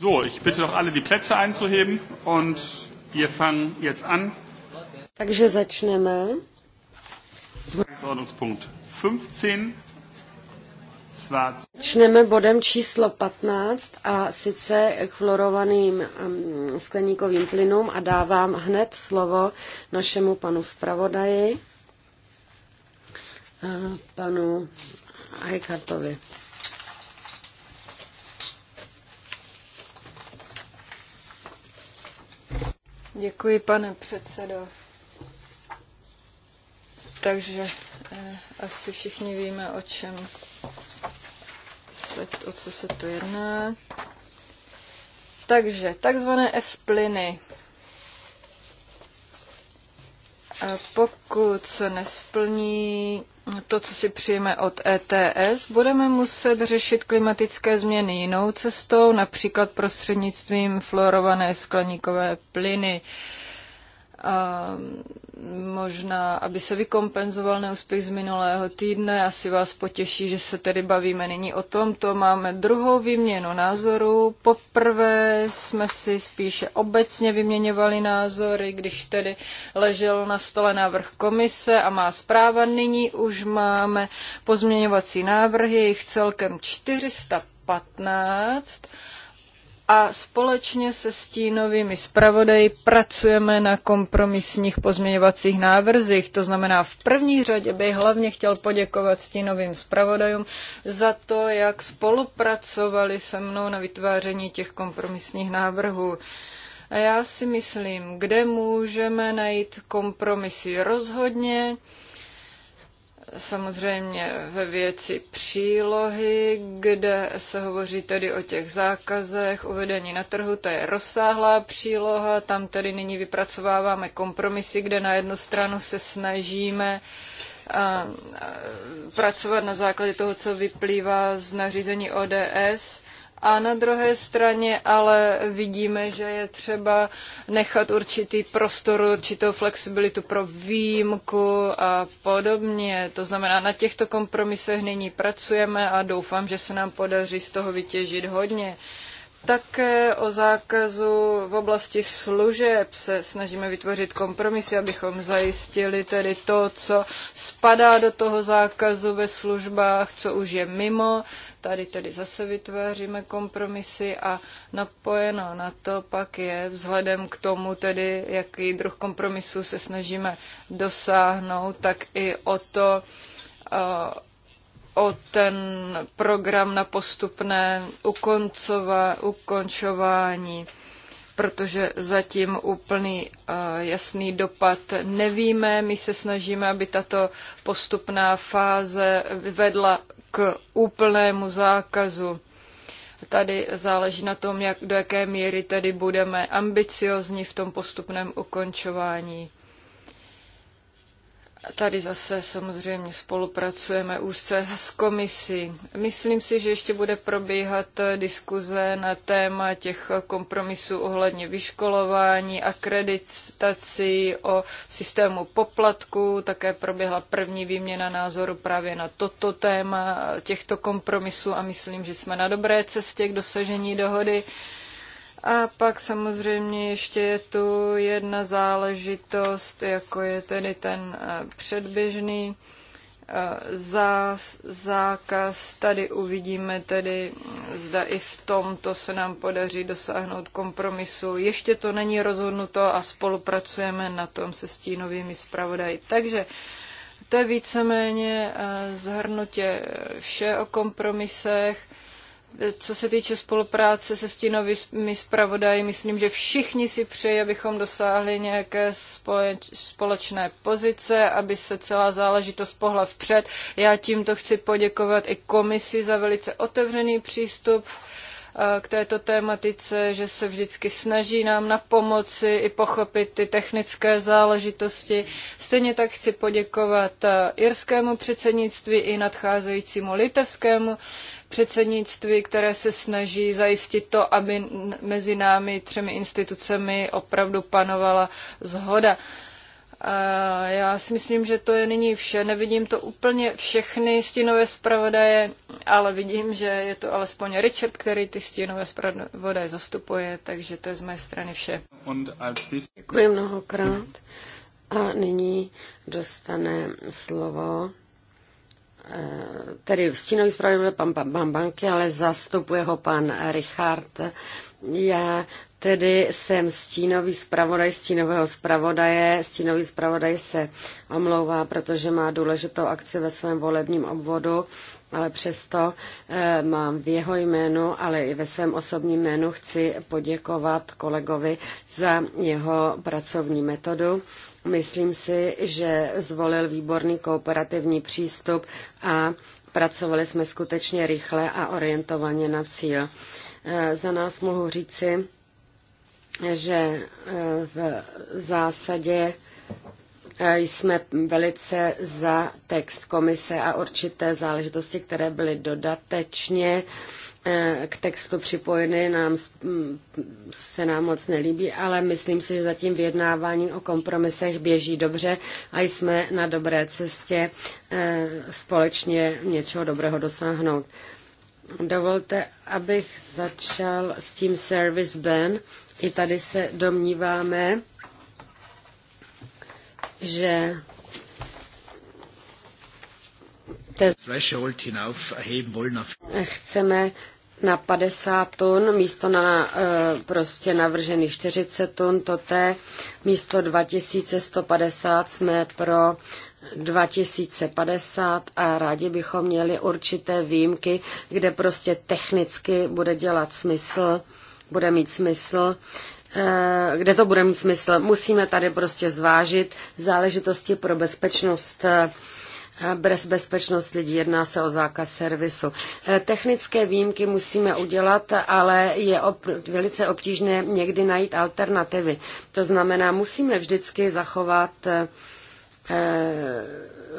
So, ich bitte doch alle, die Plätze einzuheben und wir fangen jetzt an. Takže začneme. Tagesordnungspunkt 15. Začneme bodem číslo 15 a sice k fluorovaným skleníkovým plynům a dávám hned slovo našemu panu zpravodaji, eh, panu Eichhartovi. Děkuji, pane předsedo. Takže eh, asi všichni víme, o čem se, o co se tu jedná. Takže takzvané F-plyny pokud se nesplní to, co si přijeme od ETS, budeme muset řešit klimatické změny jinou cestou, například prostřednictvím fluorované skleníkové plyny. Uh, možná, aby se vykompenzoval neúspěch z minulého týdne. Asi vás potěší, že se tedy bavíme nyní o tomto. Máme druhou výměnu názoru. Poprvé jsme si spíše obecně vyměňovali názory, když tedy ležel na stole návrh komise a má zpráva. Nyní už máme pozměňovací návrhy, jich celkem 415 a společně se stínovými zpravodaji pracujeme na kompromisních pozměňovacích návrzích. To znamená, v první řadě bych hlavně chtěl poděkovat stínovým zpravodajům za to, jak spolupracovali se mnou na vytváření těch kompromisních návrhů. A já si myslím, kde můžeme najít kompromisy rozhodně, samozřejmě ve věci přílohy, kde se hovoří tedy o těch zákazech, uvedení na trhu, to je rozsáhlá příloha, tam tedy nyní vypracováváme kompromisy, kde na jednu stranu se snažíme pracovat na základě toho, co vyplývá z nařízení ODS, a na druhé straně ale vidíme, že je třeba nechat určitý prostor, určitou flexibilitu pro výjimku a podobně. To znamená, na těchto kompromisech nyní pracujeme a doufám, že se nám podaří z toho vytěžit hodně. Také o zákazu v oblasti služeb se snažíme vytvořit kompromisy, abychom zajistili tedy to, co spadá do toho zákazu ve službách, co už je mimo. Tady tedy zase vytváříme kompromisy a napojeno na to pak je vzhledem k tomu tedy, jaký druh kompromisu se snažíme dosáhnout, tak i o to, o ten program na postupné ukoncova, ukončování, protože zatím úplný eh, jasný dopad nevíme. My se snažíme, aby tato postupná fáze vedla k úplnému zákazu. Tady záleží na tom, jak, do jaké míry tedy budeme ambiciozní v tom postupném ukončování Tady zase samozřejmě spolupracujeme úzce s komisí. Myslím si, že ještě bude probíhat diskuze na téma těch kompromisů ohledně vyškolování, akreditací, o systému poplatku. Také proběhla první výměna názoru právě na toto téma těchto kompromisů a myslím, že jsme na dobré cestě k dosažení dohody. A pak samozřejmě ještě je tu jedna záležitost, jako je tedy ten eh, předběžný eh, za zákaz. Tady uvidíme tedy, hm, zda i v tomto se nám podaří dosáhnout kompromisu. Ještě to není rozhodnuto a spolupracujeme na tom se stínovými zpravodaji. Takže to je víceméně eh, zhrnutě vše o kompromisech co se týče spolupráce se stínovými zpravodaji, myslím, že všichni si přejí, abychom dosáhli nějaké společné pozice, aby se celá záležitost pohla vpřed. Já tímto chci poděkovat i komisi za velice otevřený přístup eh, k této tématice, že se vždycky snaží nám na pomoci i pochopit ty technické záležitosti. Stejně tak chci poděkovat eh, irskému předsednictví i nadcházejícímu litevskému předsednictví, které se snaží zajistit to, aby mezi námi třemi institucemi opravdu panovala zhoda. A já si myslím, že to je nyní vše. Nevidím to úplně všechny stínové zpravodaje, ale vidím, že je to alespoň Richard, který ty stínové zpravodaje zastupuje, takže to je z mé strany vše. Děkuji mnohokrát. A nyní dostane slovo Eh, tedy stínový zpravodaj pan, pan, pan Banky, ale zastupuje ho pan Richard. Já tedy jsem stínový zpravodaj stínového zpravodaje. Stínový zpravodaj se omlouvá, protože má důležitou akci ve svém volebním obvodu, ale přesto eh, mám v jeho jménu, ale i ve svém osobním jménu chci poděkovat kolegovi za jeho pracovní metodu. Myslím si, že zvolil výborný kooperativní přístup a pracovali jsme skutečně rychle a orientovaně na cíl. Eh, za nás mohu říci, že eh, v zásadě eh, jsme velice za text komise a určité záležitosti, které byly dodatečně uh, E, k textu připojeny, nám, se nám moc nelíbí, ale myslím si, že zatím vyjednávání o kompromisech běží dobře a jsme na dobré cestě e, společně něčeho dobrého dosáhnout. Dovolte, abych začal s tím service ban. I tady se domníváme, že chceme na 50 tun, místo na e, prostě navržený 40 tun, toté místo 2150 jsme pro 2050 a rádi bychom měli určité výjimky, kde prostě technicky bude dělat smysl, bude mít smysl, e, kde to bude mít smysl. Musíme tady prostě zvážit záležitosti pro bezpečnost e, bez bezpečnost lidí, jedná se o zákaz servisu. Eh, technické výjimky musíme udělat, ale je op- velice obtížné někdy najít alternativy. To znamená, musíme vždycky zachovat eh,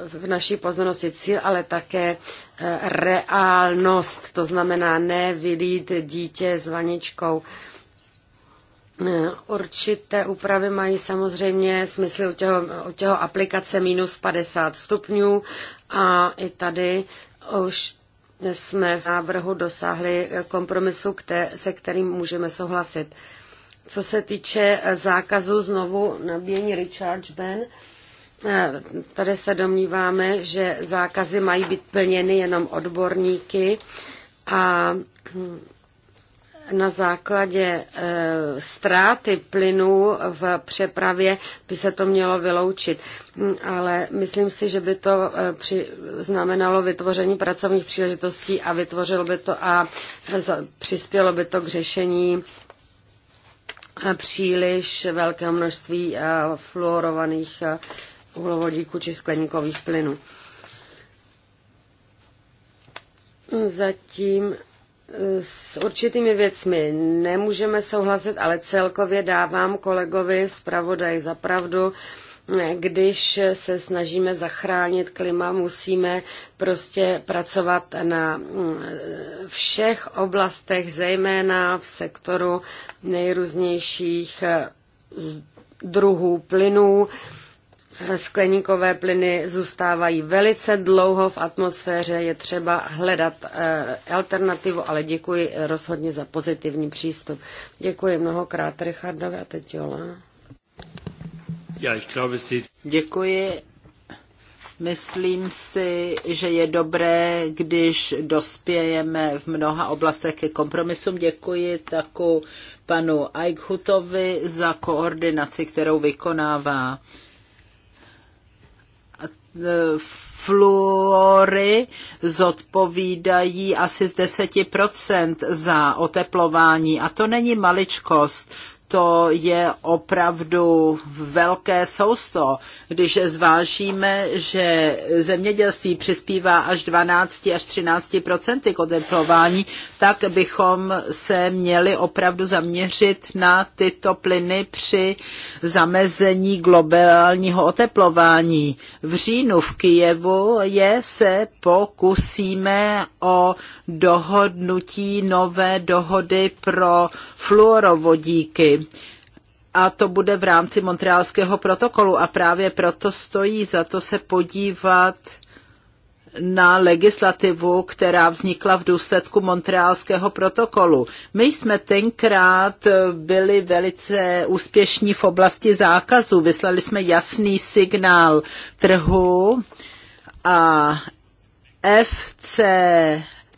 v naší pozornosti cíl, ale také eh, reálnost. To znamená ne vylít dítě s vaničkou. Eh, určité úpravy mají samozřejmě smysl u těho, u těho aplikace minus 50 stupňů a i tady už jsme v návrhu dosáhli eh, kompromisu, se kterým můžeme souhlasit. Co se týče eh, zákazu znovu nabíjení recharge ban, tady se domníváme, že zákazy mají být plněny jenom odborníky a hm, na základě e, plynu plynů v přepravě by se to mělo vyloučit. Mm, ale myslím si, že by to e, při, znamenalo vytvoření pracovních příležitostí a vytvořilo by to a eh, z, přispělo by to k řešení příliš velkého množství e, fluorovaných e, uhlovodíků či skleníkových plynů. Zatím s určitými věcmi nemůžeme souhlasit, ale celkově dávám kolegovi zpravodaj za pravdu. Když se snažíme zachránit klima, musíme prostě pracovat na mm, všech oblastech, zejména v sektoru nejrůznějších eh, druhů plynů skleníkové plyny zůstávají velice dlouho v atmosféře, je třeba hledat eh, alternativu, ale děkuji rozhodně za pozitivní přístup. Děkuji mnohokrát Richardovi a teď Jola. Děkuji. Myslím si, že je dobré, když dospějeme v mnoha oblastech ke kompromisům. Děkuji taku panu Eichhutovi za koordinaci, kterou vykonává. E, fluory zodpovídají asi z 10% za oteplování. A to není maličkost to je opravdu velké sousto, když zvážíme, že zemědělství přispívá až 12 až 13 k oteplování, tak bychom se měli opravdu zaměřit na tyto plyny při zamezení globálního oteplování. V říjnu v Kijevu je se pokusíme o dohodnutí nové dohody pro fluorovodíky a to bude v rámci Montrealského protokolu a právě proto stojí za to se podívat na legislativu, která vznikla v důsledku Montrealského protokolu. My jsme tenkrát byli velice úspěšní v oblasti zákazu. Vyslali jsme jasný signál trhu a FC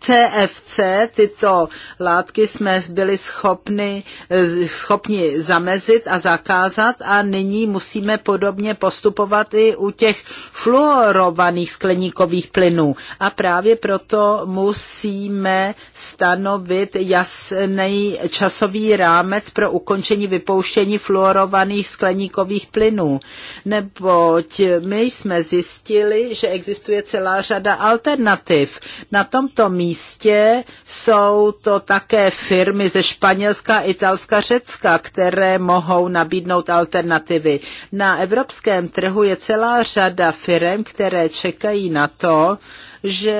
CFC, tyto látky jsme byli schopni, eh, schopni zamezit a zakázat a nyní musíme podobně postupovat i u těch fluorovaných skleníkových plynů. A právě proto musíme stanovit jasný časový rámec pro ukončení vypouštění fluorovaných skleníkových plynů. Neboť my jsme zjistili, že existuje celá řada alternativ. Na tomto místě místě jsou to také firmy ze Španělska, Italska, Řecka, které mohou nabídnout alternativy. Na evropském trhu je celá řada firm, které čekají na to, že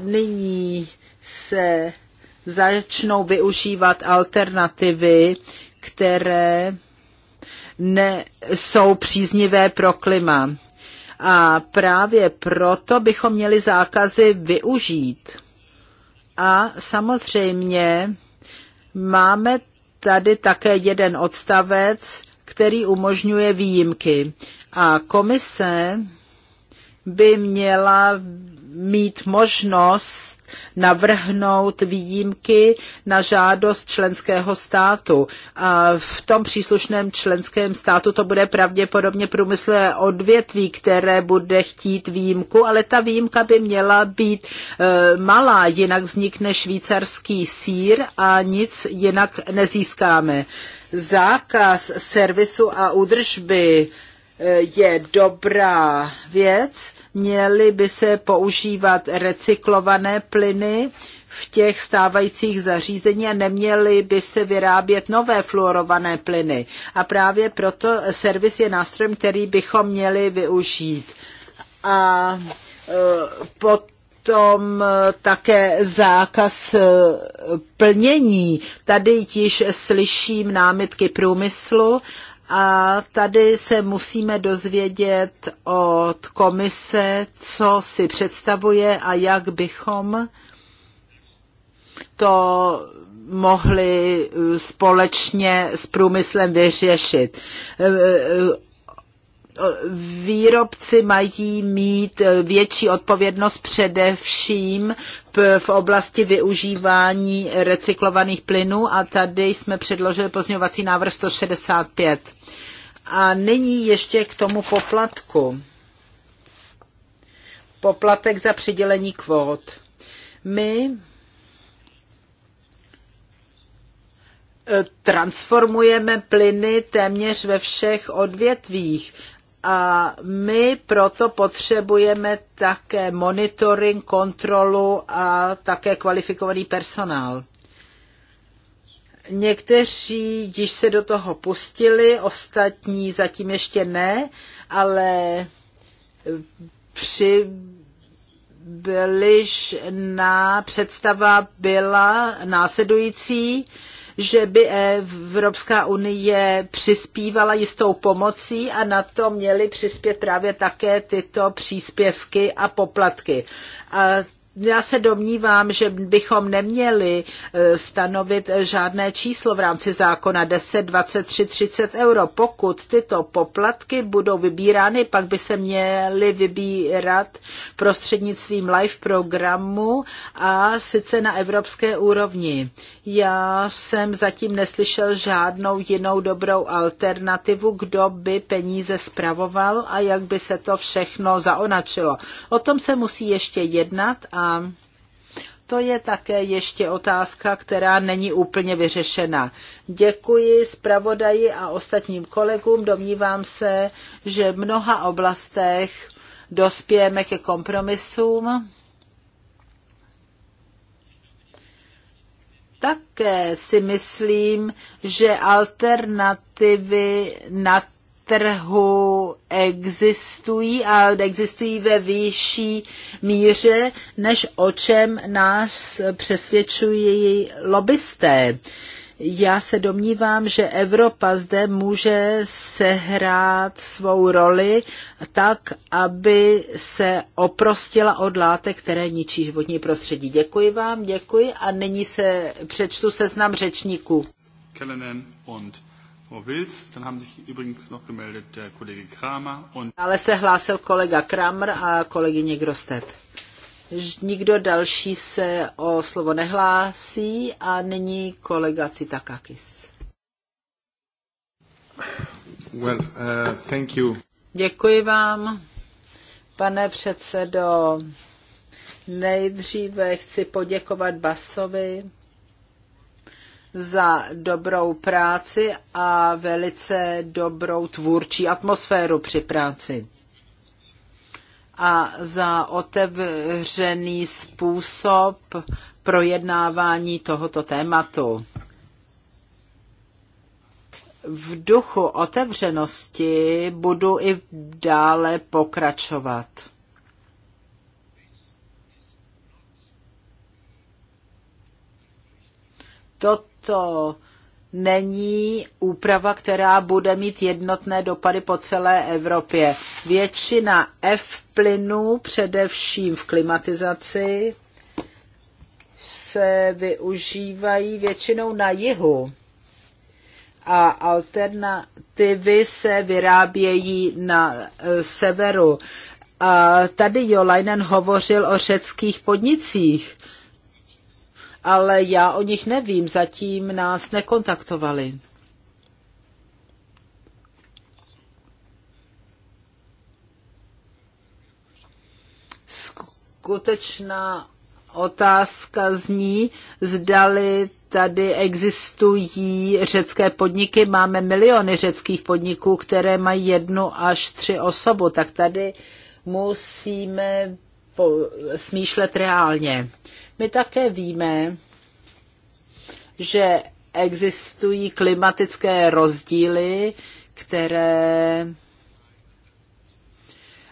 nyní se začnou využívat alternativy, které ne, jsou příznivé pro klima. A právě proto bychom měli zákazy využít. A samozřejmě máme tady také jeden odstavec, který umožňuje výjimky. A komise by měla mít možnost navrhnout výjimky na žádost členského státu. A v tom příslušném členském státu to bude pravděpodobně průmyslové odvětví, které bude chtít výjimku, ale ta výjimka by měla být e, malá, jinak vznikne švýcarský sír a nic jinak nezískáme. Zákaz servisu a údržby e, je dobrá věc, měly by se používat recyklované plyny v těch stávajících zařízení a neměly by se vyrábět nové fluorované plyny. A právě proto servis je nástrojem, který bychom měli využít. A e, pot tom e, také zákaz e, plnění. Tady již slyším námitky průmyslu a tady se musíme dozvědět od komise, co si představuje a jak bychom to mohli společně s průmyslem vyřešit výrobci mají mít e, větší odpovědnost především v oblasti využívání recyklovaných plynů a tady jsme předložili pozměňovací návrh 165. A nyní ještě k tomu poplatku. Poplatek za přidělení kvót. My e, transformujeme plyny téměř ve všech odvětvích a my proto potřebujeme také monitoring, kontrolu a také kvalifikovaný personál. Někteří již se do toho pustili, ostatní zatím ještě ne, ale při byliž na představa byla následující že by Evropská unie přispívala jistou pomocí a na to měly přispět právě také tyto příspěvky a poplatky. A já se domnívám, že bychom neměli e, stanovit žádné číslo v rámci zákona 10, 23, 30 euro. Pokud tyto poplatky budou vybírány, pak by se měly vybírat prostřednictvím live programu a sice na evropské úrovni. Já jsem zatím neslyšel žádnou jinou dobrou alternativu, kdo by peníze spravoval a jak by se to všechno zaonačilo. O tom se musí ještě jednat a to je také ještě otázka, která není úplně vyřešena. Děkuji zpravodaji a ostatním kolegům. Domnívám se, že v mnoha oblastech dospějeme ke kompromisům. Také si myslím, že alternativy na trhu existují a existují ve vyšší míře, než o čem nás přesvědčují lobbysté. Já se domnívám, že Evropa zde může sehrát svou roli tak, aby se oprostila od látek, které ničí životní prostředí. Děkuji vám, děkuji a nyní se přečtu seznam řečníků. Kellenen und ale se hlásil kolega Kramer a kolegyně Grostet. Nikdo další se o slovo nehlásí a není kolega Citakakis. Well, uh, thank you. Děkuji vám, pane předsedo. Nejdříve chci poděkovat Basovi za dobrou práci a velice dobrou tvůrčí atmosféru při práci a za otevřený způsob projednávání tohoto tématu. V duchu otevřenosti budu i dále pokračovat. Toto to není úprava, která bude mít jednotné dopady po celé Evropě. Většina F plynů, především v klimatizaci, se využívají většinou na jihu a alternativy se vyrábějí na eh, severu. A tady Jolainen hovořil o řeckých podnicích ale já o nich nevím, zatím nás nekontaktovali. Skutečná otázka zní, zdali tady existují řecké podniky. Máme miliony řeckých podniků, které mají jednu až tři osobu, tak tady musíme po, smýšlet reálně. Uh, my také víme, že existují klimatické rozdíly, které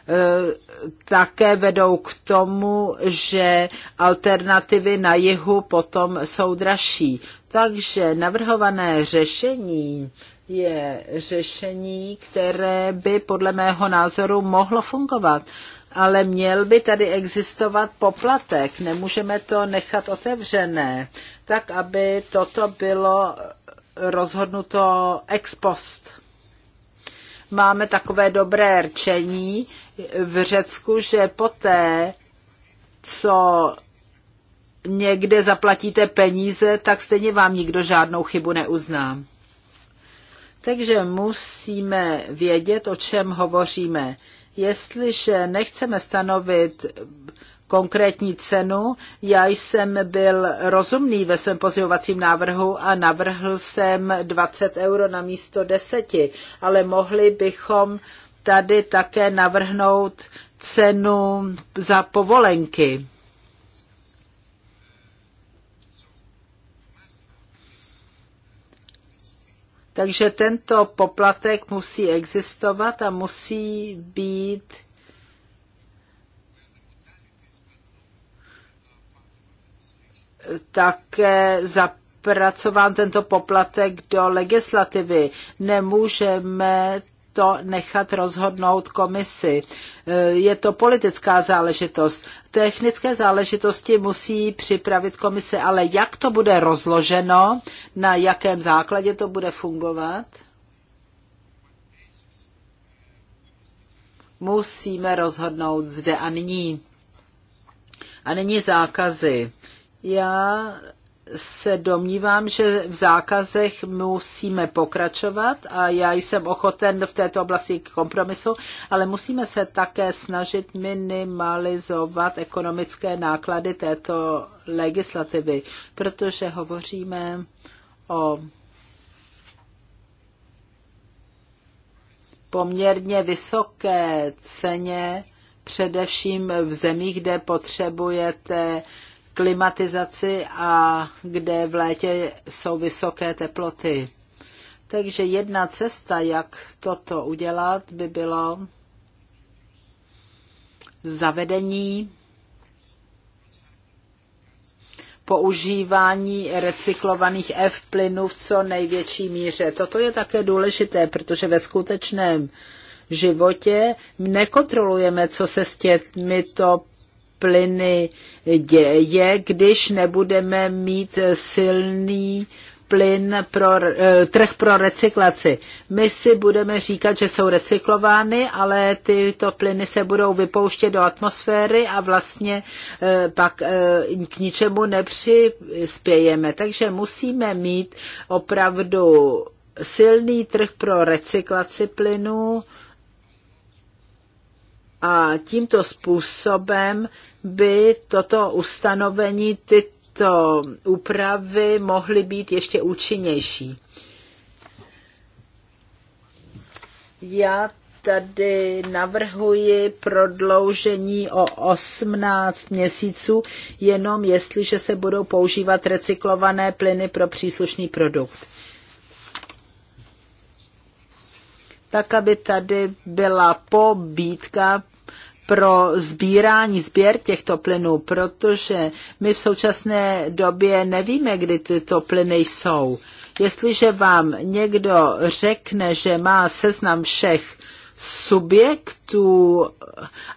eh, také vedou k tomu, že alternativy na jihu potom jsou dražší. Takže navrhované řešení je řešení, které by podle mého názoru mohlo fungovat ale měl by tady existovat poplatek. Nemůžeme to nechat otevřené, tak aby toto bylo rozhodnuto ex post. Máme takové dobré rčení v Řecku, že poté, co někde zaplatíte peníze, tak stejně vám nikdo žádnou chybu neuzná. Takže musíme vědět, o čem hovoříme. Jestliže nechceme stanovit konkrétní cenu. Já jsem byl rozumný ve svém pozivovacím návrhu a navrhl jsem 20 euro na místo 10, ale mohli bychom tady také navrhnout cenu za povolenky. Takže tento poplatek musí existovat a musí být také zapracován tento poplatek do legislativy. Nemůžeme to nechat rozhodnout komisi. Eh, je to politická záležitost. Technické záležitosti musí připravit komise, ale jak to bude rozloženo, na jakém základě to bude fungovat, musíme rozhodnout zde a nyní. A nyní zákazy. Já se domnívám, že v zákazech musíme pokračovat a já jsem ochoten v této oblasti k kompromisu, ale musíme se také snažit minimalizovat ekonomické náklady této legislativy, protože hovoříme o poměrně vysoké ceně, především v zemích, kde potřebujete klimatizaci a kde v létě jsou vysoké teploty. Takže jedna cesta, jak toto udělat, by bylo zavedení používání recyklovaných F plynů v co největší míře. Toto je také důležité, protože ve skutečném životě nekontrolujeme, co se s těmito plyny děje, když nebudeme mít silný plyn pro, eh, trh pro recyklaci. My si budeme říkat, že jsou recyklovány, ale tyto plyny se budou vypouštět do atmosféry a vlastně eh, pak eh, k ničemu nepřispějeme. Takže musíme mít opravdu silný trh pro recyklaci plynů a tímto způsobem by toto ustanovení, tyto úpravy mohly být ještě účinnější. Já tady navrhuji prodloužení o 18 měsíců, jenom jestliže se budou používat recyklované plyny pro příslušný produkt. Tak, aby tady byla pobídka pro sbírání, sběr těchto plynů, protože my v současné době nevíme, kdy tyto plyny jsou. Jestliže vám někdo řekne, že má seznam všech subjektů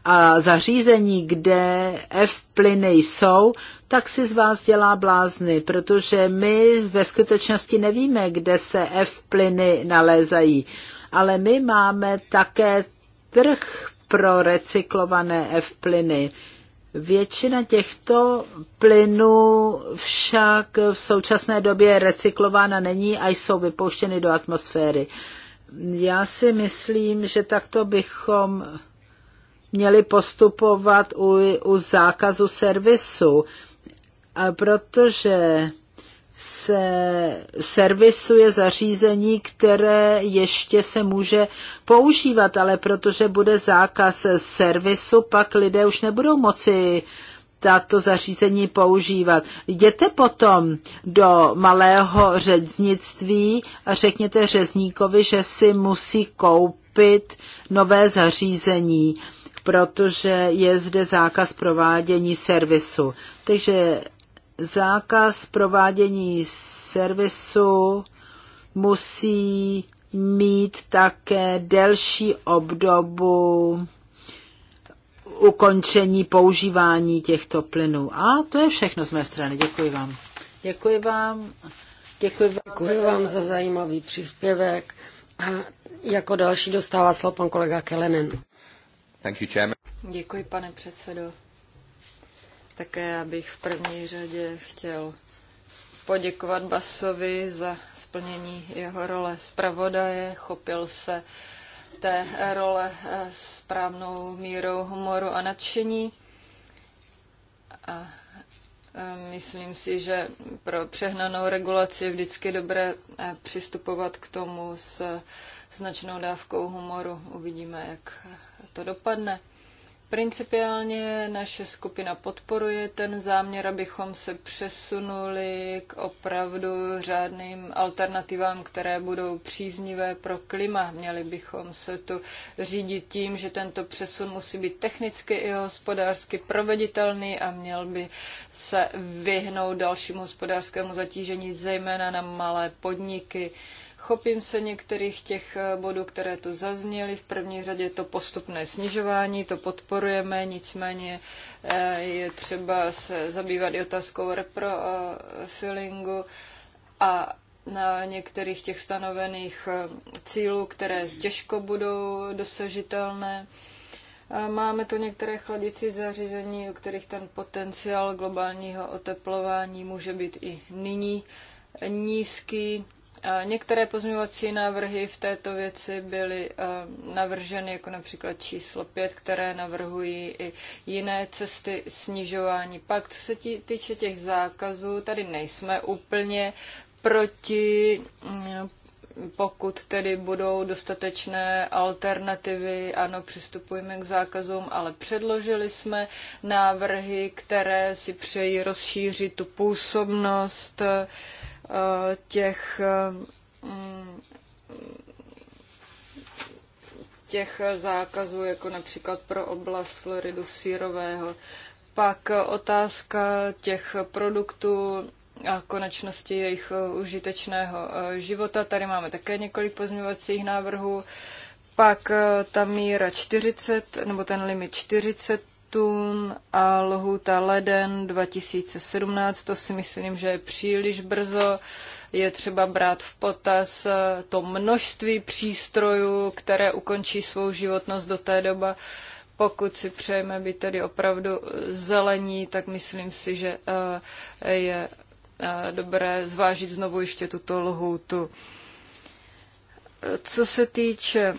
a zařízení, kde F plyny jsou, tak si z vás dělá blázny, protože my ve skutečnosti nevíme, kde se F plyny nalézají. Ale my máme také trh pro recyklované F-plyny. Většina těchto plynů však v současné době recyklována není a jsou vypouštěny do atmosféry. Já si myslím, že takto bychom měli postupovat u, u zákazu servisu, protože se servisuje zařízení, které ještě se může používat, ale protože bude zákaz servisu, pak lidé už nebudou moci tato zařízení používat. Jděte potom do malého řeznictví a řekněte řezníkovi, že si musí koupit nové zařízení, protože je zde zákaz provádění servisu. Takže zákaz provádění servisu musí mít také delší obdobu ukončení používání těchto plynů. A to je všechno z mé strany. Děkuji vám. Děkuji vám. Děkuji vám, Děkuji vám za zajímavý příspěvek. A jako další dostává slovo pan kolega Kelenen. Thank you, chairman. Děkuji, pane předsedo. Také já bych v první řadě chtěl poděkovat Basovi za splnění jeho role zpravodaje. Chopil se té role s eh, správnou mírou humoru a nadšení. A eh, myslím si, že pro přehnanou regulaci je vždycky dobré eh, přistupovat k tomu s značnou dávkou humoru. Uvidíme, jak to dopadne. Principiálně naše skupina podporuje ten záměr, abychom se přesunuli k opravdu řádným alternativám, které budou příznivé pro klima. Měli bychom se tu řídit tím, že tento přesun musí být technicky i hospodářsky proveditelný a měl by se vyhnout dalšímu hospodářskému zatížení, zejména na malé podniky. Chopím se některých těch eh, bodů, které tu zazněly. V první řadě to postupné snižování, to podporujeme, nicméně eh, je třeba se zabývat i otázkou reprofilingu a na některých těch stanovených eh, cílů, které těžko budou dosažitelné. Máme tu některé chladicí zařízení, u kterých ten potenciál globálního oteplování může být i nyní nízký Některé pozměňovací návrhy v této věci byly eh, navrženy, jako například číslo 5, které navrhují i jiné cesty snižování. Pak, co se týče těch zákazů, tady nejsme úplně proti mm, pokud tedy budou dostatečné alternativy, ano, přistupujeme k zákazům, ale předložili jsme návrhy, které si přejí rozšířit tu působnost těch těch zákazů, jako například pro oblast Floridu sírového. Pak otázka těch produktů a konečnosti jejich užitečného eh, života. Tady máme také několik pozměňovacích návrhů. Pak eh, ta míra 40, nebo ten limit 40 projektům a lhůta leden 2017, to si myslím, že je příliš brzo. Je třeba brát v potaz eh, to množství přístrojů, které ukončí svou životnost do té doby. Pokud si přejeme být tedy opravdu zelení, tak myslím si, že eh, je eh, dobré zvážit znovu ještě tuto lhůtu. Co se týče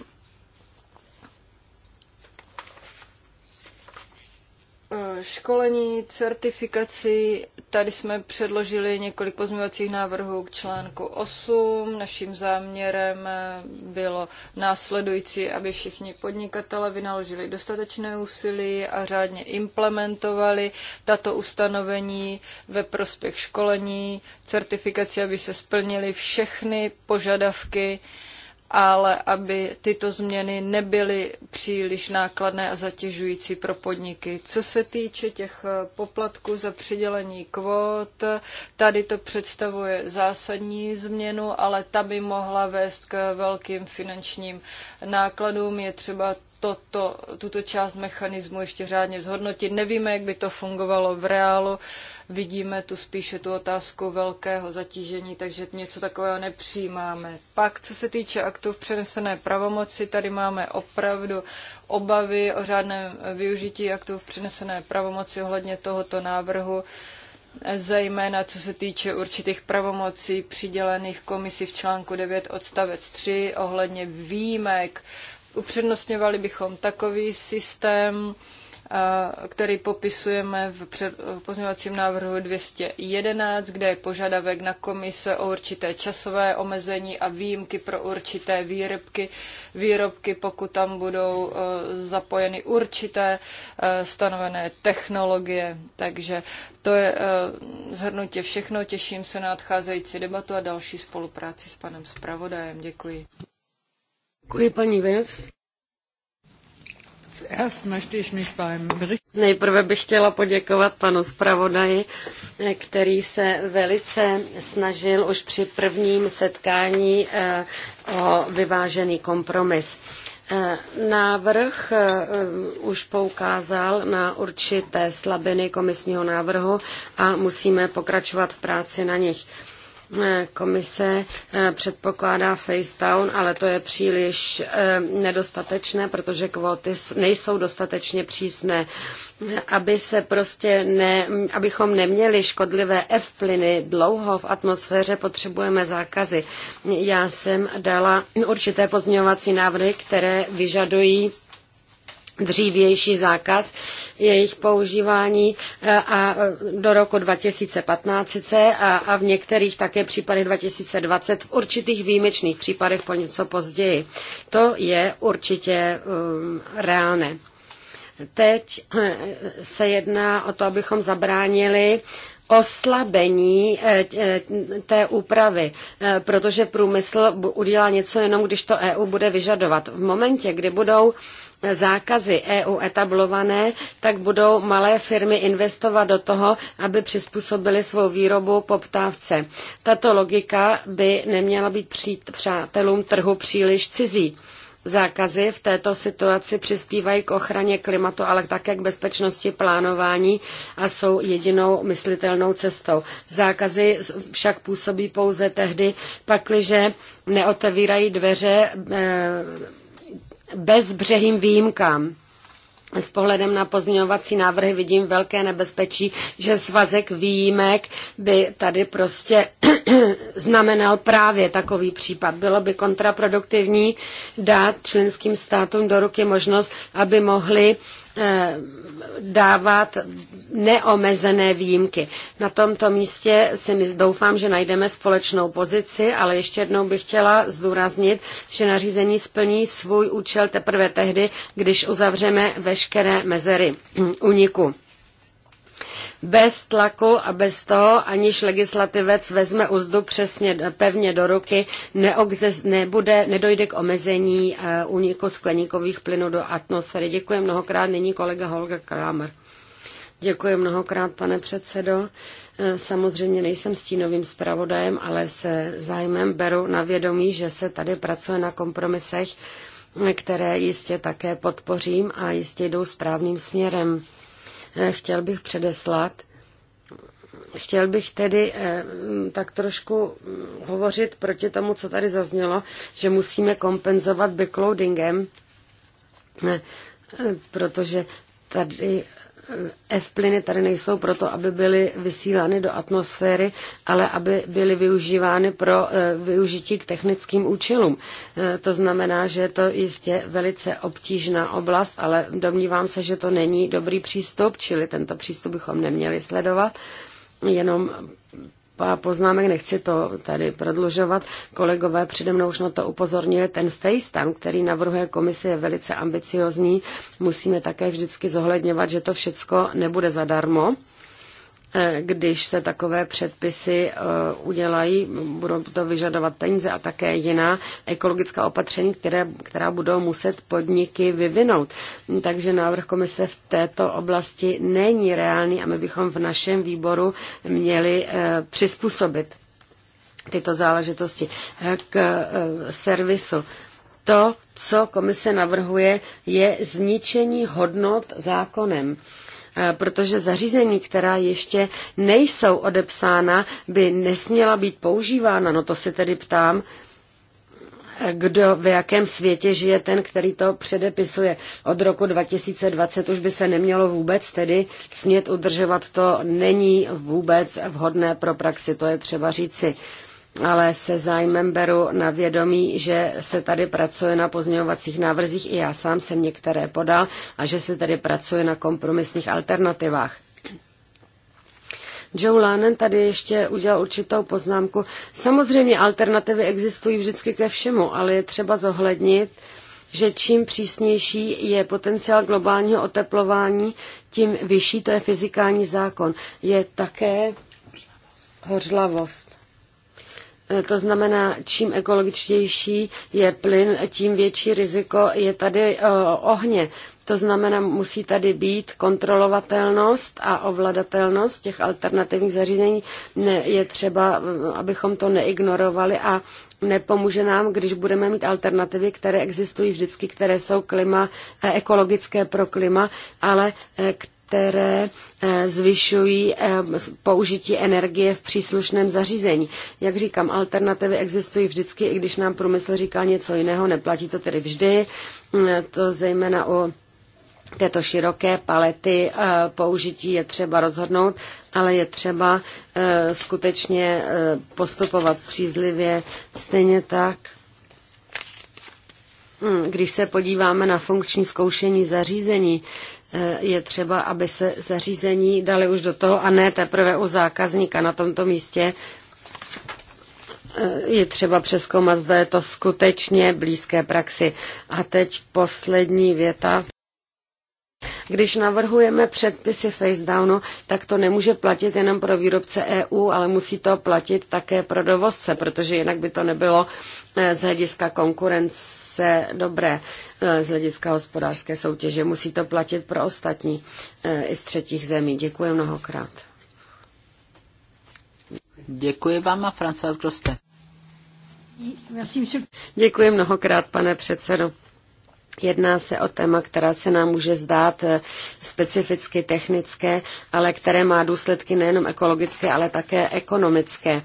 Eh, školení, certifikaci. Tady jsme předložili několik pozměňovacích návrhů k článku 8. Naším záměrem eh, bylo následující, aby všichni podnikatele vynaložili dostatečné úsilí a řádně implementovali tato ustanovení ve prospěch školení, certifikaci, aby se splnily všechny požadavky, ale aby tyto změny nebyly příliš nákladné a zatěžující pro podniky. Co se týče těch eh, poplatků za přidělení kvót, tady to představuje zásadní změnu, ale ta by mohla vést k velkým finančním nákladům. Je třeba tuto část mechanismu ještě řádně zhodnotit. Nevíme, jak by to fungovalo v reálu. Vidíme tu spíše tu otázku velkého zatížení, takže něco takového nepřijímáme. Pak, co se týče aktů v přenesené pravomoci, tady máme opravdu obavy o řádném využití aktů v přenesené pravomoci ohledně tohoto návrhu zejména co se týče určitých pravomocí přidělených komisi v článku 9 odstavec 3 ohledně výjimek upřednostňovali bychom takový systém, eh, který popisujeme v pozměňovacím návrhu 211, kde je požadavek na komise o určité časové omezení a výjimky pro určité výrobky, výrobky pokud tam budou eh, zapojeny určité eh, stanovené technologie. Takže to je zhrnutě všechno. Těším se na nadcházející debatu a další spolupráci s panem zpravodajem. Děkuji paní Nejprve bych chtěla poděkovat panu zpravodaji, který se velice snažil už při prvním setkání eh, o vyvážený kompromis. Eh, návrh eh, už poukázal na určité slabiny komisního návrhu a musíme pokračovat v práci na nich. Eh, komise eh, předpokládá face down, ale to je příliš eh, nedostatečné, protože kvóty nejsou dostatečně přísné. Aby se prostě ne, abychom neměli škodlivé F plyny dlouho v atmosféře, potřebujeme zákazy. Já jsem dala určité pozměňovací návrhy, které vyžadují dřívější zákaz jejich používání e, a e, do roku 2015 a, v některých také případech 2020, v určitých výjimečných případech po něco později. To je určitě um, reálné. Teď e, se jedná o to, abychom zabránili oslabení té úpravy, protože průmysl udělá něco jenom, když to EU bude vyžadovat. V momentě, kdy budou zákazy EU etablované, tak budou malé firmy investovat do toho, aby přizpůsobili svou výrobu poptávce. Tato logika by neměla být přátelům trhu příliš cizí. Zákazy v této situaci přispívají k ochraně klimatu, ale také k bezpečnosti plánování a jsou jedinou myslitelnou cestou. Zákazy však působí pouze tehdy, pakliže neotevírají dveře eh, bezbřehým výjimkám. S pohledem na pozměňovací návrhy vidím velké nebezpečí, že svazek výjimek by tady prostě znamenal právě takový případ. Bylo by kontraproduktivní dát členským státům do ruky možnost, aby mohli Eh, dávat neomezené výjimky. Na tomto místě si doufám, že najdeme společnou pozici, ale ještě jednou bych chtěla zdůraznit, že nařízení splní svůj účel teprve tehdy, když uzavřeme veškeré mezery uniku bez tlaku a bez toho, aniž legislativec vezme uzdu přesně pevně do ruky, nebude, nedojde k omezení eh, úniku skleníkových plynů do atmosféry. Děkuji mnohokrát, nyní kolega Holger Kramer. Děkuji mnohokrát, pane předsedo. Eh, samozřejmě nejsem stínovým zpravodajem, ale se zájmem beru na vědomí, že se tady pracuje na kompromisech, které jistě také podpořím a jistě jdou správným směrem. Eh, chtěl bych předeslat, Chtěl bych tedy eh, mm, tak trošku mm, hovořit proti tomu, co tady zaznělo, že musíme kompenzovat backloadingem, eh, protože tady F-plyny tady nejsou proto, aby byly vysílány do atmosféry, ale aby byly využívány pro eh, využití k technickým účelům. Eh, to znamená, že je to jistě velice obtížná oblast, ale domnívám se, že to není dobrý přístup, čili tento přístup bychom neměli sledovat. Jenom poznámek, nechci to tady prodlužovat. Kolegové přede mnou už na to upozornili. Ten FaceTime, který navrhuje komise, je velice ambiciozní. Musíme také vždycky zohledňovat, že to všecko nebude zadarmo Eh, když se takové předpisy eh, udělají, budou to vyžadovat peníze a také jiná ekologická opatření, které, která budou muset podniky vyvinout. Takže návrh komise v této oblasti není reálný a my bychom v našem výboru měli eh, přizpůsobit tyto záležitosti k servisu. To, co komise navrhuje, je zničení hodnot zákonem. Eh, protože zařízení, která ještě nejsou odepsána, by nesměla být používána. No to se tedy ptám, eh, kdo v jakém světě žije ten, který to předepisuje. Od roku 2020 už by se nemělo vůbec tedy smět udržovat to, není vůbec vhodné pro praxi, to je třeba říci ale se zájmem beru na vědomí, že se tady pracuje na pozměňovacích návrzích, i já sám jsem některé podal, a že se tady pracuje na kompromisních alternativách. Joe Lannen tady ještě udělal určitou poznámku. Samozřejmě alternativy existují vždycky ke všemu, ale je třeba zohlednit, že čím přísnější je potenciál globálního oteplování, tím vyšší to je fyzikální zákon. Je také hořlavost. Eh, to znamená, čím ekologičtější je plyn, tím větší riziko je tady eh, ohně. To znamená, musí tady být kontrolovatelnost a ovladatelnost těch alternativních zařízení. Je třeba, eh, abychom to neignorovali a nepomůže nám, když budeme mít alternativy, které existují vždycky, které jsou klima, ekologické pro klima, ale které které eh, zvyšují eh, použití energie v příslušném zařízení. Jak říkám, alternativy existují vždycky, i když nám průmysl říká něco jiného, neplatí to tedy vždy, mm, to zejména o této široké palety eh, použití je třeba rozhodnout, ale je třeba skutečně postupovat střízlivě stejně tak. Mm, když se podíváme na funkční zkoušení zařízení, Eh, je třeba, aby se zařízení dali už do toho a ne teprve u zákazníka na tomto místě. Eh, je třeba přeskoumat, zda je to skutečně blízké praxi. A teď poslední věta. Když navrhujeme předpisy face downu, tak to nemůže platit jenom pro výrobce EU, ale musí to platit také pro dovozce, protože jinak by to nebylo eh, z hlediska konkurence velice dobré eh, z hlediska hospodářské soutěže. Musí to platit pro ostatní eh, i z třetích zemí. Děkuji mnohokrát. Děkuji vám a François Groste. Děkuji mnohokrát, pane předsedo. Jedná se o téma, která se nám může zdát eh, specificky technické, ale které má důsledky nejenom ekologické, ale také ekonomické.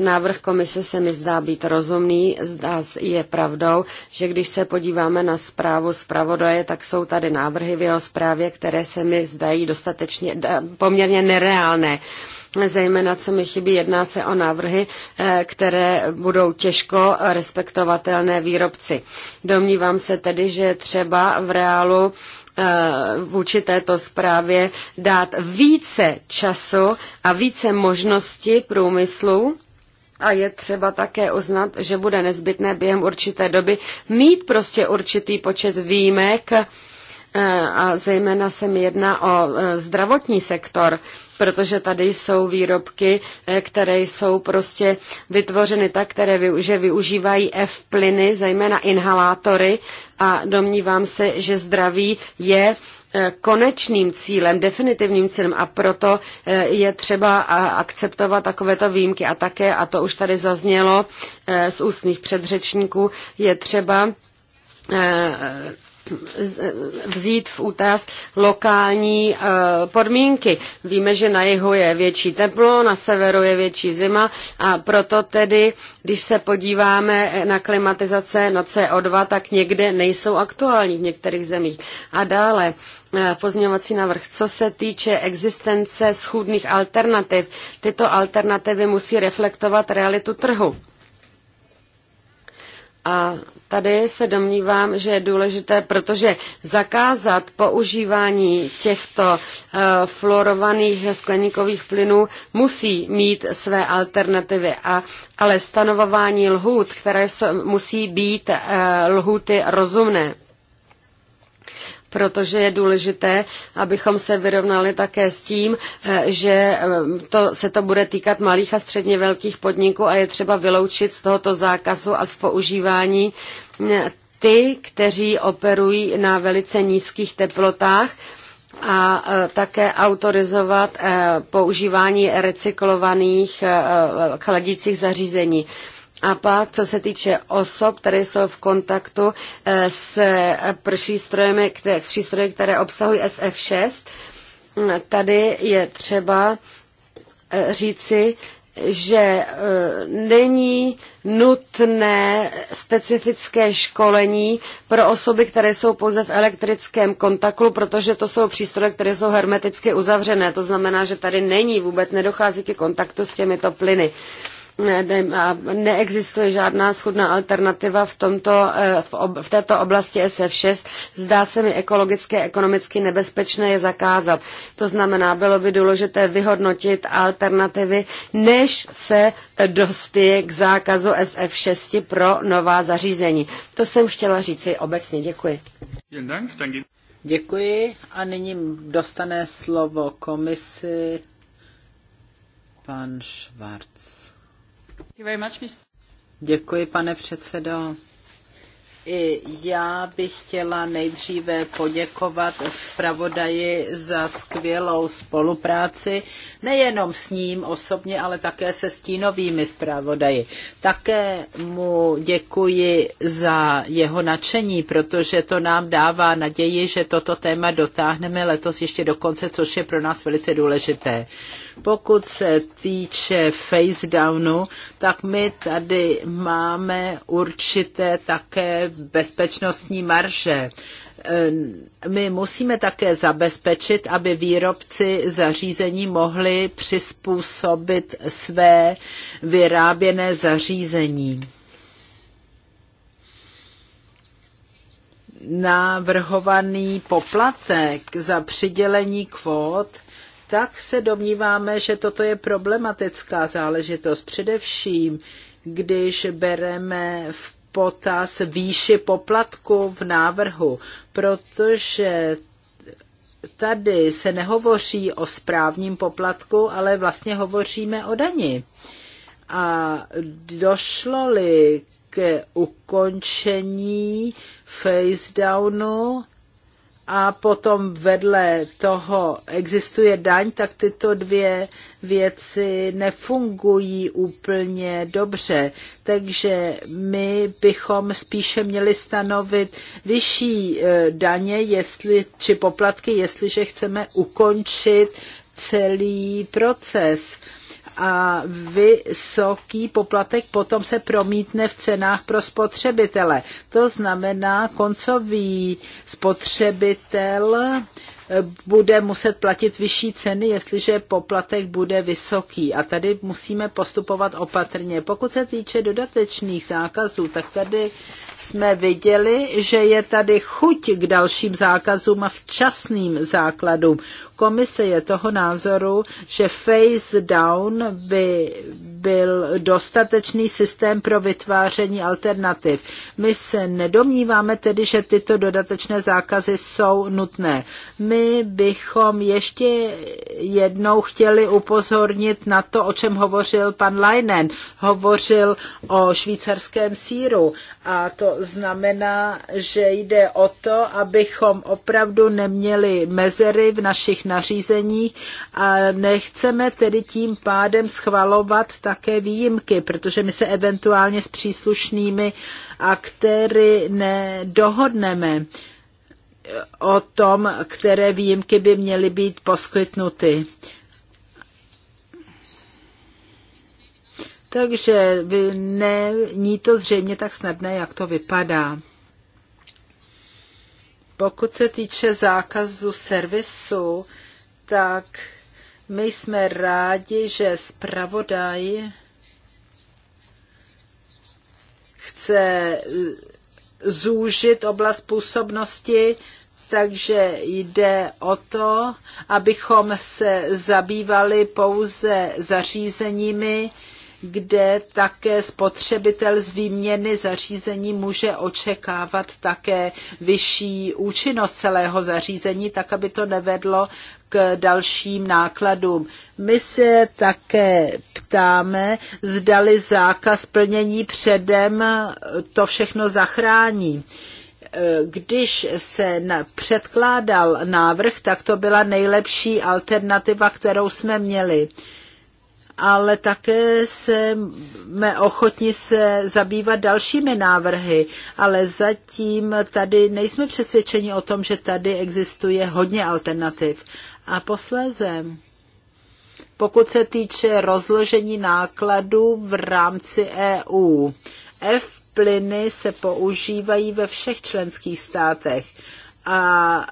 Návrh komise se mi zdá být rozumný, zdá je pravdou, že když se podíváme na zprávu zpravodaje, tak jsou tady návrhy v jeho zprávě, které se mi zdají dostatečně poměrně nereálné zejména co mi chybí, jedná se o návrhy, eh, které budou těžko respektovatelné výrobci. Domnívám se tedy, že třeba v reálu eh, vůči této zprávě dát více času a více možnosti průmyslu a je třeba také uznat, že bude nezbytné během určité doby mít prostě určitý počet výjimek, Eh, a zejména se mi jedná o eh, zdravotní sektor, protože tady jsou výrobky, eh, které jsou prostě vytvořeny tak, které že využívají F-plyny, zejména inhalátory a domnívám se, že zdraví je konečným cílem, definitivním cílem a proto je třeba akceptovat takovéto výjimky a také, a to už tady zaznělo z ústních předřečníků, je třeba vzít v útaz lokální e, podmínky. Víme, že na jihu je větší teplo, na severu je větší zima a proto tedy, když se podíváme na klimatizace na CO2, tak někde nejsou aktuální v některých zemích. A dále e, pozměňovací návrh. Co se týče existence schůdných alternativ, tyto alternativy musí reflektovat realitu trhu. A Tady se domnívám, že je důležité, protože zakázat používání těchto eh, fluorovaných skleníkových plynů musí mít své alternativy, a, ale stanovování lhůt, které jsou, musí být eh, lhůty rozumné protože je důležité, abychom se vyrovnali také s tím, eh, že eh, to, se to bude týkat malých a středně velkých podniků a je třeba vyloučit z tohoto zákazu a z používání eh, ty, kteří operují na velice nízkých teplotách a také autorizovat používání recyklovaných chladících zařízení. A pak, co se týče osob, které jsou v kontaktu eh, s eh, přístroji, které, které obsahují SF6, hm, tady je třeba eh, říci, že není nutné specifické školení pro osoby, které jsou pouze v elektrickém kontaktu, protože to jsou přístroje, které jsou hermeticky uzavřené. To znamená, že tady není vůbec, nedochází ke kontaktu s těmito plyny neexistuje žádná schodná alternativa v, tomto, eh, v, ob, v této oblasti SF6. Zdá se mi ekologicky a ekonomicky nebezpečné je zakázat. To znamená, bylo by důležité vyhodnotit alternativy, než se dospěje k zákazu SF6 pro nová zařízení. To jsem chtěla říci obecně. Děkuji. Děkuji a nyní dostane slovo komisi pan Schwarz. Děkuji, pane předsedo. I já bych chtěla nejdříve poděkovat zpravodaji za skvělou spolupráci, nejenom s ním osobně, ale také se stínovými zpravodaji. Také mu děkuji za jeho nadšení, protože to nám dává naději, že toto téma dotáhneme letos ještě do konce, což je pro nás velice důležité. Pokud se týče face downu, tak my tady máme určité také bezpečnostní marže e, my musíme také zabezpečit, aby výrobci zařízení mohli přizpůsobit své vyráběné zařízení. Návrhovaný poplatek za přidělení kvót tak se domníváme, že toto je problematická záležitost. Především, když bereme v potaz výši poplatku v návrhu, protože tady se nehovoří o správním poplatku, ale vlastně hovoříme o dani. A došlo-li k ukončení face downu, a potom vedle toho existuje daň, tak tyto dvě věci nefungují úplně dobře. Takže my bychom spíše měli stanovit vyšší e, daně jestli, či poplatky, jestliže chceme ukončit celý proces a vysoký poplatek potom se promítne v cenách pro spotřebitele. To znamená, koncový spotřebitel bude muset platit vyšší ceny, jestliže poplatek bude vysoký. A tady musíme postupovat opatrně. Pokud se týče dodatečných zákazů, tak tady jsme viděli, že je tady chuť k dalším zákazům a včasným základům. Komise je toho názoru, že phase down by byl dostatečný systém pro vytváření alternativ. My se nedomníváme tedy, že tyto dodatečné zákazy jsou nutné. My bychom ještě jednou chtěli upozornit na to, o čem hovořil pan Leinen. Hovořil o švýcarském síru a to znamená, že jde o to, abychom opravdu neměli mezery v našich nařízeních a nechceme tedy tím pádem schvalovat tak také výjimky, protože my se eventuálně s příslušnými aktéry nedohodneme o tom, které výjimky by měly být poskytnuty. Takže není to zřejmě tak snadné, jak to vypadá. Pokud se týče zákazu servisu, tak my jsme rádi, že zpravodaj chce eh, zúžit oblast působnosti, takže jde o to, abychom se zabývali pouze zařízeními, kde také spotřebitel z výměny zařízení může očekávat také vyšší účinnost celého zařízení, tak aby to nevedlo k dalším nákladům. My se také ptáme, zdali zákaz plnění předem to všechno zachrání když se předkládal návrh, tak to byla nejlepší alternativa, kterou jsme měli ale také jsme ochotni se zabývat dalšími návrhy, ale zatím tady nejsme přesvědčeni o tom, že tady existuje hodně alternativ. A posléze, pokud se týče rozložení nákladů v rámci EU, F plyny se používají ve všech členských státech a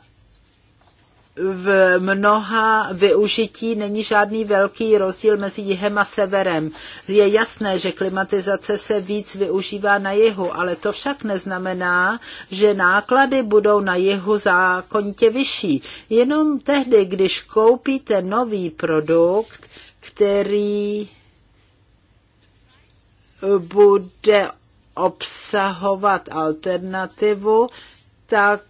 v mnoha využití není žádný velký rozdíl mezi jihem a severem. Je jasné, že klimatizace se víc využívá na jihu, ale to však neznamená, že náklady budou na jihu zákonitě vyšší. Jenom tehdy, když koupíte nový produkt, který bude obsahovat alternativu, tak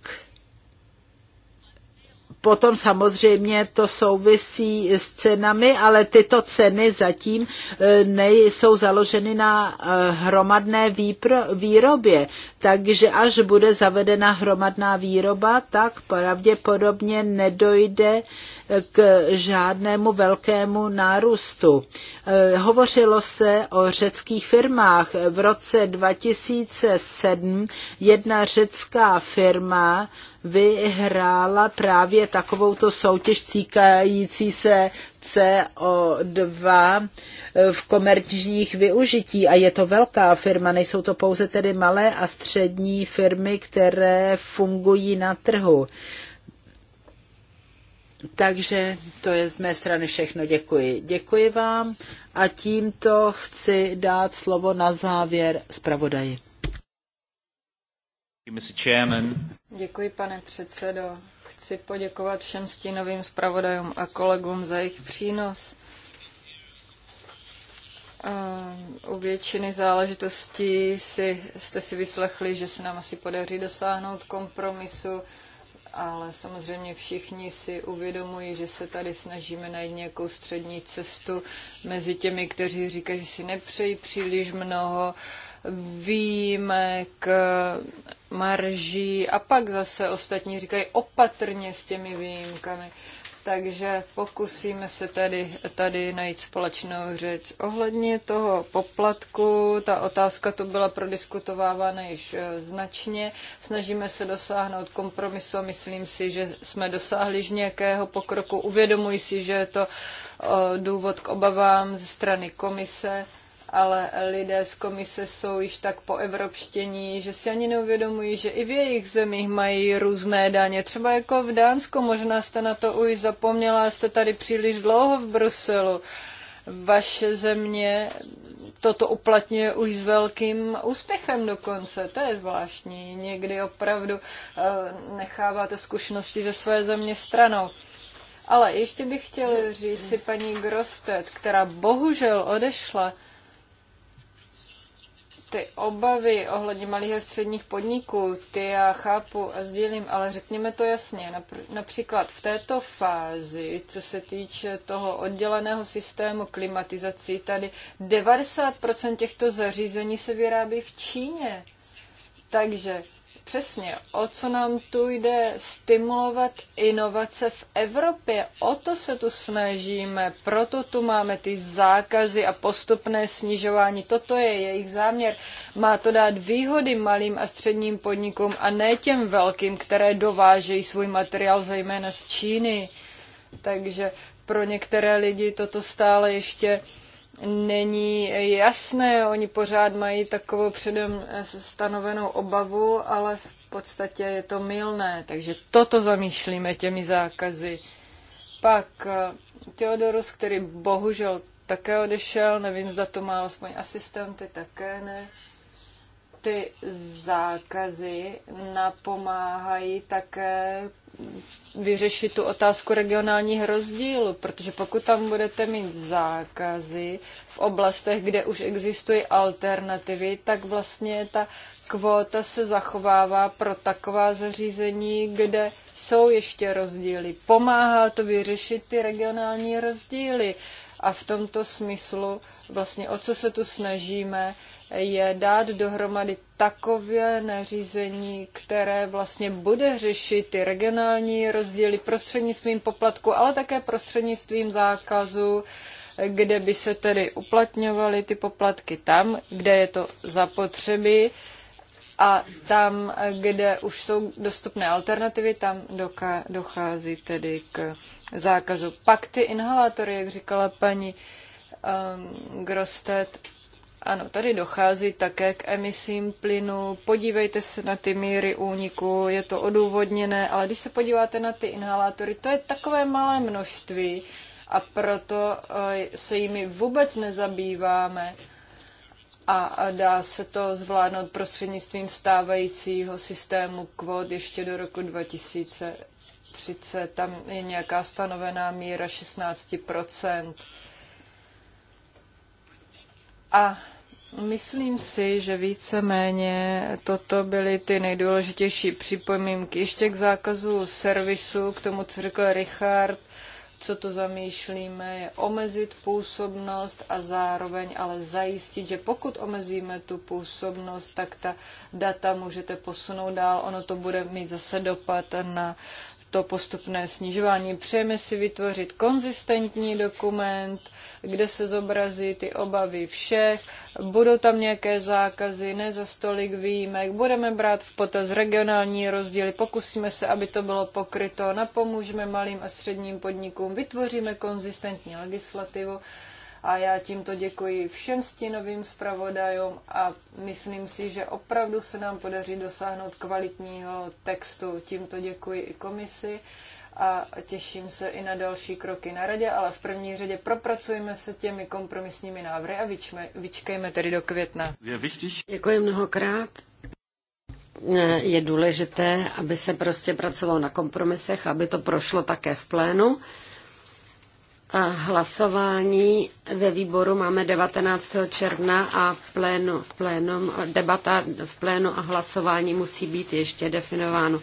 Potom samozřejmě to souvisí s cenami, ale tyto ceny zatím eh, nejsou založeny na eh, hromadné výrobě. Takže až bude zavedena hromadná výroba, tak pravděpodobně nedojde k žádnému velkému nárůstu. Eh, hovořilo se o řeckých firmách. V roce 2007 jedna řecká firma vyhrála právě takovouto soutěž cíkající se CO2 eh, v komerčních využití a je to velká firma, nejsou to pouze tedy malé a střední firmy, které fungují na trhu. Takže to je z mé strany všechno. Děkuji. Děkuji vám a tímto chci dát slovo na závěr zpravodaji. Děkuji, pane předsedo. Chci poděkovat všem stínovým zpravodajům a kolegům za jejich přínos. Eh, u většiny záležitostí si, jste si vyslechli, že se nám asi podaří dosáhnout kompromisu ale samozřejmě všichni si uvědomují, že se tady snažíme najít nějakou střední cestu mezi těmi, kteří říkají, že si nepřejí příliš mnoho výjimek, marží a pak zase ostatní říkají opatrně s těmi výjimkami. Takže pokusíme se tady, tady najít společnou řeč. Ohledně toho poplatku, ta otázka to byla prodiskutovávána již eh, značně. Snažíme se dosáhnout kompromisu myslím si, že jsme dosáhli nějakého pokroku. Uvědomuji si, že je to eh, důvod k obavám ze strany komise ale lidé z komise jsou již tak poevropštění, že si ani neuvědomují, že i v jejich zemích mají různé daně. Třeba jako v Dánsku, možná jste na to už zapomněla, jste tady příliš dlouho v Bruselu. Vaše země toto uplatňuje už s velkým úspěchem dokonce. To je zvláštní. Někdy opravdu eh, necháváte zkušenosti ze své země stranou. Ale ještě bych chtěl říct si paní Grostet, která bohužel odešla, ty obavy ohledně malých a středních podniků, ty já chápu a sdílím, ale řekněme to jasně. Například v této fázi, co se týče toho odděleného systému klimatizací, tady 90% těchto zařízení se vyrábí v Číně. Takže přesně, o co nám tu jde stimulovat inovace v Evropě. O to se tu snažíme, proto tu máme ty zákazy a postupné snižování. Toto je jejich záměr. Má to dát výhody malým a středním podnikům a ne těm velkým, které dovážejí svůj materiál zejména z Číny. Takže pro některé lidi toto stále ještě není jasné. Oni pořád mají takovou předem stanovenou obavu, ale v podstatě je to milné. Takže toto zamýšlíme těmi zákazy. Pak eh, Teodorus, který bohužel také odešel, nevím, zda to má alespoň asistenty, také ne. Ty zákazy napomáhají také vyřešit tu otázku regionálních rozdílů, protože pokud tam budete mít zákazy v oblastech, kde už existují alternativy, tak vlastně ta kvóta se zachovává pro taková zařízení, kde jsou ještě rozdíly. Pomáhá to vyřešit ty regionální rozdíly. A v tomto smyslu vlastně o co se tu snažíme, je dát dohromady takové nařízení, které vlastně bude řešit ty regionální rozdíly prostřednictvím poplatku, ale také prostřednictvím zákazu, kde by se tedy uplatňovaly ty poplatky tam, kde je to zapotřeby a tam, kde už jsou dostupné alternativy, tam dochází tedy k zákazu. Pak ty inhalátory, jak říkala paní um, Grostet, ano, tady dochází také k emisím plynu. Podívejte se na ty míry úniku, je to odůvodněné, ale když se podíváte na ty inhalátory, to je takové malé množství a proto eh, se jimi vůbec nezabýváme a dá se to zvládnout prostřednictvím stávajícího systému kvót ještě do roku 2000 30, tam je nějaká stanovená míra 16 A Myslím si, že víceméně toto byly ty nejdůležitější připomínky. Ještě k zákazu servisu, k tomu, co řekl Richard, co to zamýšlíme, je omezit působnost a zároveň ale zajistit, že pokud omezíme tu působnost, tak ta data můžete posunout dál. Ono to bude mít zase dopad na to postupné snižování. Přejeme si vytvořit konzistentní dokument, kde se zobrazí ty obavy všech, budou tam nějaké zákazy, ne za stolik výjimek, budeme brát v potaz regionální rozdíly, pokusíme se, aby to bylo pokryto, napomůžeme malým a středním podnikům, vytvoříme konzistentní legislativu a já tímto děkuji všem stínovým zpravodajům a myslím si, že opravdu se nám podaří dosáhnout kvalitního textu. Tímto děkuji i komisi a těším se i na další kroky na radě, ale v první řadě propracujeme se těmi kompromisními návrhy a vyčkejme tedy do května. Je wichtig. Děkuji mnohokrát. Je důležité, aby se prostě pracovalo na kompromisech, aby to prošlo také v plénu hlasování ve výboru máme 19. června a v plénu, v plénu debata v plénu a hlasování musí být ještě definováno.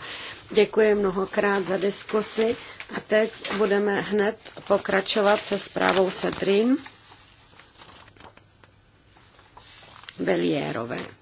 Děkuji mnohokrát za diskusy a teď budeme hned pokračovat se zprávou Setrin Beliérové.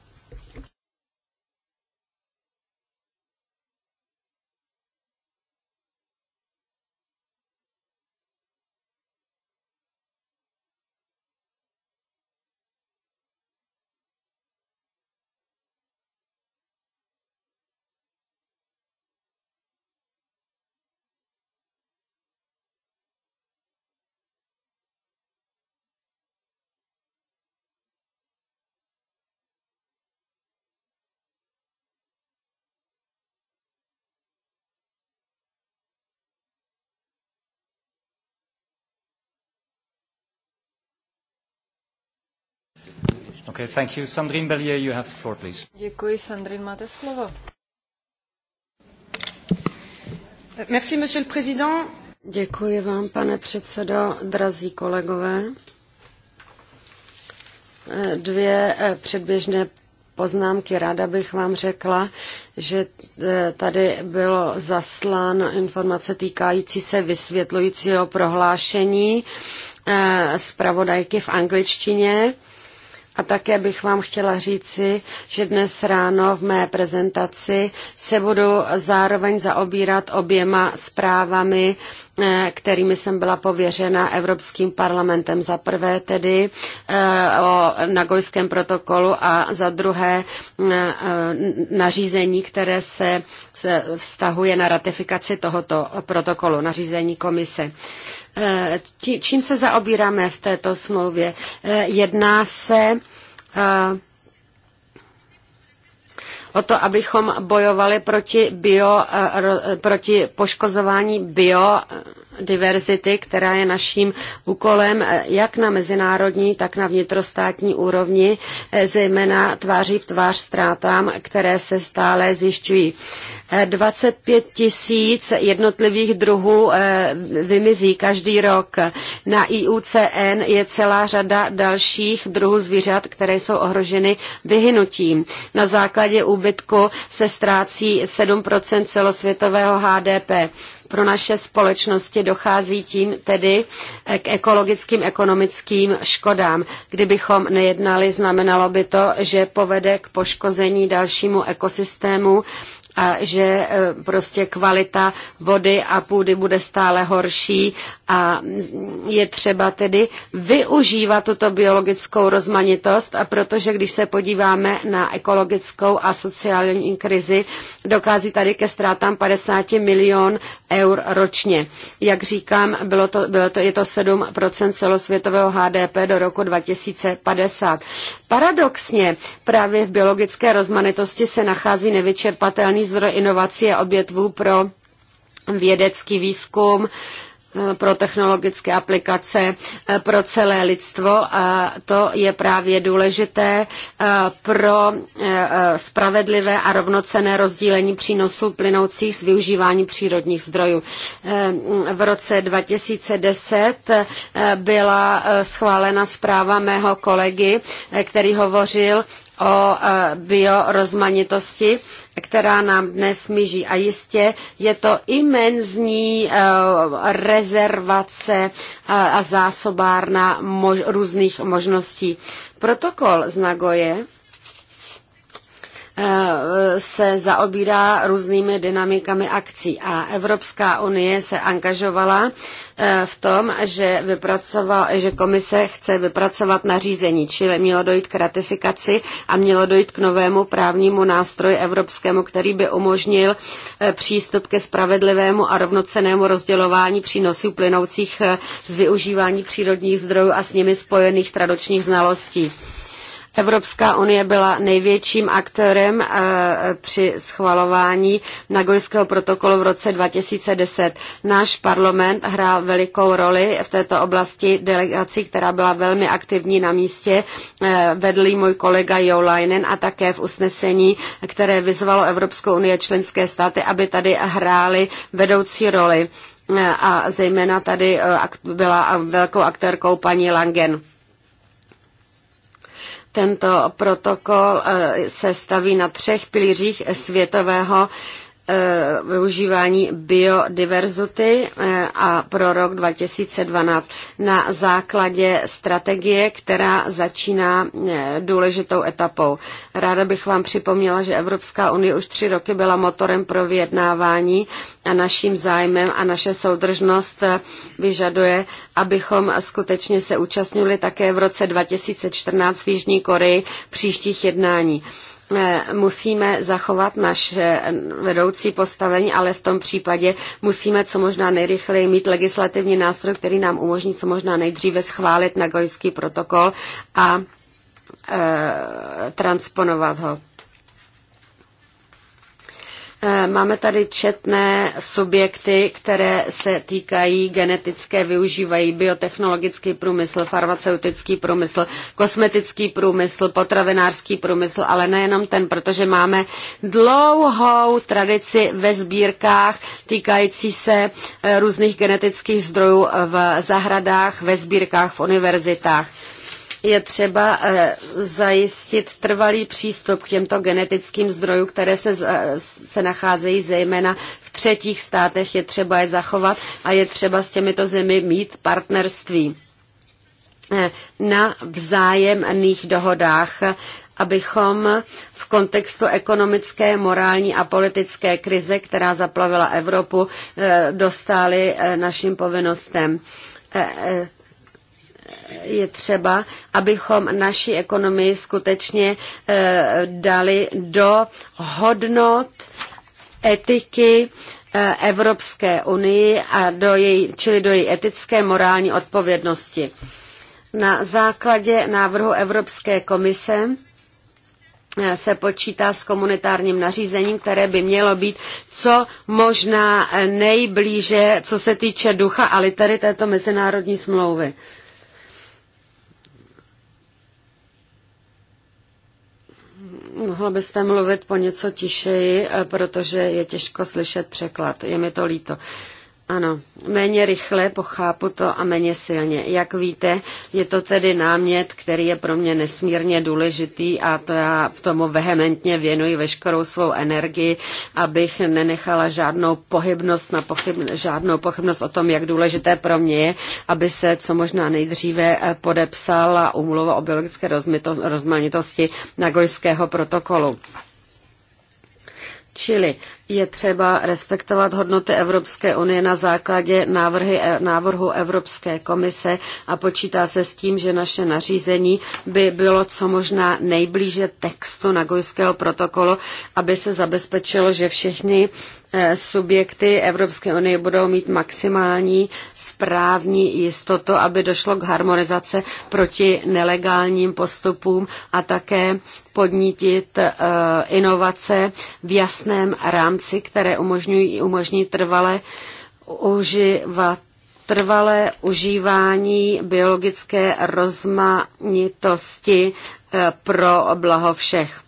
Okay, thank you. Sandrine Bellier, you have the floor, please. Děkuji, Sandrine, máte slovo. Merci, monsieur le président. Děkuji vám, pane předsedo, drazí kolegové. Dvě eh, předběžné poznámky. Ráda bych vám řekla, že eh, tady bylo zaslán informace týkající se vysvětlujícího prohlášení eh, zpravodajky v angličtině a také bych vám chtěla říci, že dnes ráno v mé prezentaci se budu zároveň zaobírat oběma zprávami, eh, kterými jsem byla pověřena Evropským parlamentem. Za prvé tedy eh, o Nagojském protokolu a za druhé eh, nařízení, které se vztahuje na ratifikaci tohoto protokolu, nařízení komise. Čím se zaobíráme v této smlouvě? Eh, jedná se eh, o to, abychom bojovali proti, bio, eh, proti poškozování bio diverzity, která je naším úkolem eh, jak na mezinárodní, tak na vnitrostátní úrovni, eh, zejména tváří v tvář ztrátám, které se stále zjišťují. 25 eh, tisíc jednotlivých druhů vymizí každý rok. Na IUCN je celá řada dalších druhů zvířat, které jsou ohroženy vyhynutím. Na základě úbytku se ztrácí 7 celosvětového HDP pro naše společnosti dochází tím tedy eh, k ekologickým, ekonomickým škodám. Kdybychom nejednali, znamenalo by to, že povede k poškození dalšímu ekosystému, a že e, prostě kvalita vody a půdy bude stále horší a je třeba tedy využívat tuto biologickou rozmanitost, a protože když se podíváme na ekologickou a sociální krizi, dokází tady ke ztrátám 50 milion eur ročně. Jak říkám, bylo to, bylo to, je to 7% celosvětového HDP do roku 2050. Paradoxně právě v biologické rozmanitosti se nachází nevyčerpatelný zdroj inovací a odvětvů pro vědecký výzkum, eh, pro technologické aplikace eh, pro celé lidstvo a to je právě důležité eh, pro spravedlivé a rovnocené rozdílení přínosů plynoucích z využívání přírodních zdrojů. V roce 2010 byla schválena zpráva mého kolegy, který hovořil o e, biorozmanitosti, která nám dnes míží. A jistě je to imenzní e, rezervace e, a zásobárna mož- různých možností. Protokol z Nagoje Eh, se zaobírá různými dynamikami akcí a Evropská unie se angažovala eh, v tom, že, vypracoval, že komise chce vypracovat nařízení, čili mělo dojít k ratifikaci a mělo dojít k novému právnímu nástroji evropskému, který by umožnil eh, přístup ke spravedlivému a rovnocenému rozdělování přínosů plynoucích z využívání přírodních zdrojů a s nimi spojených tradičních znalostí. Evropská unie byla největším aktorem eh, při schvalování Nagojského protokolu v roce 2010. Náš parlament hrál velikou roli v této oblasti delegací, která byla velmi aktivní na místě. Eh, Vedl můj kolega Jo Leinen a také v usnesení, které vyzvalo Evropskou unii a členské státy, aby tady hrály vedoucí roli. Eh, a zejména tady byla velkou aktérkou paní Langen. Tento protokol eh, se staví na třech pilířích světového Eh, využívání biodiverzity eh, a pro rok 2012 na základě strategie, která začíná eh, důležitou etapou. Ráda bych vám připomněla, že Evropská unie už tři roky byla motorem pro vyjednávání a naším zájmem a naše soudržnost vyžaduje, abychom skutečně se účastnili také v roce 2014 v Jižní Koreji příštích jednání. Eh, musíme zachovat naše vedoucí postavení, ale v tom případě musíme co možná nejrychleji mít legislativní nástroj, který nám umožní co možná nejdříve schválit Nagojský protokol a e, transponovat ho. Eh, máme tady četné subjekty, které se týkají genetické, využívají biotechnologický průmysl, farmaceutický průmysl, kosmetický průmysl, potravinářský průmysl, ale nejenom ten, protože máme dlouhou tradici ve sbírkách týkající se eh, různých genetických zdrojů v zahradách, ve sbírkách, v univerzitách je třeba eh, zajistit trvalý přístup k těmto genetickým zdrojům, které se, eh, se nacházejí zejména v třetích státech. Je třeba je zachovat a je třeba s těmito zemi mít partnerství eh, na vzájemných dohodách abychom v kontextu ekonomické, morální a politické krize, která zaplavila Evropu, dostali našim povinnostem je třeba, abychom naši ekonomii skutečně eh, dali do hodnot etiky eh, Evropské unii a do její, čili do její etické morální odpovědnosti. Na základě návrhu Evropské komise eh, se počítá s komunitárním nařízením, které by mělo být co možná nejblíže, co se týče ducha a litery této mezinárodní smlouvy. Mohla byste mluvit po něco tišeji, eh, protože je těžko slyšet překlad. Je mi to líto. Ano, méně rychle pochápu to a méně silně. Jak víte, je to tedy námět, který je pro mě nesmírně důležitý a to já v tomu vehementně věnuji veškerou svou energii, abych nenechala žádnou pohybnost, na pochyb, žádnou pochybnost o tom, jak důležité pro mě je, aby se co možná nejdříve eh, podepsala umluva o biologické rozmanitosti Nagojského protokolu. Čili je třeba respektovat hodnoty Evropské unie na základě návrhy, e, návrhu Evropské komise a počítá se s tím, že naše nařízení by bylo co možná nejblíže textu Nagojského protokolu, aby se zabezpečilo, že všichni e, subjekty Evropské unie budou mít maximální právní jistotu, aby došlo k harmonizace proti nelegálním postupům a také podnítit eh, inovace v jasném rámci, které umožňují, umožní trvale uživat trvalé užívání biologické rozmanitosti eh, pro blaho všech.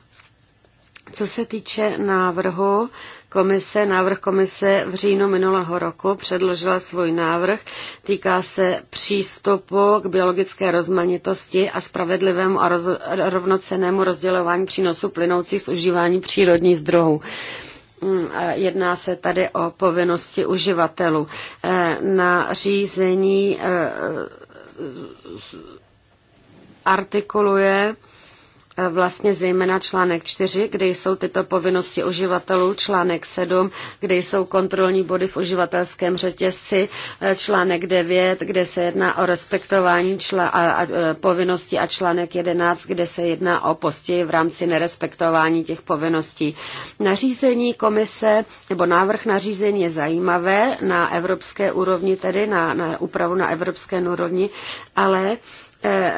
Co se týče návrhu Komise, návrh komise v říjnu minulého roku předložila svůj návrh. Týká se přístupu k biologické rozmanitosti a spravedlivému a roz, rovnocenému rozdělování přínosů plynoucích z užívání přírodních zdrojů. Mm, jedná se tady o povinnosti uživatelů. E, na řízení e, artikuluje vlastně zejména článek 4, kde jsou tyto povinnosti uživatelů, článek 7, kde jsou kontrolní body v uživatelském řetězci, e, článek 9, kde se jedná o respektování čla- a, a, e, povinností a článek 11, kde se jedná o postěji v rámci nerespektování těch povinností. Nařízení komise nebo návrh nařízení je zajímavé na evropské úrovni, tedy na, na úpravu na evropské úrovni, ale Eh,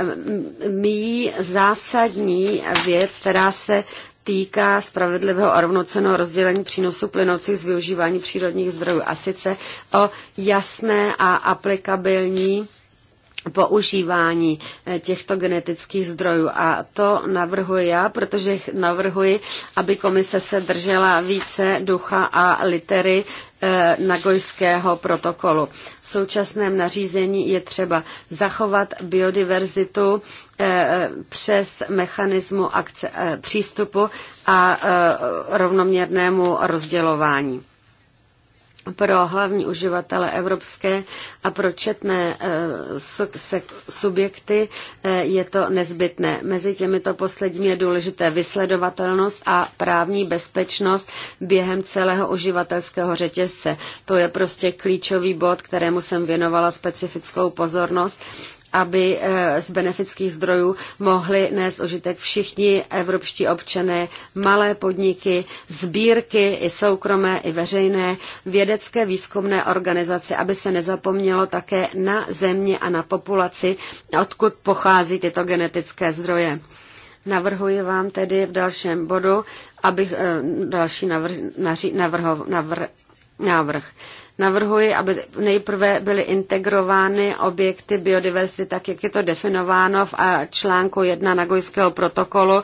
míjí zásadní věc, která se týká spravedlivého a rovnoceného rozdělení přínosů plynoucích z využívání přírodních zdrojů a sice o jasné a aplikabilní používání eh, těchto genetických zdrojů. A to navrhuji já, protože navrhuji, aby komise se držela více ducha a litery Eh, Nagojského protokolu. V současném nařízení je třeba zachovat biodiverzitu eh, přes mechanismu akce, eh, přístupu a rovnoměrnému rozdělování pro hlavní uživatele evropské a pro četné eh, subjekty eh, je to nezbytné. Mezi těmito posledními je důležité vysledovatelnost a právní bezpečnost během celého uživatelského řetězce. To je prostě klíčový bod, kterému jsem věnovala specifickou pozornost aby eh, z benefických zdrojů mohli nést užitek všichni evropští občané, malé podniky, sbírky i soukromé, i veřejné, vědecké výzkumné organizace, aby se nezapomnělo také na země a na populaci, odkud pochází tyto genetické zdroje. Navrhuji vám tedy v dalším bodu, abych eh, další navrh, naři, navr, návrh. Navrhuji, aby nejprve byly integrovány objekty biodiverzity, tak jak je to definováno v článku 1 Nagojského protokolu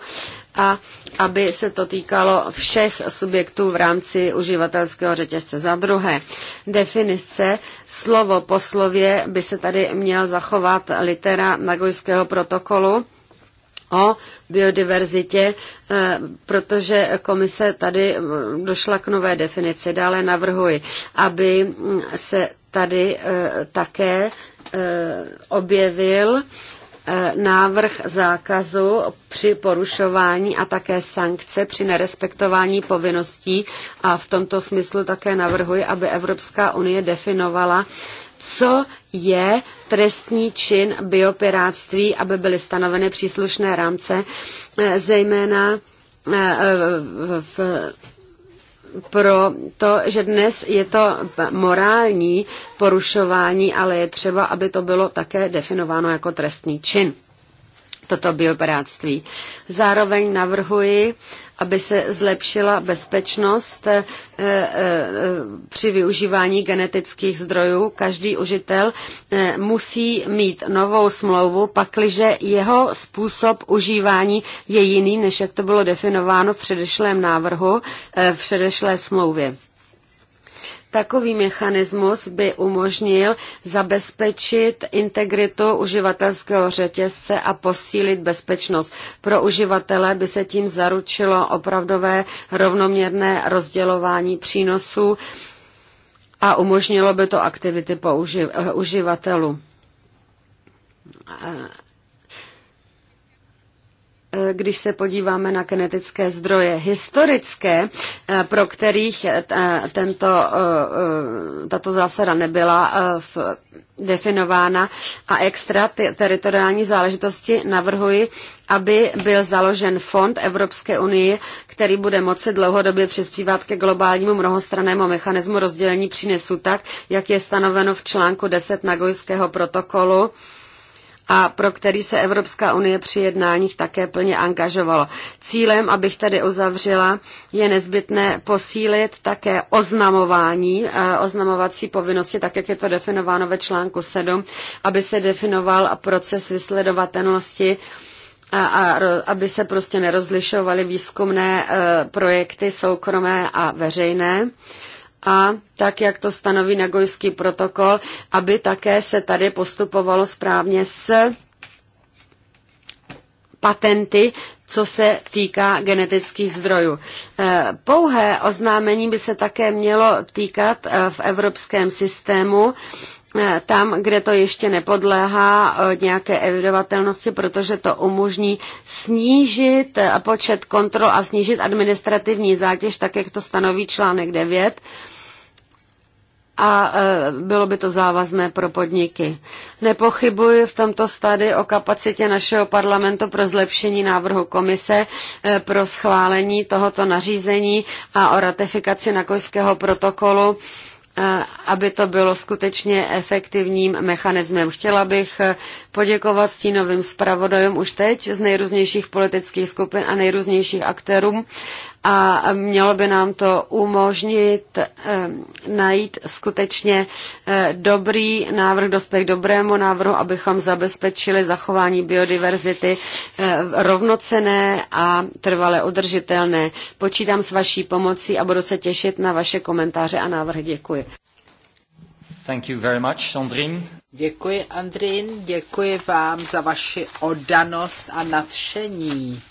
a aby se to týkalo všech subjektů v rámci uživatelského řetězce. Za druhé, definice slovo po slově by se tady měl zachovat litera Nagojského protokolu o biodiverzitě, eh, protože komise tady mm, došla k nové definici. Dále navrhuji, aby mm, se tady eh, také eh, objevil návrh zákazu při porušování a také sankce při nerespektování povinností a v tomto smyslu také navrhuji, aby Evropská unie definovala co je trestní čin biopiráctví, aby byly stanoveny příslušné rámce, eh, zejména eh, eh, v pro to, že dnes je to morální porušování, ale je třeba, aby to bylo také definováno jako trestný čin toto biopiráctví. Zároveň navrhuji, aby se zlepšila bezpečnost eh, eh, při využívání genetických zdrojů. Každý užitel eh, musí mít novou smlouvu, pakliže jeho způsob užívání je jiný, než jak to bylo definováno v předešlém návrhu, v předešlé smlouvě. Takový mechanismus by umožnil zabezpečit integritu uživatelského řetězce a posílit bezpečnost. Pro uživatele by se tím zaručilo opravdové rovnoměrné rozdělování přínosů a umožnilo by to aktivity po eh, uživatelů eh, Eh, když se podíváme na kinetické zdroje historické, eh, pro kterých eh, tento, tato zásada nebyla v, definována a extra teritoriální záležitosti navrhuji, aby byl založen fond Evropské unie, který bude moci dlouhodobě přispívat ke globálnímu mnohostrannému mechanismu rozdělení přínesu tak, jak je stanoveno v článku 10 Nagojského protokolu a pro který se Evropská unie při jednáních také plně angažovalo. Cílem, abych tady uzavřela, je nezbytné posílit také oznamování, eh, oznamovací povinnosti, tak jak je to definováno ve článku 7, aby se definoval proces vysledovatelnosti a, a aby se prostě nerozlišovaly výzkumné e, projekty soukromé a veřejné. E, a tak, jak to stanoví Nagojský protokol, aby také se tady postupovalo správně s patenty, co se týká genetických zdrojů. E, pouhé oznámení by se také mělo týkat e, v evropském systému e, tam, kde to ještě nepodléhá nějaké evidovatelnosti, protože to umožní snížit počet kontrol a snížit administrativní zátěž, tak jak to stanoví článek 9 a e, bylo by to závazné pro podniky. Nepochybuji v tomto stady o kapacitě našeho parlamentu pro zlepšení návrhu komise e, pro schválení tohoto nařízení a o ratifikaci nakojského protokolu e, aby to bylo skutečně efektivním mechanismem. Chtěla bych poděkovat stínovým zpravodajům už teď z nejrůznějších politických skupin a nejrůznějších aktérům a mělo by nám to umožnit eh, najít skutečně eh, dobrý návrh, dospěch k dobrému návrhu, abychom zabezpečili zachování biodiverzity eh, rovnocené a trvale udržitelné. Počítám s vaší pomocí a budu se těšit na vaše komentáře a návrhy. Děkuji. Thank you very much, Sandrine. Děkuji, Andrin, děkuji vám za vaši oddanost a nadšení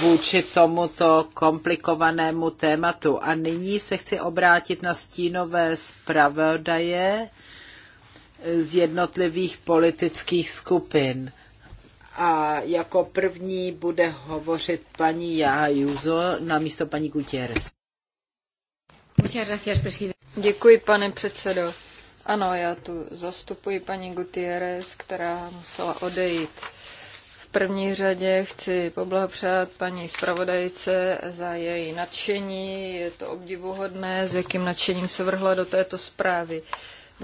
vůči tomuto komplikovanému tématu. A nyní se chci obrátit na stínové zpravodaje z jednotlivých politických skupin. A jako první bude hovořit paní Jaha Juzo na místo paní Gutierrez. Děkuji, pane předsedo. Ano, já tu zastupuji paní Gutierrez, která musela odejít první řadě chci poblahopřát paní zpravodajce za její nadšení. Je to obdivuhodné, s jakým nadšením se vrhla do této zprávy.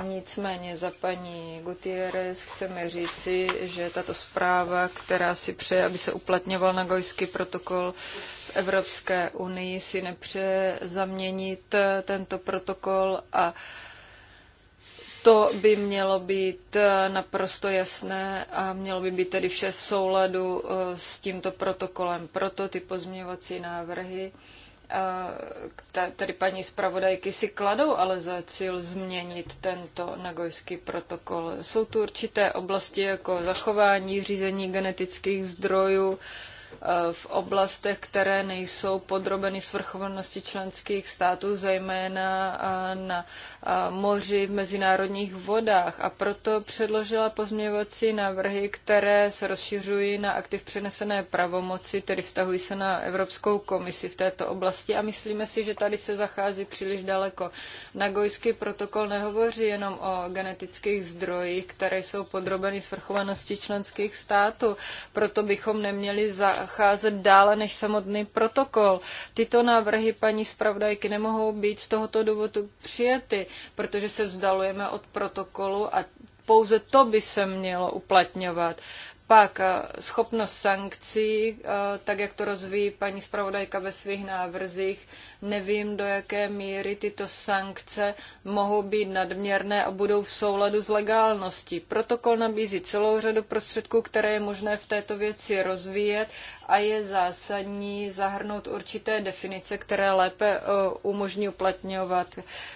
Nicméně za paní Gutierrez chceme říci, že tato zpráva, která si přeje, aby se uplatňoval gojský protokol v Evropské unii, si nepřeje zaměnit tento protokol a to by mělo být eh, naprosto jasné a mělo by být tedy vše v souladu eh, s tímto protokolem. Proto ty pozměňovací návrhy eh, tady paní zpravodajky si kladou ale za cíl změnit tento nagojský protokol. Jsou tu určité oblasti jako zachování, řízení genetických zdrojů, Eh, v oblastech, které nejsou podrobeny svrchovanosti členských států, zejména eh, na eh, moři v mezinárodních vodách. A proto předložila pozměňovací návrhy, které se rozšiřují na aktiv přenesené pravomoci, tedy vztahují se na Evropskou komisi v této oblasti. A myslíme si, že tady se zachází příliš daleko. Nagojský protokol nehovoří jenom o genetických zdrojích, které jsou podrobeny svrchovanosti členských států. Proto bychom neměli za zacházet dále než samotný protokol. Tyto návrhy paní zpravodajky nemohou být z tohoto důvodu přijaty, protože se vzdalujeme od protokolu a pouze to by se mělo uplatňovat. Pak eh, schopnost sankcí, eh, tak jak to rozvíjí paní zpravodajka ve svých návrzích, Nevím, do jaké míry tyto sankce mohou být nadměrné a budou v souladu s legálností. Protokol nabízí celou řadu prostředků, které je možné v této věci rozvíjet a je zásadní zahrnout určité definice, které lépe eh, umožní uplatňovat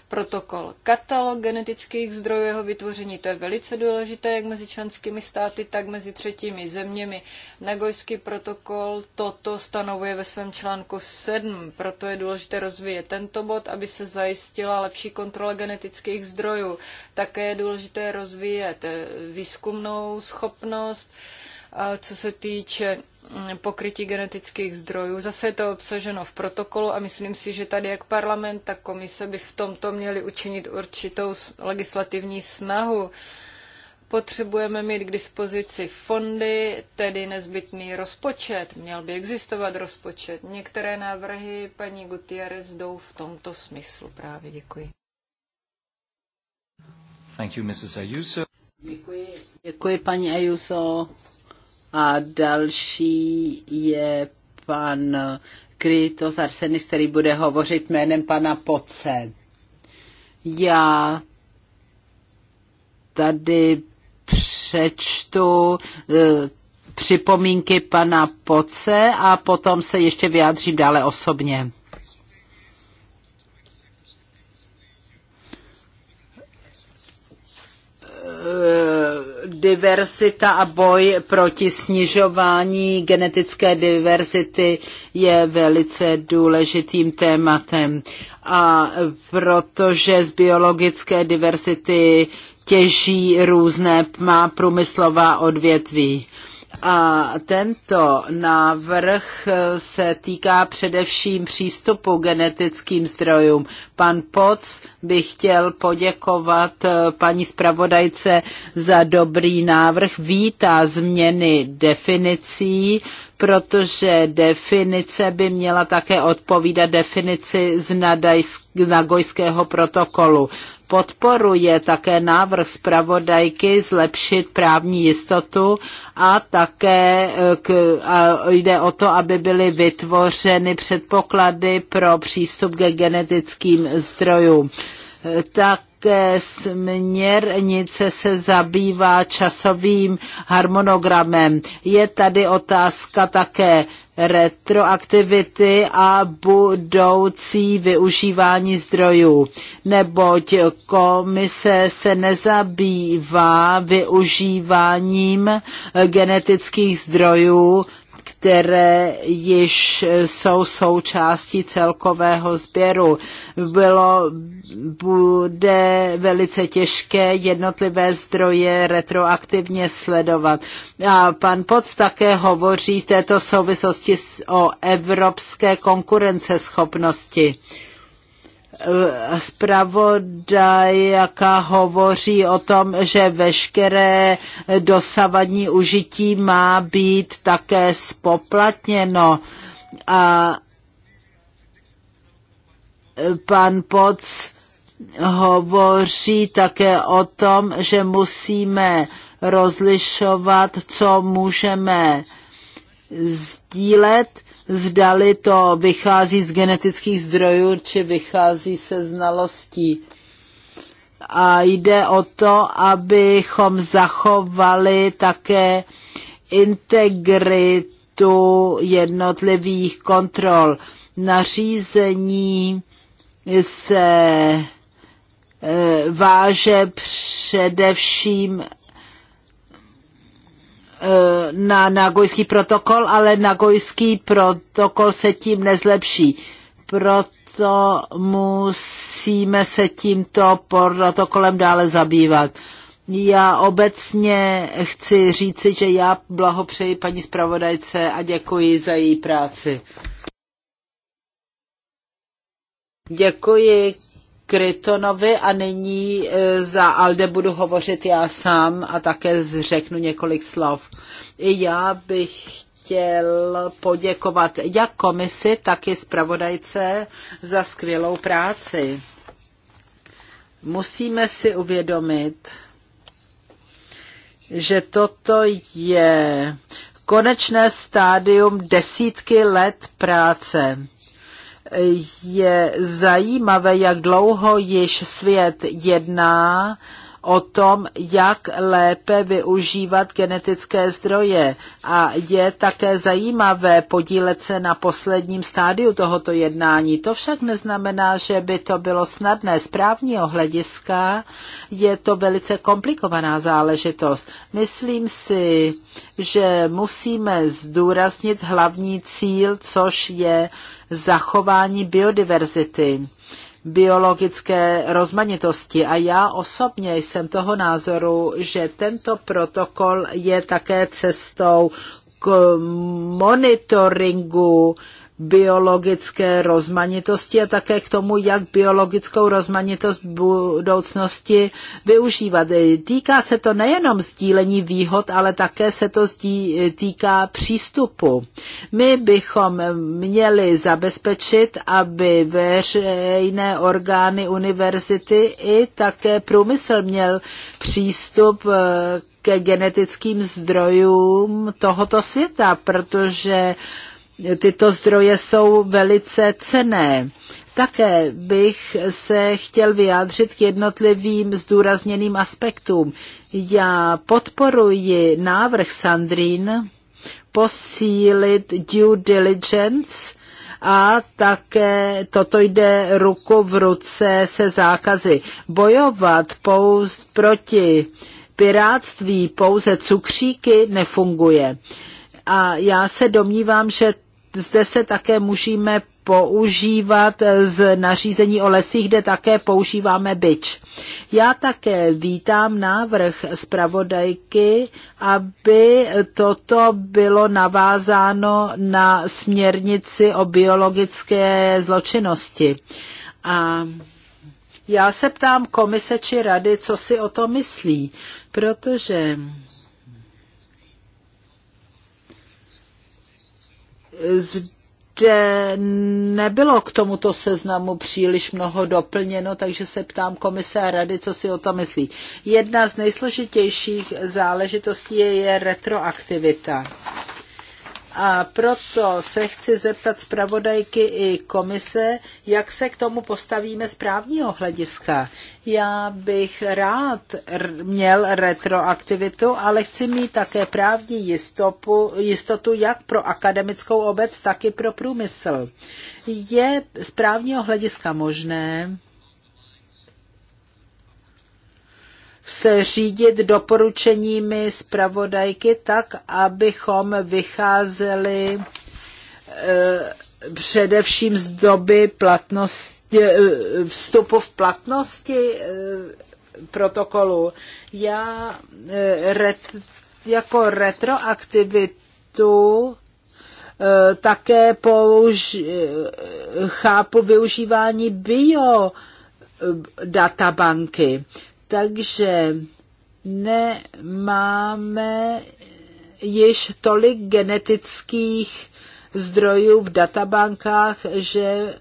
protokol. Katalog genetických zdrojů jeho vytvoření, to je velice důležité jak mezi členskými státy, tak mezi třetími zeměmi. Nagojský protokol toto stanovuje ve svém článku 7, proto je důležité rozvíjet. rozvíje tento bod, aby se zajistila lepší kontrola genetických zdrojů. Také je důležité rozvíjet eh, výzkumnou schopnost, co se týče mm, pokrytí genetických zdrojů. Zase je to obsaženo v protokolu a myslím si, že tady jak parlament, tak komise by v tomto měli učinit určitou legislativní snahu. Uh, Potřebujeme mít k dispozici fondy, tedy nezbytný rozpočet. Měl by existovat rozpočet. Některé návrhy paní Gutierrez jdou v tomto smyslu právě. Děkuji. Thank you, Mrs. Ayuso. Děkuji. Děkuji, paní Ayuso. A další je pan Krytos Arsenis, který bude hovořit jménem pana Poce. Já tady přečtu e, připomínky pana Poce a potom se ještě vyjádřím dále osobně. E, diverzita a boj proti snižování genetické diverzity je velice důležitým tématem. A protože z biologické diverzity těží různé má průmyslová odvětví. A tento návrh se týká především přístupu genetickým zdrojům. Pan Poc by chtěl poděkovat eh, paní zpravodajce za dobrý návrh. Vítá změny definicí, protože definice by měla také odpovídat definici z, Nagojského protokolu podporuje také návrh zpravodajky zlepšit právní jistotu a také eh, k, a jde o to, aby byly vytvořeny předpoklady pro přístup ke genetickým zdrojům. Eh, tak té směrnice se zabývá časovým harmonogramem. Je tady otázka také retroaktivity a budoucí využívání zdrojů, neboť komise se nezabývá využíváním genetických zdrojů které již jsou součástí celkového sběru. Bylo, bude velice těžké jednotlivé zdroje retroaktivně sledovat. A pan Poc také hovoří v této souvislosti o evropské konkurenceschopnosti. Eh, zpravodajka hovoří o tom, že veškeré dosavadní užití má být také spoplatněno. A eh, pan Poc hovoří také o tom, že musíme rozlišovat, co můžeme sdílet zdali to vychází z genetických zdrojů, či vychází se znalostí. A jde o to, abychom zachovali také integritu jednotlivých kontrol. Nařízení se eh, váže především Eh, na Nagojský protokol, ale Nagojský protokol se tím nezlepší. Proto musíme se tímto protokolem dále zabývat. Já obecně chci říci, že já blahopřeji paní zpravodajce a děkuji za její práci. Děkuji Krytonovi a nyní e, za Alde budu hovořit já sám a také zřeknu několik slov. I já bych chtěl poděkovat jak komisi, tak i zpravodajce za skvělou práci. Musíme si uvědomit, že toto je konečné stádium desítky let práce je zajímavé, jak dlouho již svět jedná o tom, jak lépe využívat genetické zdroje. A je také zajímavé podílet se na posledním stádiu tohoto jednání. To však neznamená, že by to bylo snadné. Z právního hlediska je to velice komplikovaná záležitost. Myslím si, že musíme zdůraznit hlavní cíl, což je zachování biodiverzity biologické rozmanitosti. A já osobně jsem toho názoru, že tento protokol je také cestou k monitoringu uh, biologické rozmanitosti a také k tomu, jak biologickou rozmanitost v budoucnosti využívat. Týká se to nejenom sdílení výhod, ale také se to zdí, týká přístupu. My bychom měli zabezpečit, aby veřejné orgány univerzity i také průmysl měl přístup eh, ke genetickým zdrojům tohoto světa, protože uh, tyto zdroje jsou velice cené. Také bych se chtěl vyjádřit k jednotlivým zdůrazněným aspektům. Já podporuji návrh Sandrín posílit due diligence a také toto jde ruku v ruce se zákazy. Bojovat pouze proti piráctví pouze cukříky nefunguje. A já se domnívám, že zde se také můžeme používat z nařízení o lesích, kde také používáme byč. Já také vítám návrh zpravodajky, aby toto bylo navázáno na směrnici o biologické zločinnosti. A já se ptám komise či rady, co si o to myslí, protože Zde nebylo k tomuto seznamu příliš mnoho doplněno, takže se ptám komise a rady, co si o to myslí. Jedna z nejsložitějších záležitostí je, je retroaktivita. A proto se chci zeptat zpravodajky i komise, jak se k tomu postavíme z právního hlediska. Já bych rád měl retroaktivitu, ale chci mít také právní jistopu, jistotu jak pro akademickou obec, tak i pro průmysl. Je z právního hlediska možné, se řídit doporučeními zpravodajky tak, abychom vycházeli eh, především z doby platnosti, eh, vstupu v platnosti eh, protokolu. Já ret, jako retroaktivitu také použ, chápu využívání bio databanky. Takže nemáme již tolik genetických zdrojů v databankách, že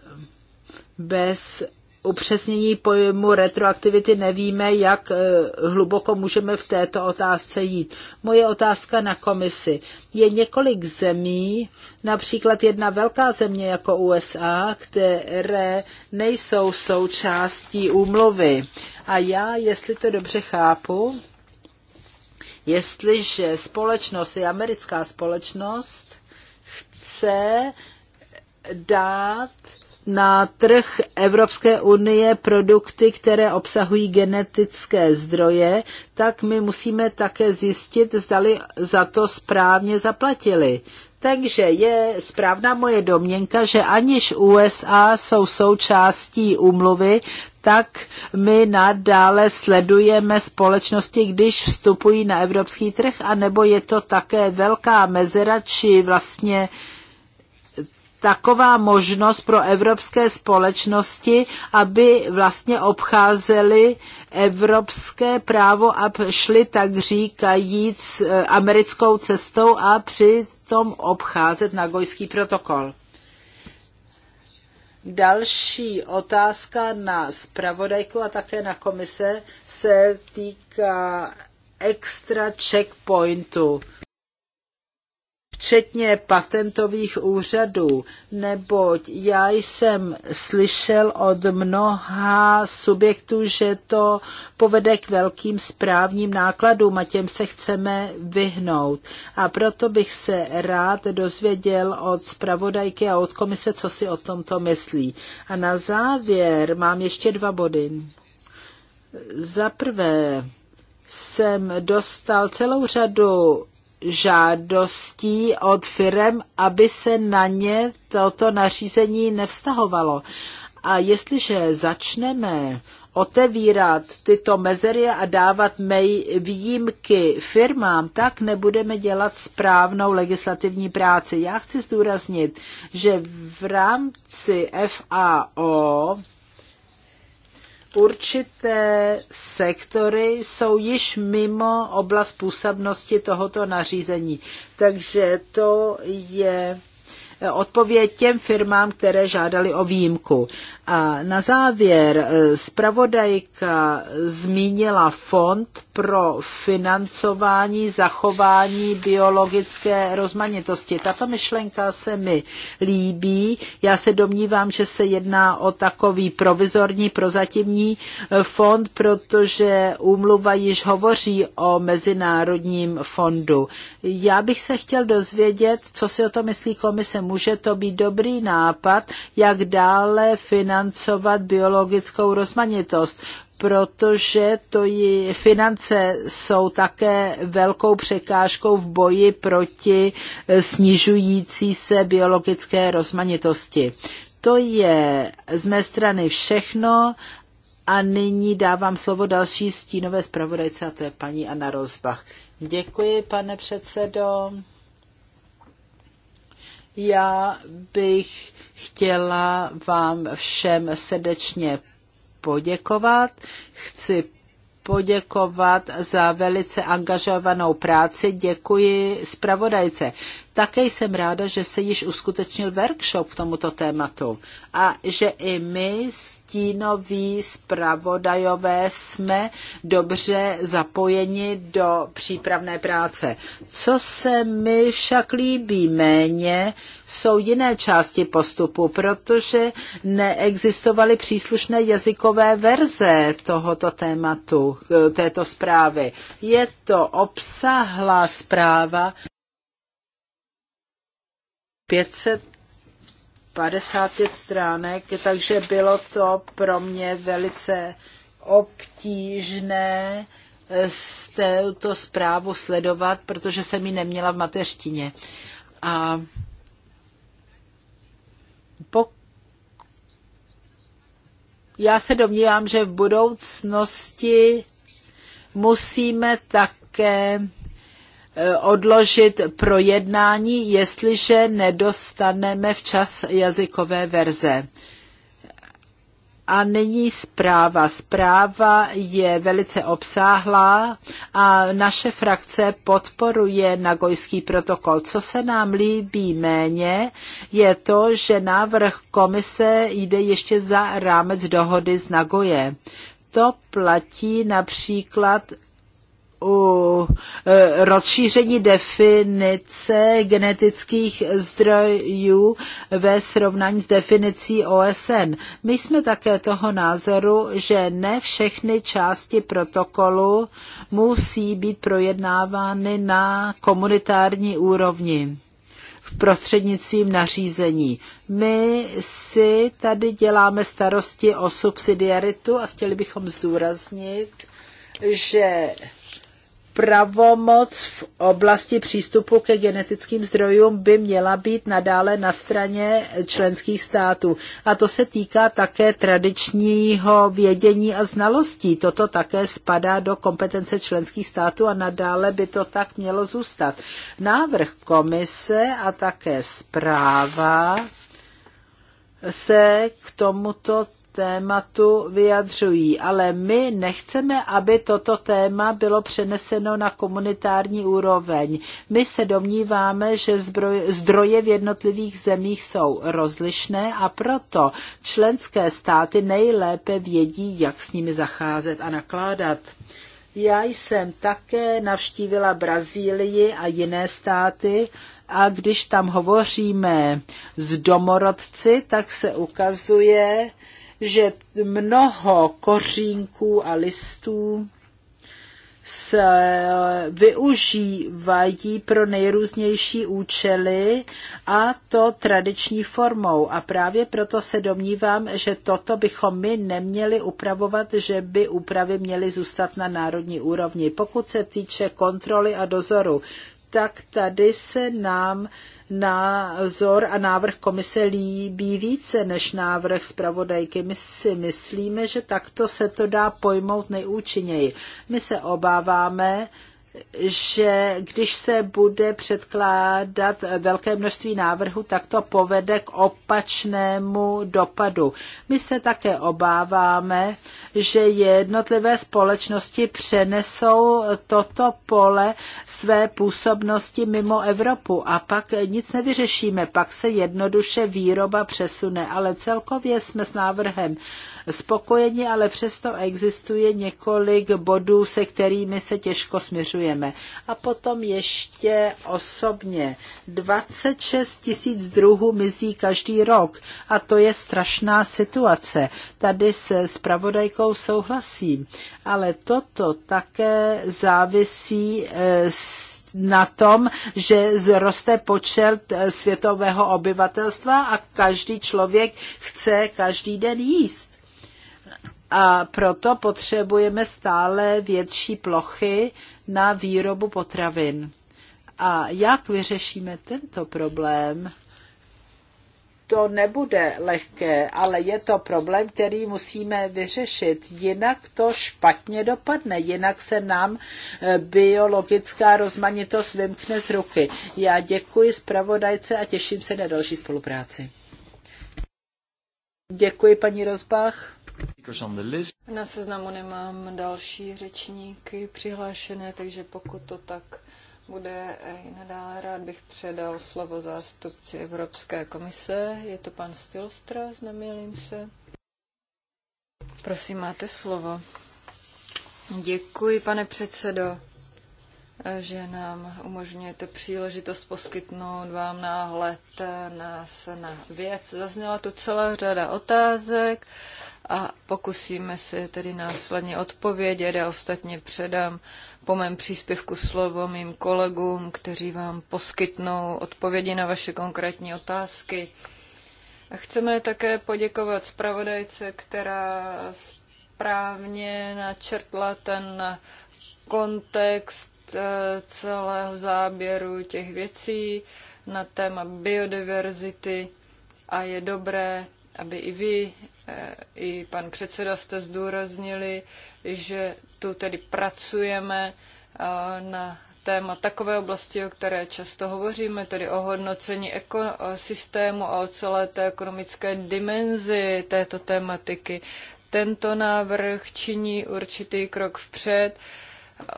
bez upřesnění pojmu retroaktivity nevíme, jak eh, hluboko můžeme v této otázce jít. Moje otázka na komisi. Je několik zemí, například jedna velká země jako USA, které nejsou součástí úmluvy. A já, jestli to dobře chápu, jestliže společnost, i americká společnost, chce dát na trh Evropské unie produkty, které obsahují genetické zdroje, tak my musíme také zjistit, zdali za to správně zaplatili. Takže je správná moje domněnka, že aniž USA jsou součástí úmluvy, tak my nadále sledujeme společnosti, když vstupují na evropský trh, anebo je to také velká mezera, či vlastně uh, taková možnost pro evropské společnosti, aby vlastně obcházeli evropské právo a šli tak říkajíc eh, americkou cestou a přitom obcházet Nagojský protokol. Další otázka na zpravodajku a také na komise se týká extra checkpointu včetně patentových úřadů, neboť já jsem slyšel od mnoha subjektů, že to povede k velkým správním nákladům a těm se chceme vyhnout. A proto bych se rád dozvěděl od zpravodajky a od komise, co si o tomto myslí. A na závěr mám ještě dva body. Za prvé, jsem dostal celou řadu žádostí od firem, aby se na ně toto nařízení nevztahovalo. A jestliže začneme otevírat tyto mezery a dávat výjimky firmám, tak nebudeme dělat správnou legislativní práci. Já chci zdůraznit, že v rámci FAO určité sektory jsou již mimo oblast působnosti tohoto nařízení. Takže to je odpověď těm firmám, které žádali o výjimku. A na závěr eh, zpravodajka zmínila fond pro financování zachování biologické rozmanitosti. Tato myšlenka se mi líbí. Já se domnívám, že se jedná o takový provizorní, prozatímní eh, fond, protože úmluva již hovoří o mezinárodním fondu. Já bych se chtěl dozvědět, co si o to myslí komise může to být dobrý nápad, jak dále financovat biologickou rozmanitost protože to je, finance jsou také velkou překážkou v boji proti snižující se biologické rozmanitosti. To je z mé strany všechno a nyní dávám slovo další stínové zpravodajce a to je paní Anna Rozbach. Děkuji, pane předsedo. Já bych chtěla vám všem srdečně poděkovat. Chci poděkovat za velice angažovanou práci. Děkuji zpravodajce. Také jsem ráda, že se již uskutečnil workshop k tomuto tématu a že i my, stínoví zpravodajové, jsme dobře zapojeni do přípravné práce. Co se mi však líbí méně, jsou jiné části postupu, protože neexistovaly příslušné jazykové verze tohoto tématu, této zprávy. Je to obsahlá zpráva, 555 stránek, takže bylo to pro mě velice obtížné z eh, této zprávu sledovat, protože jsem ji neměla v mateřtině. A po, já se domnívám, že v budoucnosti musíme také Eh, odložit projednání, jestliže nedostaneme včas jazykové verze. A nyní zpráva. Zpráva je velice obsáhlá a naše frakce podporuje Nagojský protokol. Co se nám líbí méně, je to, že návrh komise jde ještě za rámec dohody z Nagoje. To platí například u e, rozšíření definice genetických zdrojů ve srovnání s definicí OSN. My jsme také toho názoru, že ne všechny části protokolu musí být projednávány na komunitární úrovni v prostřednictvím nařízení. My si tady děláme starosti o subsidiaritu a chtěli bychom zdůraznit, že pravomoc v oblasti přístupu ke genetickým zdrojům by měla být nadále na straně členských států. A to se týká také tradičního vědění a znalostí. Toto také spadá do kompetence členských států a nadále by to tak mělo zůstat. Návrh komise a také zpráva se k tomuto tématu vyjadřují, ale my nechceme, aby toto téma bylo přeneseno na komunitární úroveň. My se domníváme, že zdroje v jednotlivých zemích jsou rozlišné a proto členské státy nejlépe vědí, jak s nimi zacházet a nakládat. Já jsem také navštívila Brazílii a jiné státy a když tam hovoříme s domorodci, tak se ukazuje, že mnoho kořínků a listů se využívají pro nejrůznější účely a to tradiční formou. A právě proto se domnívám, že toto bychom my neměli upravovat, že by úpravy měly zůstat na národní úrovni. Pokud se týče kontroly a dozoru, tak tady se nám názor a návrh komise líbí více než návrh zpravodajky. My si myslíme, že takto se to dá pojmout nejúčinněji. My se obáváme, že když se bude předkládat velké množství návrhů, tak to povede k opačnému dopadu. My se také obáváme, že jednotlivé společnosti přenesou toto pole své působnosti mimo Evropu a pak nic nevyřešíme, pak se jednoduše výroba přesune, ale celkově jsme s návrhem spokojeni, ale přesto existuje několik bodů, se kterými se těžko směřujeme. A potom ještě osobně. 26 tisíc druhů mizí každý rok a to je strašná situace. Tady se spravodajkou souhlasím, ale toto také závisí eh, s na tom, že zroste počet eh, světového obyvatelstva a každý člověk chce každý den jíst. A proto potřebujeme stále větší plochy na výrobu potravin. A jak vyřešíme tento problém? To nebude lehké, ale je to problém, který musíme vyřešit. Jinak to špatně dopadne, jinak se nám eh, biologická rozmanitost vymkne z ruky. Já děkuji zpravodajce a těším se na další spolupráci. Děkuji, paní Rozbach. Na seznamu nemám další řečníky přihlášené, takže pokud to tak bude eh, i nadále, rád bych předal slovo zástupci Evropské komise. Je to pan Stilstra, znamělím se. Prosím, máte slovo. Děkuji, pane předsedo, eh, že nám umožňujete příležitost poskytnout vám náhled eh, na, na věc. Zazněla tu celá řada otázek a pokusíme se tedy následně odpovědět. Já ostatně předám po mém příspěvku slovo mým kolegům, kteří vám poskytnou odpovědi na vaše konkrétní otázky. A chceme také poděkovat zpravodajce, která správně načrtla ten kontext eh, celého záběru těch věcí na téma biodiverzity a je dobré, aby i vy Eh, i pan předseda jste zdůraznili, že tu tedy pracujeme eh, na téma takové oblasti, o které často hovoříme, tedy o hodnocení ekosystému a o celé té ekonomické dimenzi této tematiky. Tento návrh činí určitý krok vpřed. Uh,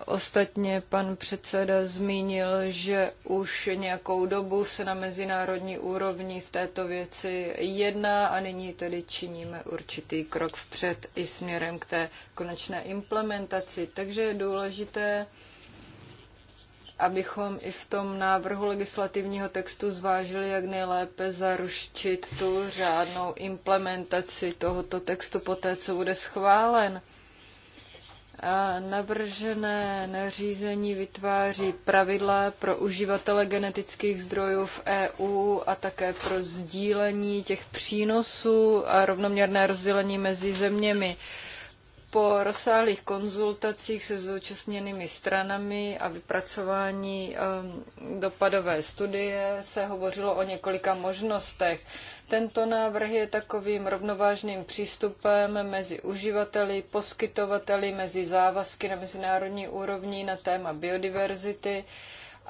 Ostatně pan předseda zmínil, že už nějakou dobu se na mezinárodní úrovni v této věci jedná a nyní tedy činíme určitý krok vpřed i směrem k té konečné implementaci. Takže je důležité, abychom i v tom návrhu legislativního textu zvážili, jak nejlépe zaruštit tu řádnou implementaci tohoto textu poté, co bude schválen Navržené nařízení vytváří pravidla pro uživatele genetických zdrojů v EU a také pro sdílení těch přínosů a rovnoměrné rozdělení mezi zeměmi. Po rozsáhlých konzultacích se zúčastněnými stranami a vypracování um, dopadové studie se hovořilo o několika možnostech. Tento návrh je takovým rovnovážným přístupem mezi uživateli, poskytovateli, mezi závazky na mezinárodní úrovni na téma biodiverzity,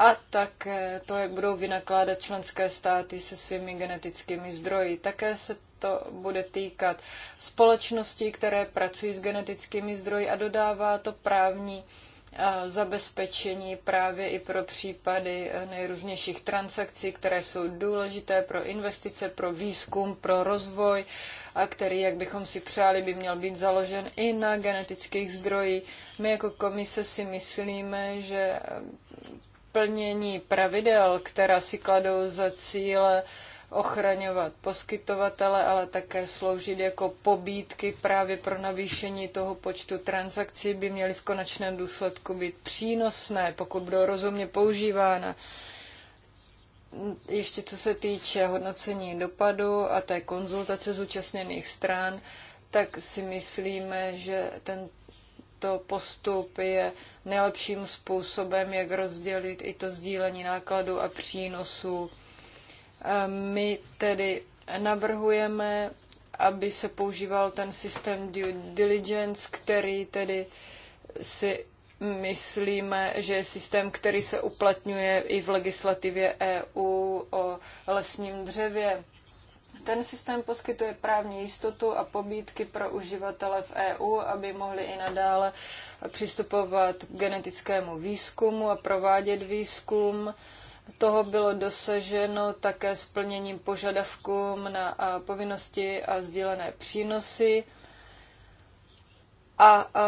a také eh, to, jak budou vynakládat členské státy se svými genetickými zdroji. Také se to bude týkat společností, které pracují s genetickými zdroji a dodává to právní eh, zabezpečení právě i pro případy eh, nejrůznějších transakcí, které jsou důležité pro investice, pro výzkum, pro rozvoj, a který, jak bychom si přáli, by měl být založen i na genetických zdrojích. My jako komise si myslíme, že plnění pravidel, která si kladou za cíle ochraňovat poskytovatele, ale také sloužit jako pobídky právě pro navýšení toho počtu transakcí, by měly v konečném důsledku být přínosné, pokud budou rozumně používána. Ještě co se týče hodnocení dopadu a té konzultace zúčastněných stran, tak si myslíme, že ten tento postup je nejlepším způsobem, jak rozdělit i to sdílení nákladů a přínosů. My tedy navrhujeme, aby se používal ten systém due diligence, který tedy si myslíme, že je systém, který se uplatňuje i v legislativě EU o lesním dřevě. Ten systém poskytuje právní jistotu a pobídky pro uživatele v EU, aby mohli i nadále přistupovat k genetickému výzkumu a provádět výzkum. Toho bylo dosaženo také splněním požadavkům na povinnosti a sdílené přínosy. A, a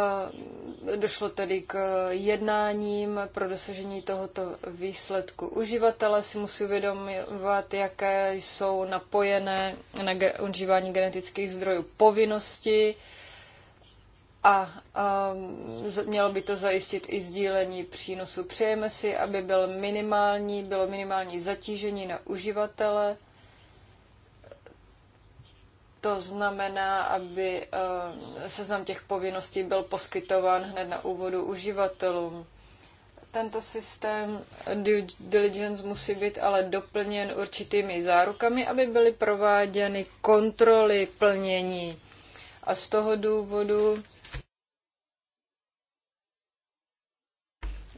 došlo tedy k jednáním pro dosažení tohoto výsledku. Uživatelé si musí uvědomovat, jaké jsou napojené na ge- užívání genetických zdrojů povinnosti a, a mělo by to zajistit i sdílení přínosu. Přejeme si, aby byl minimální, bylo minimální zatížení na uživatele to znamená, aby eh, seznam těch povinností byl poskytován hned na úvodu uživatelům. Tento systém due diligence musí být ale doplněn určitými zárukami, aby byly prováděny kontroly plnění. A z toho důvodu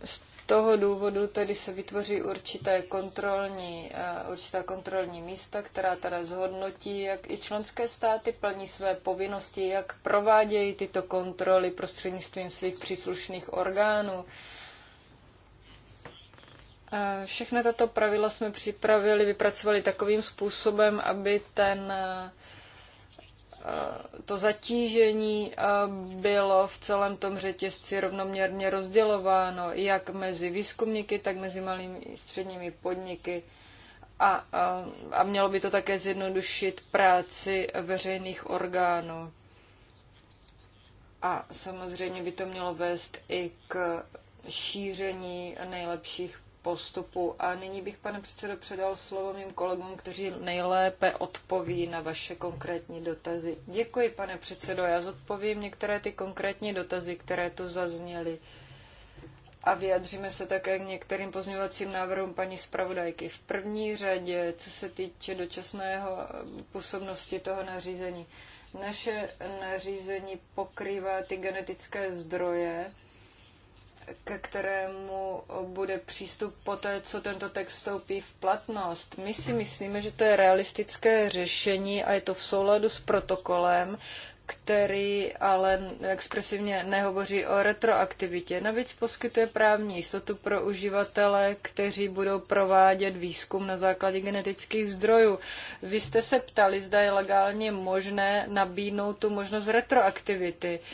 z toho důvodu tedy se vytvoří určité kontrolní, eh, určitá kontrolní místa, která teda zhodnotí, jak i členské státy plní své povinnosti, jak provádějí tyto kontroly prostřednictvím svých příslušných orgánů. Eh, všechna tato pravidla jsme připravili, vypracovali takovým způsobem, aby ten eh, to zatížení eh, bylo v celém tom řetězci rovnoměrně rozdělováno, jak mezi výzkumníky, tak mezi malými i středními podniky. A, a, eh, a mělo by to také zjednodušit práci veřejných orgánů. A samozřejmě by to mělo vést i k šíření nejlepších postupu. A nyní bych, pane předsedo, předal slovo mým kolegům, kteří nejlépe odpoví na vaše konkrétní dotazy. Děkuji, pane předsedo. Já zodpovím některé ty konkrétní dotazy, které tu zazněly. A vyjadříme se také k některým pozměňovacím návrhům paní zpravodajky. V první řadě, co se týče dočasného působnosti toho nařízení. Naše nařízení pokrývá ty genetické zdroje, ke kterému bude přístup poté, co tento text vstoupí v platnost. My si myslíme, že to je realistické řešení a je to v souladu s protokolem, který ale expresivně nehovoří o retroaktivitě. Navíc poskytuje právní jistotu pro uživatele, kteří budou provádět výzkum na základě genetických zdrojů. Vy jste se ptali, zda je legálně možné nabídnout tu možnost retroaktivity. Uh,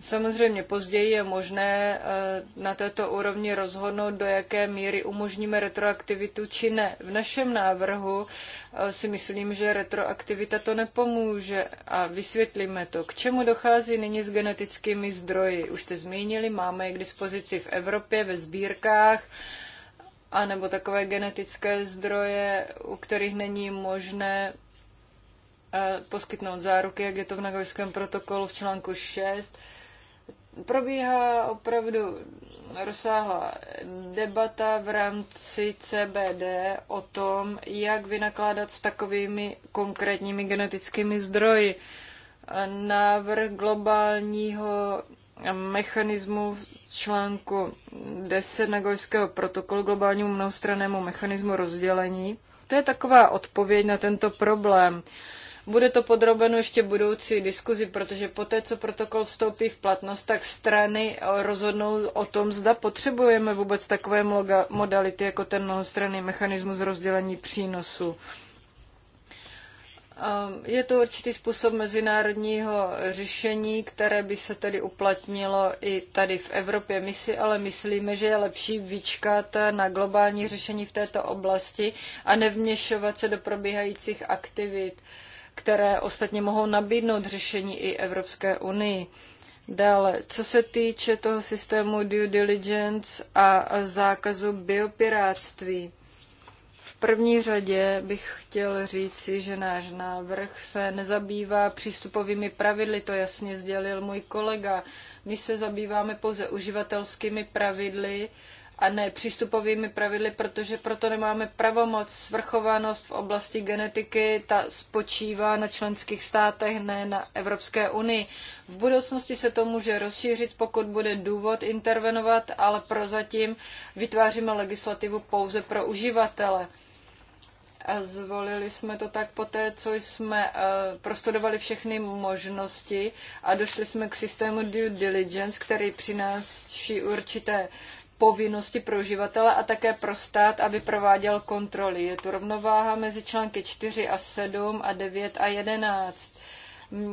Samozřejmě později je možné eh, na této úrovni rozhodnout, do jaké míry umožníme retroaktivitu či ne. V našem návrhu eh, si myslím, že retroaktivita to nepomůže a vysvětlíme to. K čemu dochází nyní s genetickými zdroji? Už jste zmínili, máme je k dispozici v Evropě ve sbírkách anebo takové genetické zdroje, u kterých není možné eh, poskytnout záruky, jak je to v Nagojském protokolu v článku 6 probíhá opravdu rozsáhlá debata v rámci CBD o tom, jak vynakládat s takovými konkrétními genetickými zdroji. Návrh globálního mechanismu v článku 10 Nagojského protokolu globálnímu mnohostrannému mechanismu rozdělení. To je taková odpověď na tento problém. Bude to podrobeno ještě budoucí diskuzi, protože poté, co protokol vstoupí v platnost, tak strany rozhodnou o tom, zda potřebujeme vůbec takové modality, jako ten mnohostranný mechanismus rozdělení přínosu. Eh, je to určitý způsob mezinárodního řešení, které by se tedy uplatnilo i tady v Evropě. My si ale myslíme, že je lepší vyčkat na globální řešení v této oblasti a nevměšovat se do probíhajících aktivit které ostatně mohou nabídnout řešení i Evropské unii. Dále, co se týče toho systému due diligence a zákazu biopiráctví, v první řadě bych chtěl říci, že náš návrh se nezabývá přístupovými pravidly, to jasně sdělil můj kolega. My se zabýváme pouze uživatelskými pravidly, a ne přístupovými pravidly, protože proto nemáme pravomoc. Svrchovanost v oblasti genetiky, ta spočívá na členských státech, ne na Evropské unii. V budoucnosti se to může rozšířit, pokud bude důvod intervenovat, ale prozatím vytváříme legislativu pouze pro uživatele. A zvolili jsme to tak poté, co jsme eh, prostudovali všechny možnosti a došli jsme k systému due diligence, který přináší určité povinnosti pro uživatele a také pro stát, aby prováděl kontroly. Je tu rovnováha mezi články 4 a 7 a 9 a 11.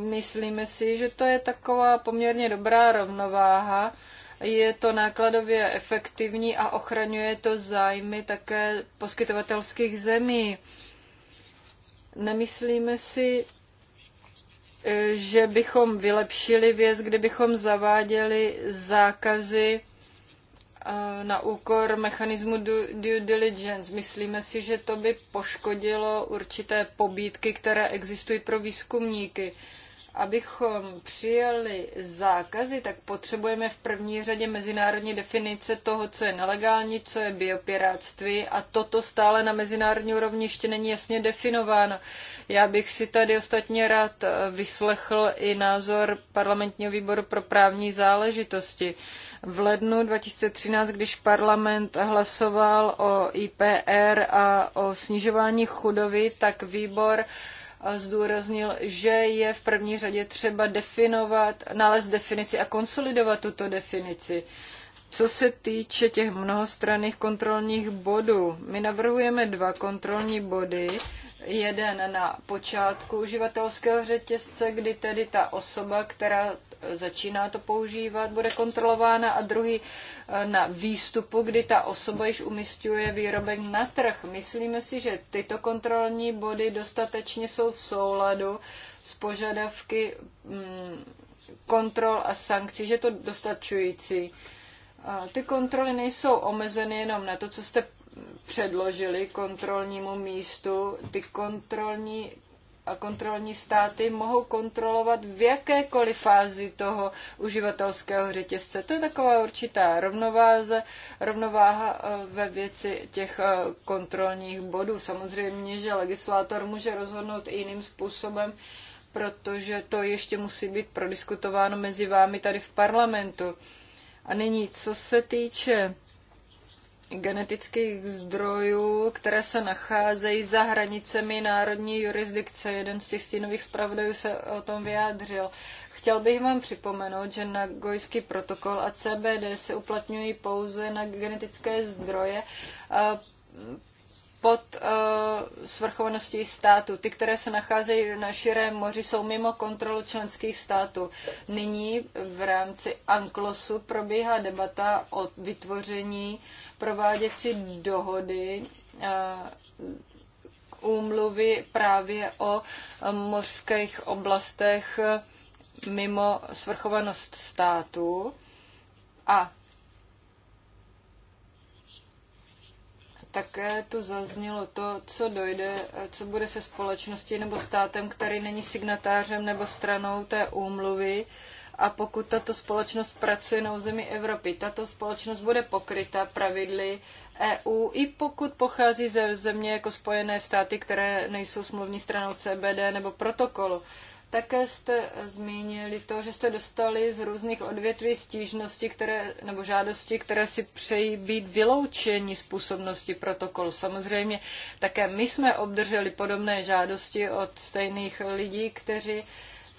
Myslíme si, že to je taková poměrně dobrá rovnováha. Je to nákladově efektivní a ochraňuje to zájmy také poskytovatelských zemí. Nemyslíme si, eh, že bychom vylepšili věc, kdybychom zaváděli zákazy na úkor mechanismu due diligence. Myslíme si, že to by poškodilo určité pobídky, které existují pro výzkumníky abychom přijali zákazy, tak potřebujeme v první řadě mezinárodní definice toho, co je nelegální, co je biopiráctví a toto stále na mezinárodní úrovni ještě není jasně definováno. Já bych si tady ostatně rád eh, vyslechl i názor parlamentního výboru pro právní záležitosti. V lednu 2013, když parlament hlasoval o IPR a o snižování chudoby, tak výbor zdůraznil, že je v první řadě třeba definovat, nalézt definici a konsolidovat tuto definici. Co se týče těch mnohostranných kontrolních bodů, my navrhujeme dva kontrolní body. Jeden na počátku uživatelského řetězce, kdy tedy ta osoba, která začíná to používat, bude kontrolována a druhý eh, na výstupu, kdy ta osoba již umistuje výrobek na trh. Myslíme si, že tyto kontrolní body dostatečně jsou v souladu s požadavky mm, kontrol a sankcí, že to dostačující. Ty kontroly nejsou omezeny jenom na to, co jste předložili kontrolnímu místu. Ty kontrolní a kontrolní státy mohou kontrolovat v jakékoliv fázi toho uživatelského řetězce. To je taková určitá rovnováze, rovnováha eh, ve věci těch eh, kontrolních bodů. Samozřejmě, že legislátor může rozhodnout i jiným způsobem, protože to ještě musí být prodiskutováno mezi vámi tady v parlamentu. A nyní, co se týče genetických zdrojů, které se nacházejí za hranicemi národní jurisdikce. Jeden z těch stínových zpravodajů se o tom vyjádřil. Chtěl bych vám připomenout, že Nagojský protokol a CBD se uplatňují pouze na genetické zdroje pod uh, svrchovaností státu. Ty, které se nacházejí na širém moři, jsou mimo kontrolu členských států. Nyní v rámci Anklosu probíhá debata o vytvoření prováděcí dohody uh, úmluvy právě o eh, mořských oblastech mimo svrchovanost státu. A také tu zaznělo to, co dojde, co bude se společností nebo státem, který není signatářem nebo stranou té úmluvy. A pokud tato společnost pracuje na území Evropy, tato společnost bude pokryta pravidly EU, i pokud pochází ze země jako Spojené státy, které nejsou smluvní stranou CBD nebo protokolu. Také jste zmínili to, že jste dostali z různých odvětví stížnosti které, nebo žádosti, které si přejí být vyloučeni z působnosti protokolu. Samozřejmě také my jsme obdrželi podobné žádosti od stejných lidí, kteří uh,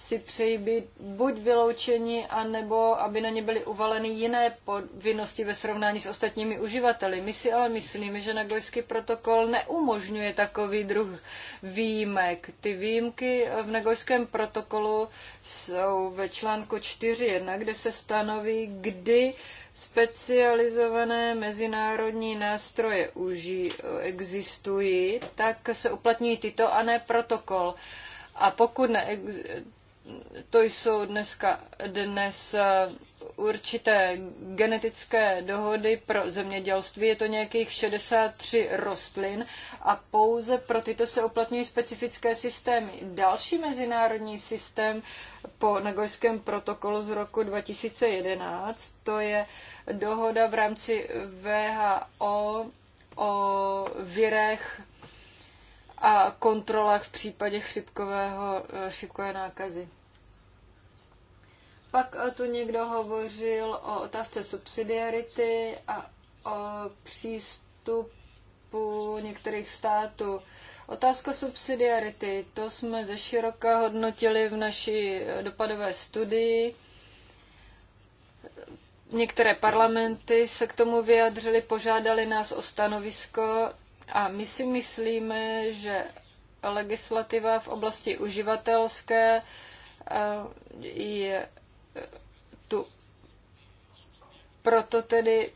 si přeji být buď vyloučeni, anebo aby na ně byly uvaleny jiné povinnosti ve srovnání s ostatními uživateli. My si ale myslíme, že Nagojský protokol neumožňuje takový druh výjimek. Ty výjimky v Nagojském protokolu jsou ve článku 4.1, kde se stanoví, kdy specializované mezinárodní nástroje uží, existují, tak se uplatňují tyto a ne protokol. A pokud ne, to jsou dneska, dnes eh, určité genetické dohody pro zemědělství. Je to nějakých 63 rostlin a pouze pro tyto se uplatňují specifické systémy. Další mezinárodní systém po Nagojském protokolu z roku 2011, to je dohoda v rámci VHO o virech a kontrolách v případě chřipkového, eh, chřipkové nákazy. Pak eh, tu někdo hovořil o otázce subsidiarity a o přístupu některých států. Otázka subsidiarity, to jsme ze široka hodnotili v naší eh, dopadové studii. Některé parlamenty se k tomu vyjadřili, požádali nás o stanovisko a my si myslíme, že legislativa v oblasti uživatelské eh, je eh, tu proto tedy,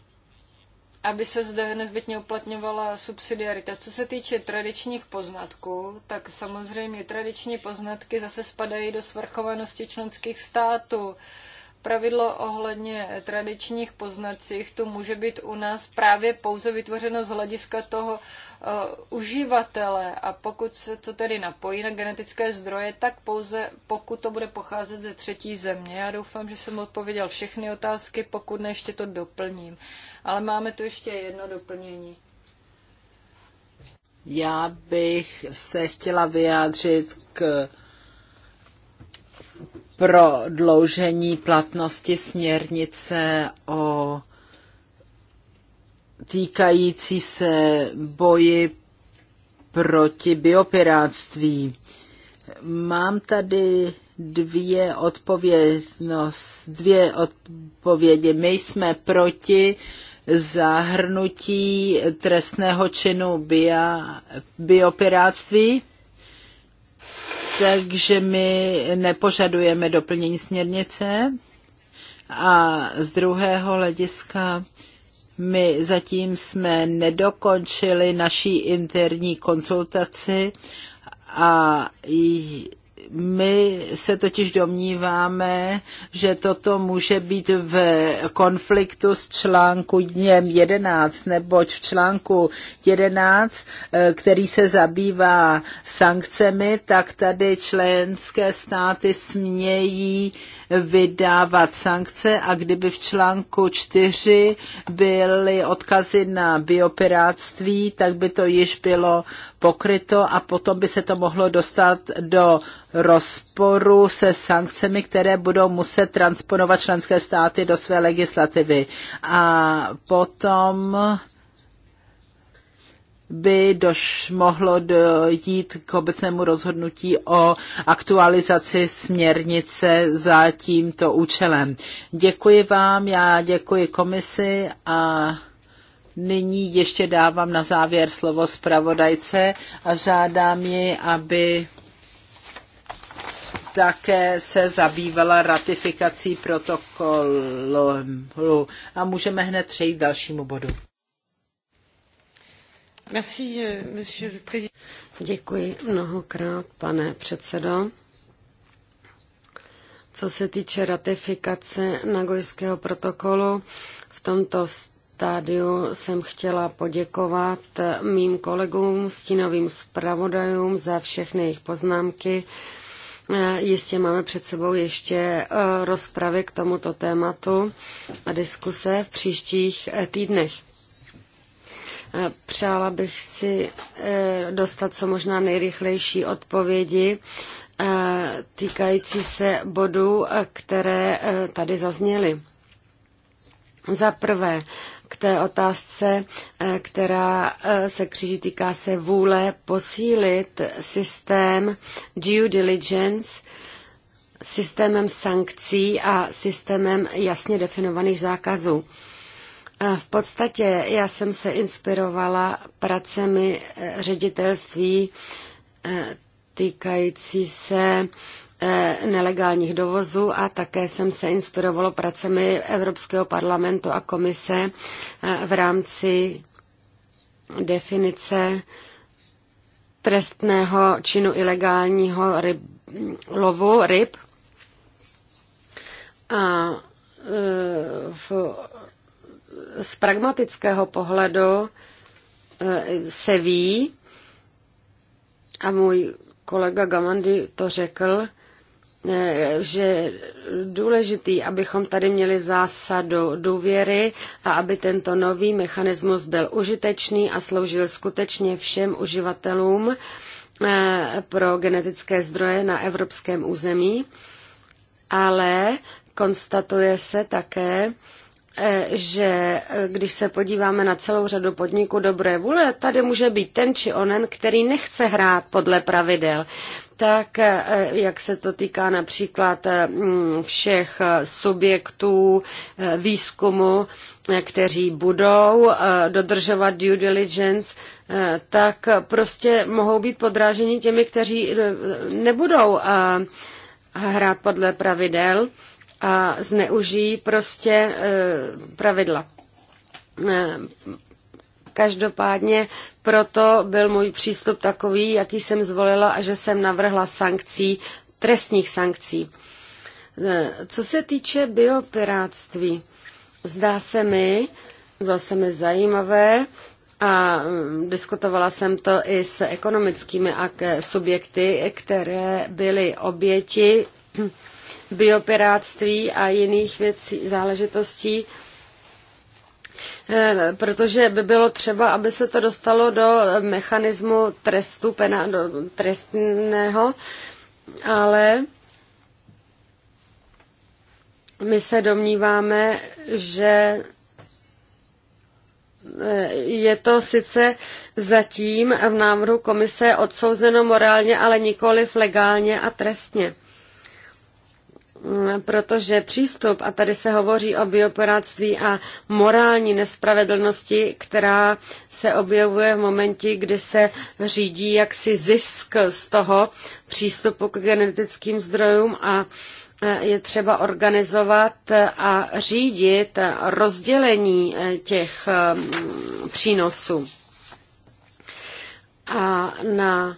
aby se zde nezbytně uplatňovala subsidiarita. Co se týče tradičních poznatků, tak samozřejmě tradiční poznatky zase spadají do svrchovanosti členských států pravidlo ohledně tradičních poznacích, tu může být u nás právě pouze vytvořeno z hlediska toho Eh, uživatele a pokud se to tedy napojí na genetické zdroje, tak pouze pokud to bude pocházet ze třetí země. Já doufám, že jsem odpověděl všechny otázky, pokud ne, ještě to doplním. Ale máme tu ještě jedno doplnění. Já bych se chtěla vyjádřit k prodloužení platnosti směrnice o týkající se boji proti biopiráctví. Mám tady dvě odpovědnost, dvě odpovědi. My jsme proti zahrnutí trestného činu bio, biopiráctví, takže my nepožadujeme doplnění směrnice. A z druhého hlediska my zatím jsme nedokončili naší interní konsultaci a my se totiž domníváme, že toto může být v konfliktu s článku 11, neboť v článku 11, eh, který se zabývá sankcemi, tak tady členské státy smějí vydávat sankce a kdyby v článku 4 byly odkazy na biopiráctví, tak by to již bylo pokryto a potom by se to mohlo dostat do rozporu se sankcemi, které budou muset transponovat členské státy do své legislativy. A potom by doš, mohlo dojít k obecnému rozhodnutí o aktualizaci směrnice za tímto účelem. Děkuji vám, já děkuji komisi a Nyní ještě dávám na závěr slovo zpravodajce a žádám ji, aby také se zabývala ratifikací protokolu. A můžeme hned přejít k dalšímu bodu. Merci, euh, le Děkuji mnohokrát, pane předsedo. Co se týče ratifikace Nagojského protokolu, v tomto stádiu jsem chtěla poděkovat mým kolegům, stínovým zpravodajům za všechny jejich poznámky. Jistě máme před sebou ještě e, rozpravy k tomuto tématu a diskuse v příštích e, týdnech. E, přála bych si dostat co možná nejrychlejší odpovědi týkající se bodů, které tady zazněly. Za prvé, k té otázce, eh, která eh, se kříží týká se vůle posílit systém due diligence systémem sankcí a systémem jasně definovaných zákazů. Eh, v podstatě já jsem se inspirovala pracemi ředitelství týkající se Eh, nelegálních dovozů a také jsem se inspirovalo pracemi Evropského parlamentu a komise eh, v rámci definice trestného činu ilegálního ryb, lovu ryb. A eh, v, z pragmatického pohledu se ví, a můj kolega Gamandy to řekl, Eh, že důležitý, abychom tady měli zásadu důvěry a aby tento nový mechanismus byl užitečný a sloužil skutečně všem uživatelům eh, pro genetické zdroje na evropském území, ale konstatuje se také, eh, že když se podíváme na celou řadu podniků dobré vůle, tady může být ten či onen, který nechce hrát podle pravidel tak eh, eh, jak se to týká například eh, mm, všech subjektů výzkumu, kteří budou dodržovat due diligence, tak prostě mohou být podráženi těmi, kteří nebudou hrát podle pravidel a zneužijí prostě pravidla Každopádně proto byl můj přístup takový, jaký jsem zvolila a že jsem navrhla sankcí, trestních sankcí. E, co se týče biopiráctví, zdá se mi, zdá se mi zajímavé, a mm, diskutovala jsem to i s ekonomickými subjekty, které byly oběti biopiráctví a jiných věcí, záležitostí. Eh, protože by bylo třeba, aby se to dostalo do mechanismu trestu pena, do trestného, ale my se domníváme, že eh, je to sice zatím v návrhu komise odsouzeno morálně, ale nikoliv legálně a trestně. Mm, protože přístup, a tady se hovoří o bioporáctví a morální nespravedlnosti, která se objevuje v momenti, kdy se řídí jaksi zisk z toho přístupu k genetickým zdrojům a e, je třeba organizovat a řídit rozdělení e, těch e, přínosů. A na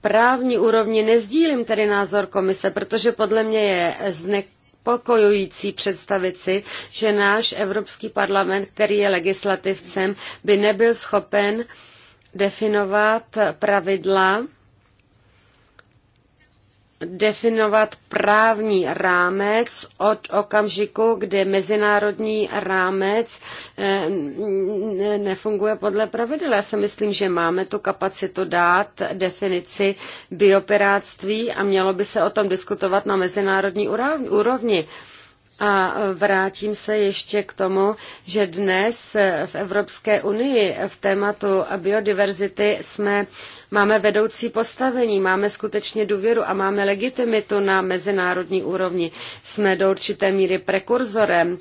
právní úrovni nezdílím tedy názor komise, protože podle mě je znepokojující představit si, že náš Evropský parlament, který je legislativcem, by nebyl schopen definovat pravidla, definovat právní rámec od okamžiku, kdy mezinárodní rámec eh, nefunguje podle pravidel. Já si myslím, že máme tu kapacitu dát definici biopiráctví a mělo by se o tom diskutovat na mezinárodní úrovni. A vrátím se ještě k tomu, že dnes v Evropské unii v tématu biodiverzity jsme, máme vedoucí postavení, máme skutečně důvěru a máme legitimitu na mezinárodní úrovni. Jsme do určité míry prekurzorem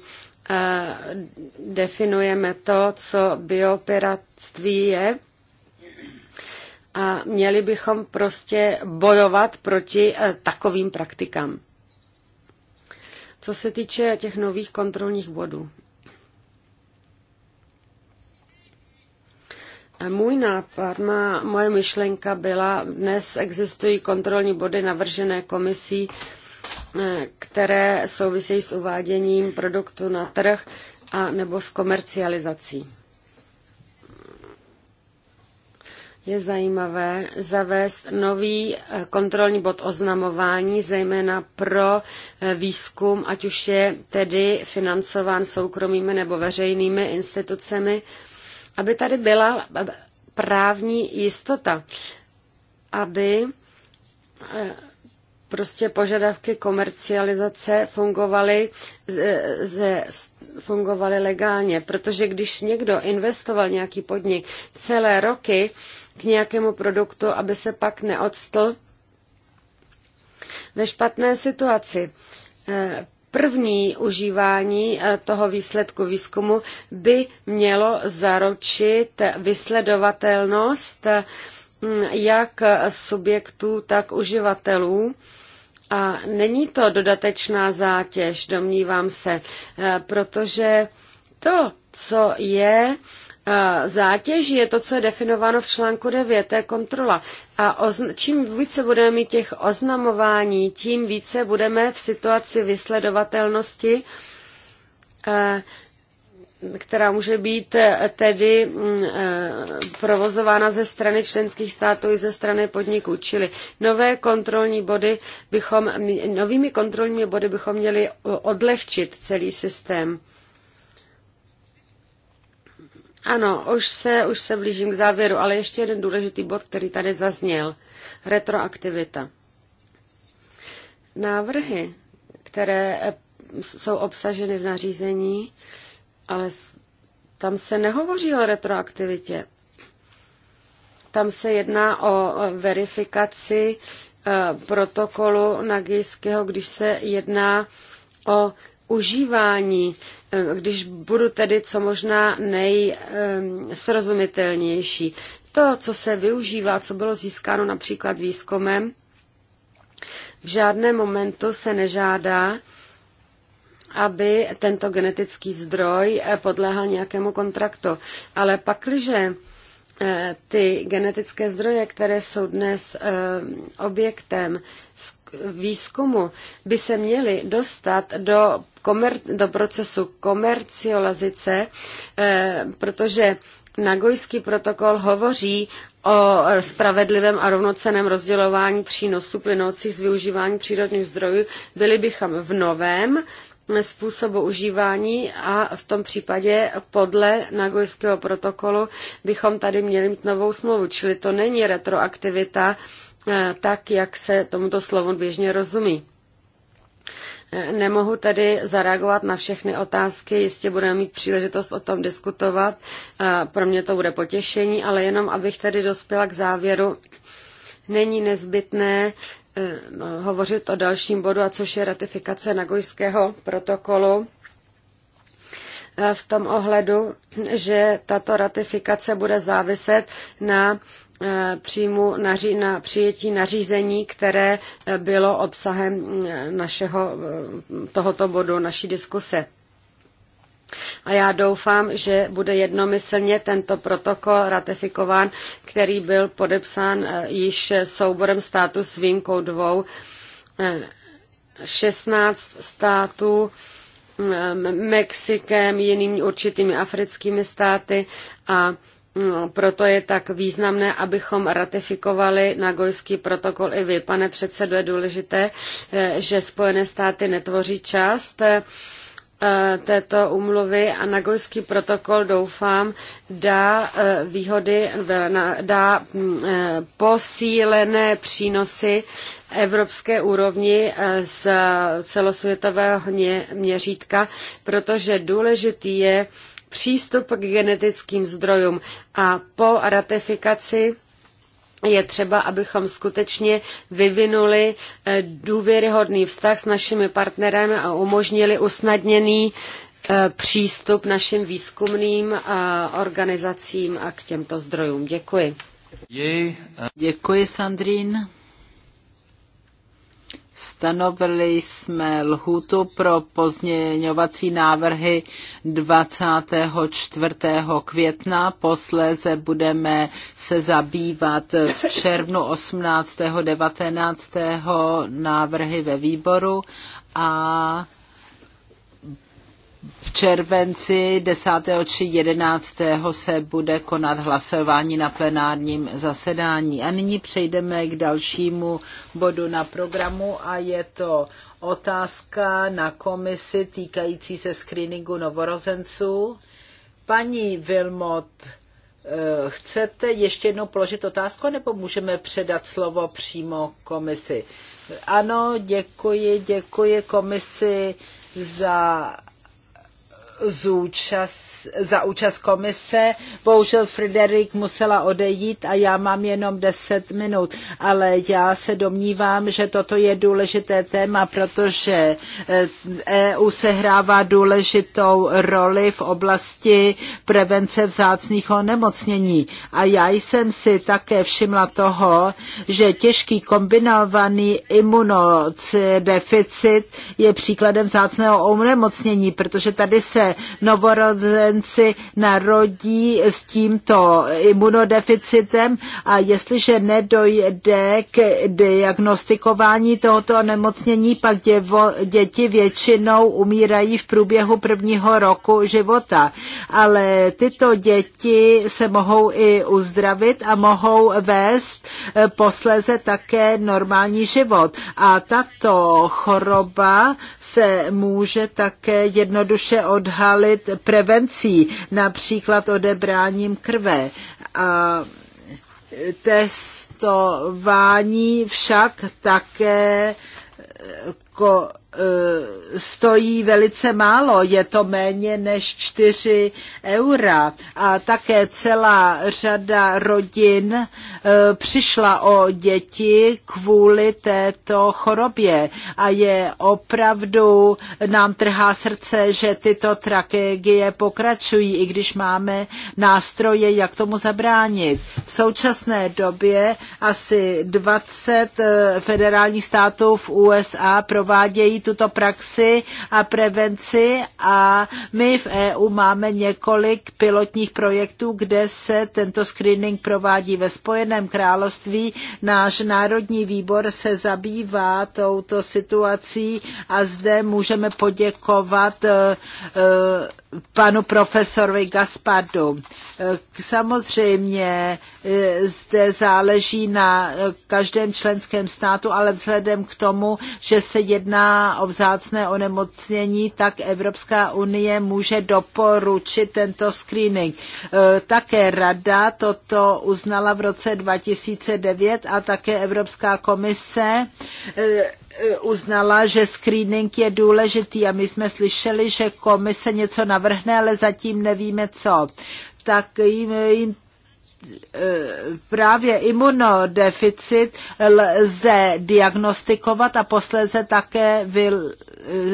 definujeme to, co biopiratství je. A měli bychom prostě bojovat proti eh, takovým praktikám. Co se týče těch nových kontrolních bodů, Můj nápad, má, moje myšlenka byla, dnes existují kontrolní body navržené komisí, eh, které souvisejí s uváděním produktu na trh a nebo s komercializací. je zajímavé zavést nový eh, kontrolní bod oznamování, zejména pro eh, výzkum, ať už je tedy financován soukromými nebo veřejnými institucemi, aby tady byla eh, právní jistota, aby prostě požadavky komercializace fungovaly, ze, fungovaly legálně, protože když někdo investoval nějaký podnik celé roky, k nějakému produktu, aby se pak neodstl ve špatné situaci. Eh, první užívání eh, toho výsledku výzkumu by mělo zaručit vysledovatelnost eh, jak subjektů, tak uživatelů. A není to dodatečná zátěž, domnívám se, protože to, co je Eh, zátěž je to, co je definováno v článku 9, to je kontrola. A čím více budeme mít těch oznamování, tím více budeme v situaci vysledovatelnosti, eh, která může být eh, tedy mm, provozována ze strany členských států i ze strany podniků. Čili nové kontrolní body bychom, novými kontrolními body bychom měli odlehčit celý systém. Ano, už se, už se blížím k závěru, ale ještě jeden důležitý bod, který tady zazněl. Retroaktivita. Návrhy, které eh, jsou obsaženy v nařízení, ale tam se nehovoří o retroaktivitě. Tam se jedná o verifikaci eh, protokolu Nagyského, když se jedná o užívání, eh, když budu tedy co možná nejsrozumitelnější. To, co se využívá, co bylo získáno například výzkumem, v žádném momentu se nežádá, aby tento genetický zdroj eh, podléhal nějakému kontraktu. Ale pakliže eh, ty genetické zdroje, které jsou dnes objektem výzkumu, by se měly dostat do komer- do procesu komercializace, eh, protože Nagojský protokol hovoří o spravedlivém a rovnoceném rozdělování přínosů plynoucích z využívání přírodních zdrojů, byli bychom v novém způsobu užívání a v tom případě podle Nagojského protokolu bychom tady měli mít novou smlouvu, čili to není retroaktivita eh, tak, jak se tomuto slovu běžně rozumí. Nemohu tedy zareagovat na všechny otázky, jistě budeme mít příležitost o tom diskutovat. Pro mě to bude potěšení, ale jenom abych tedy dospěla k závěru, není nezbytné e, hovořit o dalším bodu, a což je ratifikace Nagojského protokolu e, v tom ohledu, že tato ratifikace bude záviset na Eh, příjmu naři, na přijetí nařízení, které eh, bylo obsahem eh, našeho, tohoto bodu naší diskuse. A já doufám, že bude jednomyslně tento protokol ratifikován, který byl podepsán již souborem států s výjimkou dvou. 16 států Mexikem, jinými určitými africkými státy a No, proto je tak významné, abychom ratifikovali Nagojský protokol i vy. Pane předsedo, je důležité, eh, že Spojené státy netvoří část eh, této úmluvy a Nagojský protokol, doufám, dá eh, výhody, dá mm, posílené přínosy evropské úrovni z celosvětového měřítka, protože důležitý je přístup k genetickým zdrojům a po ratifikaci je třeba, abychom skutečně vyvinuli eh, důvěryhodný vztah s našimi partnerem a umožnili usnadněný eh, přístup našim výzkumným eh, organizacím a k těmto zdrojům. Děkuji. Děkuji, Sandrín. Stanovili jsme lhutu pro pozměňovací návrhy 24. května, posléze budeme se zabývat v červnu 18. 19. návrhy ve výboru a v červenci 10. či 11. se bude konat hlasování na plenárním zasedání. A nyní přejdeme k dalšímu bodu na programu a je to otázka na komisi týkající se screeningu novorozenců. Paní Vilmot, eh, chcete ještě jednou položit otázku, nebo můžeme předat slovo přímo komisi? Ano, děkuji, děkuji komisi za zúčast, za účast komise. Bohužel Frederik musela odejít a já mám jenom 10 minut, ale já se domnívám, že toto je důležité téma, protože EU eh, e sehrává důležitou roli v oblasti prevence vzácných onemocnění. A já jsem si také všimla toho, že těžký kombinovaný imunodeficit je příkladem vzácného onemocnění, protože tady se novorozenci narodí s tímto imunodeficitem a jestliže nedojde k diagnostikování tohoto onemocnění, pak děvo, děti většinou umírají v průběhu prvního roku života. Ale tyto děti se mohou i uzdravit a mohou vést eh, posléze také normální život. A tato choroba se může také jednoduše odhalit odhalit prevencí, například odebráním krve. A testování však také ko, E, stojí velice málo, je to méně než 4 eura a také celá řada rodin e, přišla o děti kvůli této chorobě a je opravdu, nám trhá srdce, že tyto tragédie pokračují, i když máme nástroje, jak tomu zabránit. V současné době asi 20 e, federálních států v USA provádějí tuto praxi a prevenci a my v EU máme několik pilotních projektů, kde se tento screening provádí ve Spojeném království. Náš národní výbor se zabývá touto situací a zde můžeme poděkovat eh, eh, panu profesorovi Gaspardu. Eh, samozřejmě zde záleží na každém členském státu, ale vzhledem k tomu, že se jedná o vzácné onemocnění, tak Evropská unie může doporučit tento screening. E, také rada toto uznala v roce 2009 a také Evropská komise e, e, uznala, že screening je důležitý a my jsme slyšeli, že komise něco navrhne, ale zatím nevíme co. Tak jim, jim Eh, právě imunodeficit lze diagnostikovat a posléze také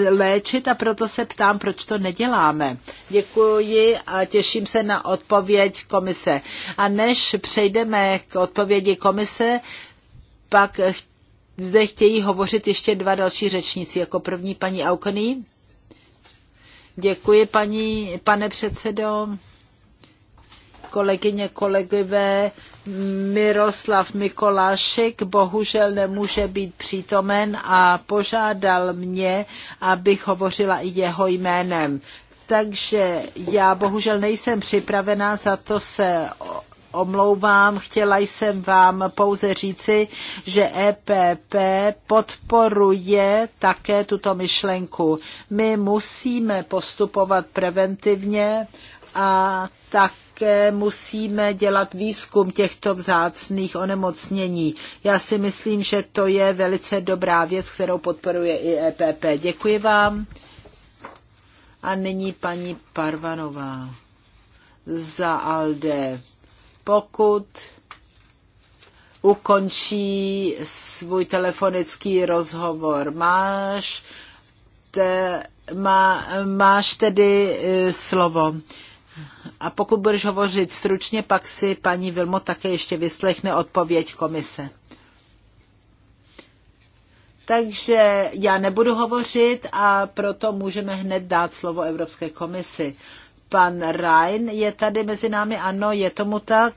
léčit a proto se ptám, proč to neděláme. Děkuji a těším se na odpověď komise. A než přejdeme k odpovědi komise, pak zde chtějí hovořit ještě dva další řečníci. Jako první paní Aukony. Děkuji, paní, pane předsedo kolegyně, kolegové, Miroslav Mikolášek bohužel nemůže být přítomen a požádal mě, abych hovořila i jeho jménem. Takže já bohužel nejsem připravená, za to se omlouvám, chtěla jsem vám pouze říci, že EPP podporuje také tuto myšlenku. My musíme postupovat preventivně a tak také musíme dělat výzkum těchto vzácných onemocnění. Já si myslím, že to je velice dobrá věc, kterou podporuje i EPP. Děkuji vám. A nyní paní Parvanová za ALDE. Pokud ukončí svůj telefonický rozhovor, máš, te, má, máš tedy eh, slovo. A pokud budeš hovořit stručně, pak si paní Vilmo také ještě vyslechne odpověď komise. Takže já nebudu hovořit a proto můžeme hned dát slovo Evropské komisi. Pan Rhein je tady mezi námi, ano, je tomu tak.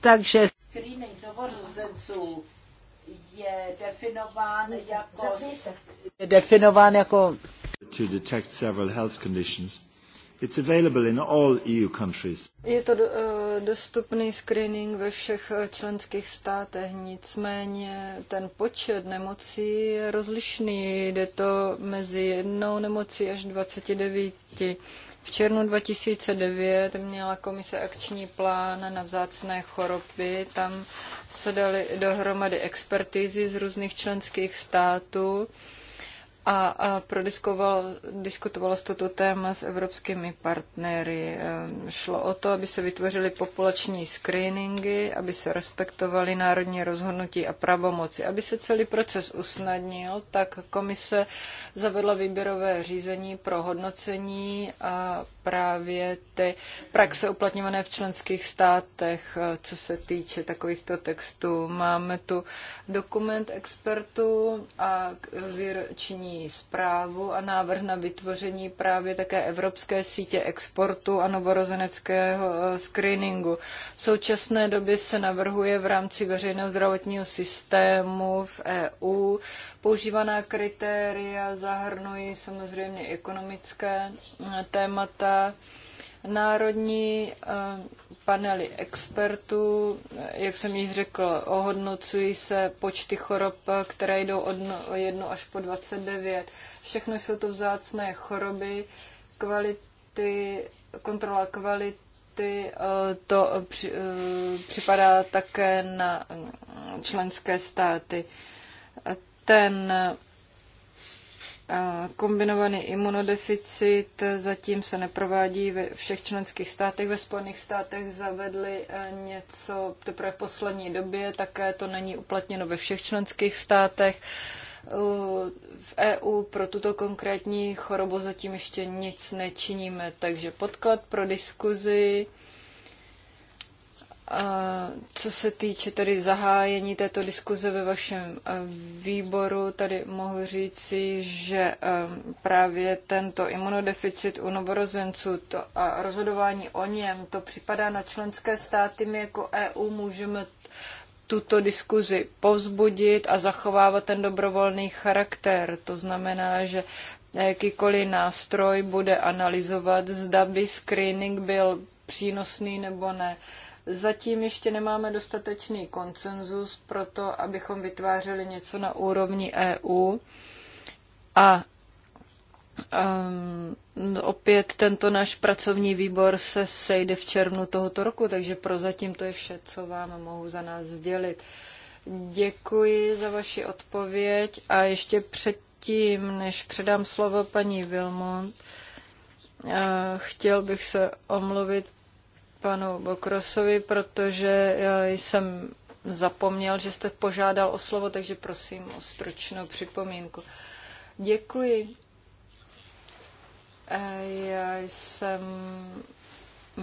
Takže screening novorozenců je definován jako... Je definován jako... To detect several health conditions It's available in all EU countries. Je to eh, dostupný screening ve všech eh, členských státech, nicméně ten počet nemocí je rozlišný. Jde to mezi jednou nemocí až 29. V červnu 2009 měla komise akční plán na vzácné choroby. Tam se dali dohromady expertízy z různých členských států a, a prodiskutovalo se toto téma s evropskými partnery. Ehm, šlo o to, aby se vytvořily populační screeningy, aby se respektovaly národní rozhodnutí a pravomoci, aby se celý proces usnadnil, tak komise zavedla výběrové řízení pro hodnocení a právě ty praxe uplatňované v členských státech, eh, co se týče takovýchto textů. Máme tu dokument expertů a eh, výroční detailní zprávu a návrh na vytvoření právě také Evropské sítě exportu a novorozeneckého eh, screeningu. V současné době se navrhuje v rámci veřejného zdravotního systému v EU. Používaná kritéria zahrnují samozřejmě ekonomické eh, témata, Národní eh, panely expertů, jak jsem již řekl, ohodnocují se počty chorob, eh, které jdou od 1 až po 29. Všechno jsou to vzácné choroby, kvality, kontrola kvality, ty, eh, to připadá také na mm, členské státy. Ten Kombinovaný imunodeficit zatím se neprovádí ve všech členských státech. Ve Spojených státech zavedli eh, něco teprve v poslední době, také to není uplatněno ve všech členských státech. V EU pro tuto konkrétní chorobu zatím ještě nic nečiníme, takže podklad pro diskuzi co se týče tedy zahájení této diskuze ve vašem eh, výboru, tady mohu říci, že eh, právě tento imunodeficit u novorozenců to, a rozhodování o něm, to připadá na členské státy. My jako EU můžeme tuto diskuzi povzbudit a zachovávat ten dobrovolný charakter. To znamená, že jakýkoliv nástroj bude analyzovat, zda by screening byl přínosný nebo ne. Uh, Zatím ještě nemáme dostatečný konsenzus pro to, abychom vytvářeli něco na úrovni EU. A Um, opět tento náš pracovní výbor se sejde v červnu tohoto roku, takže prozatím to je vše, co vám mohu za nás sdělit. Děkuji za vaši odpověď a ještě předtím, než předám slovo paní Vilmont, uh, chtěl bych se omluvit panu Bokrosovi, protože e, jsem zapomněl, že jste požádal o slovo, takže prosím o stručnou připomínku. Děkuji. E, já jsem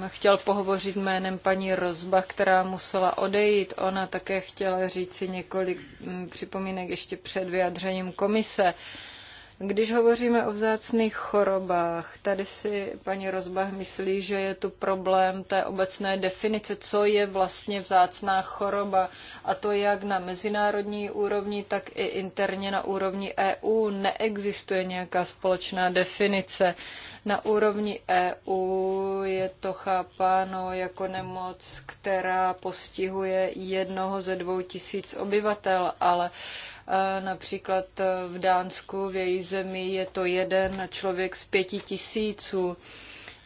chtěl pohovořit jménem paní Rozba, která musela odejít. Ona také chtěla říci několik mm, připomínek ještě před vyjadřením komise. Uh, když hovoříme o vzácných chorobách, tady si paní Rozbach myslí, že je tu problém té obecné definice, co je vlastně vzácná choroba. A to jak na mezinárodní úrovni, tak i interně na úrovni EU neexistuje nějaká společná definice. Na úrovni EU je to chápáno jako nemoc, která postihuje jednoho ze dvou tisíc obyvatel, ale uh, Například v Dánsku, v její zemi, je to jeden člověk z pěti tisíců.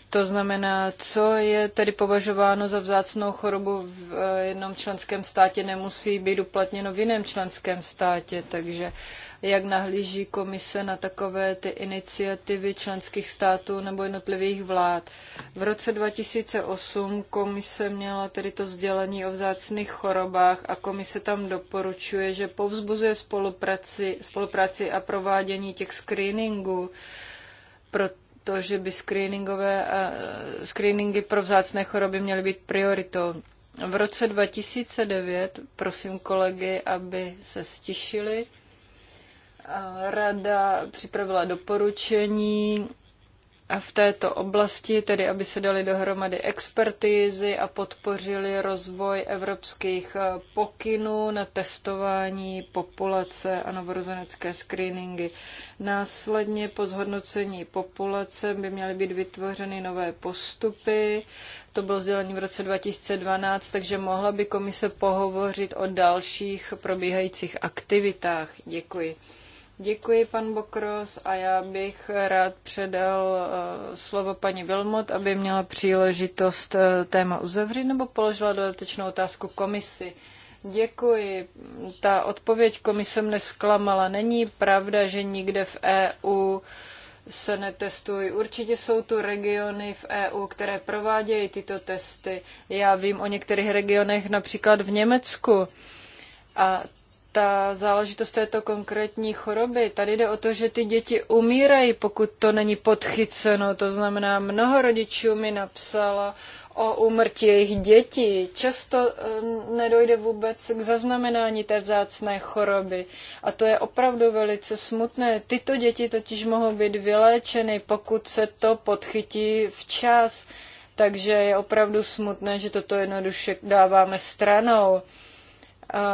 To znamená, co je tedy považováno za vzácnou chorobu v eh, jednom členském státě, nemusí být uplatněno v jiném členském státě, takže uh, jak nahlíží komise na takové ty iniciativy členských států nebo jednotlivých vlád. V roce 2008 komise měla tedy to sdělení o vzácných chorobách a komise tam doporučuje, že povzbuzuje spolupráci, spolupráci a provádění těch screeningů, protože by screeningové, eh, screeningy pro vzácné choroby měly být prioritou. V roce 2009 prosím kolegy, aby se stišili. Rada připravila doporučení a v této oblasti, tedy aby se dali dohromady expertizy a podpořili rozvoj evropských eh, pokynů na testování populace a novorozenecké screeningy. Následně po zhodnocení populace by měly být vytvořeny nové postupy. To bylo sdělení v roce 2012, takže mohla by komise pohovořit o dalších probíhajících aktivitách. Děkuji. Děkuji, pan Bokros, a já bych rád předal eh, slovo paní Vilmot, aby měla příležitost eh, téma uzavřít nebo položila dodatečnou otázku komisi. Děkuji. Ta odpověď komise mne zklamala. Není pravda, že nikde v EU se netestují. Určitě jsou tu regiony v EU, které provádějí tyto testy. Já vím o některých regionech, například v Německu. A ta záležitost této konkrétní choroby. Tady jde o to, že ty děti umírají, pokud to není podchyceno. To znamená, mnoho rodičů mi napsala o úmrtí jejich dětí. Často um, nedojde vůbec k zaznamenání té vzácné choroby. A to je opravdu velice smutné. Tyto děti totiž mohou být vyléčeny, pokud se to podchytí včas. Takže je opravdu smutné, že toto jednoduše dáváme stranou.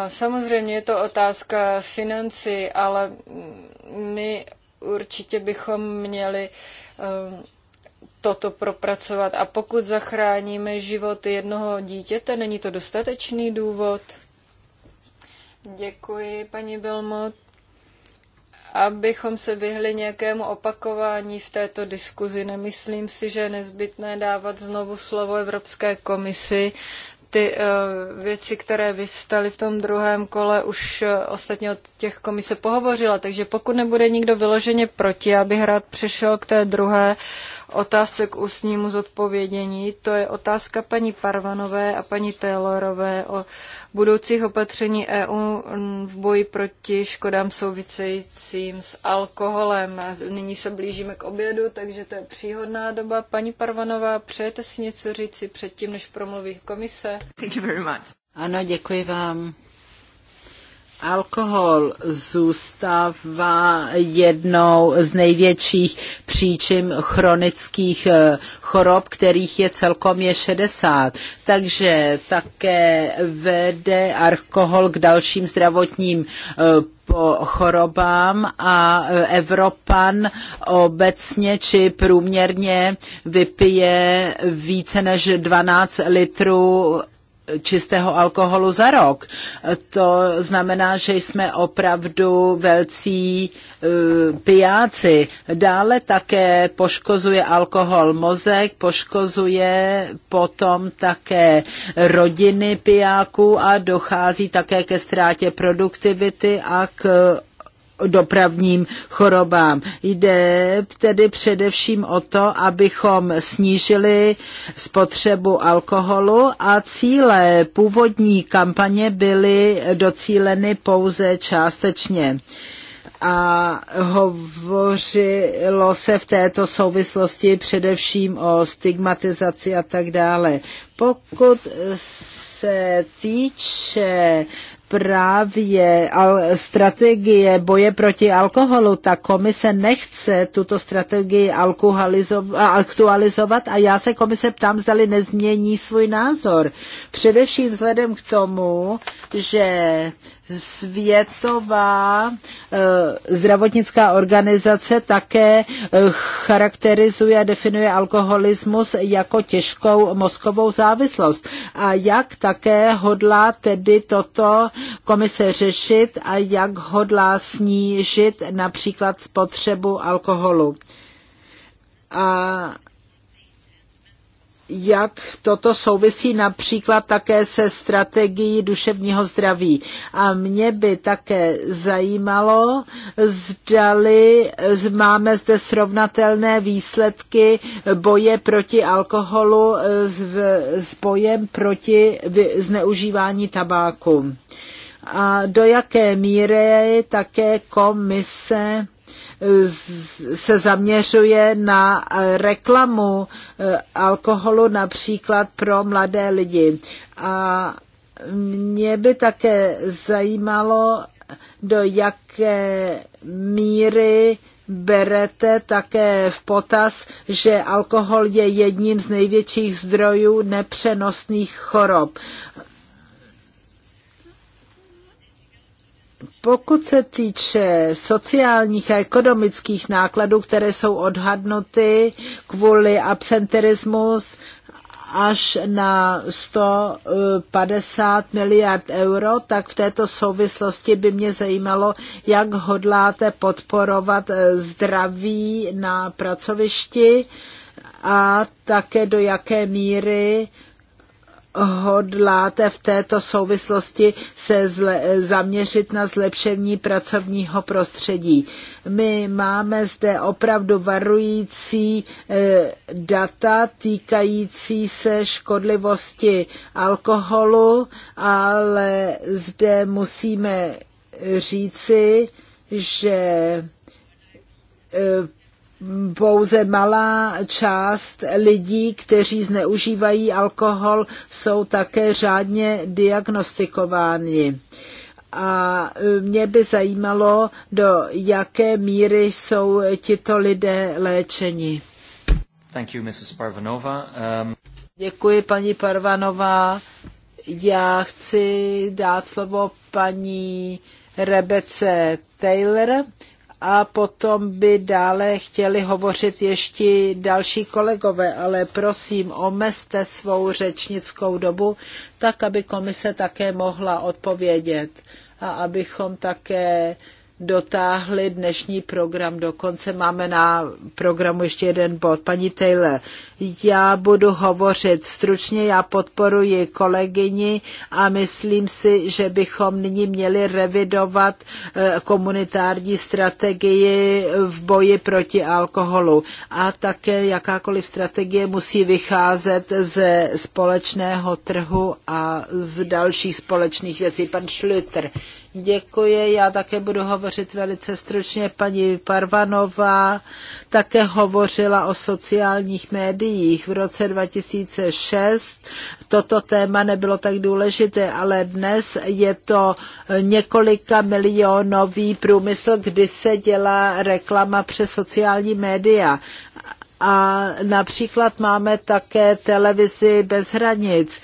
Samozřejmě je to otázka financí, ale my určitě bychom měli ehm, toto propracovat. A pokud zachráníme život jednoho dítěte, není to dostatečný důvod? Děkuji, paní Belmot. Abychom se vyhli nějakému opakování v této diskuzi, nemyslím si, že je nezbytné dávat znovu slovo Evropské komisi, ty eh, věci, které vyvstaly v tom druhém kole, už eh, ostatně od těch komise pohovořila, takže pokud nebude nikdo vyloženě proti, abych rád přešel k té druhé otázce k ústnímu zodpovědění. To je otázka paní Parvanové a paní Taylorové o budoucích opatření EU v boji proti škodám souvisejícím s alkoholem. Nyní se blížíme k obědu, takže to je příhodná doba. Paní Parvanová, přejete si něco říci předtím, než promluví komise? Thank you very much. Ano, děkuji vám. Alkohol zůstává jednou z největších příčin chronických eh, chorob, kterých je celkom je 60. Takže také vede alkohol k dalším zdravotním eh, po chorobám a eh, Evropan obecně či průměrně vypije více než 12 litrů čistého alkoholu za rok. To znamená, že jsme opravdu velcí eh, pijáci. Dále také poškozuje alkohol mozek, poškozuje potom také rodiny pijáků a dochází také ke ztrátě produktivity a k dopravním chorobám. Jde tedy především o to, abychom snížili spotřebu alkoholu a cíle původní kampaně byly docíleny pouze částečně a hovořilo se v této souvislosti především o stigmatizaci a tak dále. Pokud se týče právě strategie boje proti alkoholu, ta komise nechce tuto strategii aktualizovat a já se komise ptám, zdali nezmění svůj názor. Především vzhledem k tomu, že Světová eh, zdravotnická organizace také eh, charakterizuje a definuje alkoholismus jako těžkou mozkovou závislost. A jak také hodlá tedy toto komise řešit a jak hodlá snížit například spotřebu alkoholu? A jak toto souvisí například také se strategií duševního zdraví. A mě by také zajímalo, zdali máme zde srovnatelné výsledky boje proti alkoholu s, s bojem proti zneužívání tabáku. A do jaké míry také komise se zaměřuje na eh, reklamu eh, alkoholu například pro mladé lidi. A mě by také zajímalo, do jaké míry berete také v potaz, že alkohol je jedním z největších zdrojů nepřenosných chorob. Pokud se týče sociálních a ekonomických nákladů, které jsou odhadnuty kvůli absenterismus až na 150 miliard euro, tak v této souvislosti by mě zajímalo, jak hodláte podporovat zdraví na pracovišti a také do jaké míry hodláte v této souvislosti se zle, zaměřit na zlepšení pracovního prostředí. My máme zde opravdu varující eh, data týkající se škodlivosti alkoholu, ale zde musíme říci, že eh, pouze malá část lidí, kteří zneužívají alkohol, jsou také řádně diagnostikováni. A e, mě by zajímalo, do jaké míry jsou tito lidé léčeni. Thank you, Mrs. Parvanova. Um... Děkuji, paní Parvanová. Já chci dát slovo paní Rebece Taylor a potom by dále chtěli hovořit ještě další kolegové, ale prosím, omezte svou řečnickou dobu, tak aby komise také mohla odpovědět a abychom také dotáhli dnešní program do konce. Máme na programu ještě jeden bod. Paní Taylor, já budu hovořit stručně, já podporuji kolegyni a myslím si, že bychom nyní měli revidovat eh, komunitární strategii v boji proti alkoholu. A také jakákoliv strategie musí vycházet ze společného trhu a z dalších společných věcí. Pan Schlüter. Děkuji, já také budu hovořit velice stručně. Paní Parvanová také hovořila o sociálních médiích. V roce 2006 toto téma nebylo tak důležité, ale dnes je to několika milionový průmysl, kdy se dělá reklama přes sociální média. A například máme také televizi bez hranic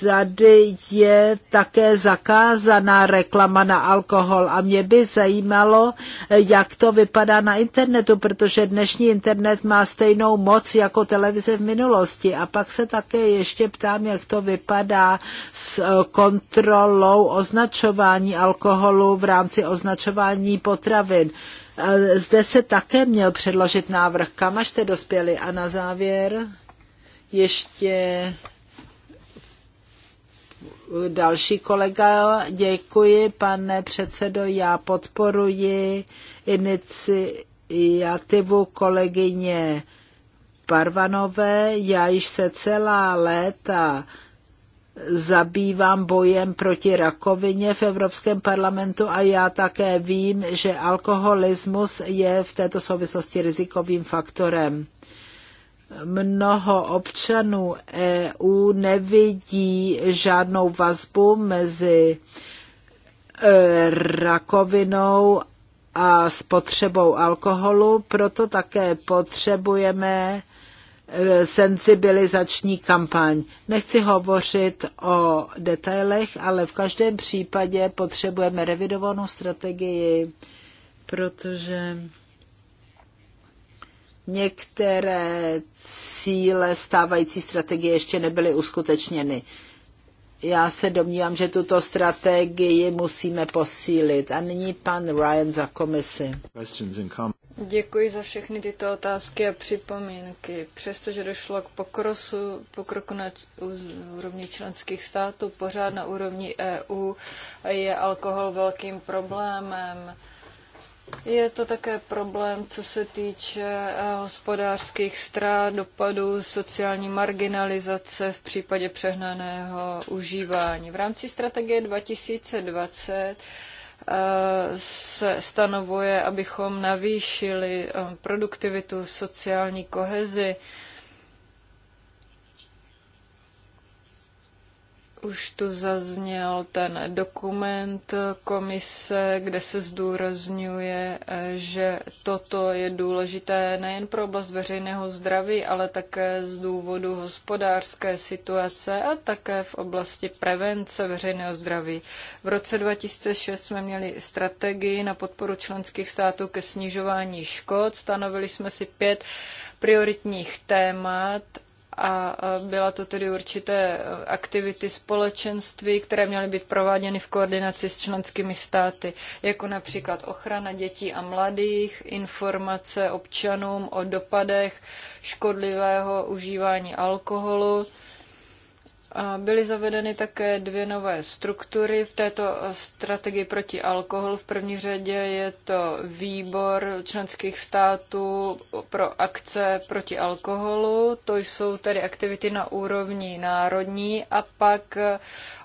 tady je také zakázaná reklama na alkohol a mě by zajímalo, jak to vypadá na internetu, protože dnešní internet má stejnou moc jako televize v minulosti. A pak se také ještě ptám, jak to vypadá s eh, kontrolou označování alkoholu v rámci označování potravin. Eh, zde se také měl předložit návrh, kam až jste dospěli. A na závěr ještě další kolega. Děkuji, pane předsedo. Já podporuji iniciativu kolegyně Parvanové. Já již se celá léta zabývám bojem proti rakovině v Evropském parlamentu a já také vím, že alkoholismus je v této souvislosti rizikovým faktorem mnoho občanů EU nevidí žádnou vazbu mezi e, rakovinou a spotřebou alkoholu, proto také potřebujeme e, sensibilizační kampaň. Nechci hovořit o detailech, ale v každém případě potřebujeme revidovanou strategii, protože Některé cíle stávající strategie ještě nebyly uskutečněny. Já se domnívám, že tuto strategii musíme posílit. A nyní pan Ryan za komisi. Děkuji za všechny tyto otázky a připomínky. Přestože došlo k pokrosu, pokroku na úrovni členských států, pořád na úrovni EU je alkohol velkým problémem je to také problém, co se týče eh, hospodářských strát, dopadů, sociální marginalizace v případě přehnaného užívání. V rámci strategie 2020 eh, se stanovuje, abychom navýšili eh, produktivitu, sociální kohezi, Už tu zazněl ten dokument komise, kde se zdůrazňuje, že toto je důležité nejen pro oblast veřejného zdraví, ale také z důvodu hospodářské situace a také v oblasti prevence veřejného zdraví. V roce 2006 jsme měli strategii na podporu členských států ke snižování škod. Stanovili jsme si pět prioritních témat a byla to tedy určité aktivity společenství, které měly být prováděny v koordinaci s členskými státy, jako například ochrana dětí a mladých, informace občanům o dopadech škodlivého užívání alkoholu, Byly zavedeny také dvě nové struktury v této eh, strategii proti alkoholu. V první řadě je to výbor členských států pro akce proti alkoholu. To jsou tedy aktivity na úrovni národní a pak eh,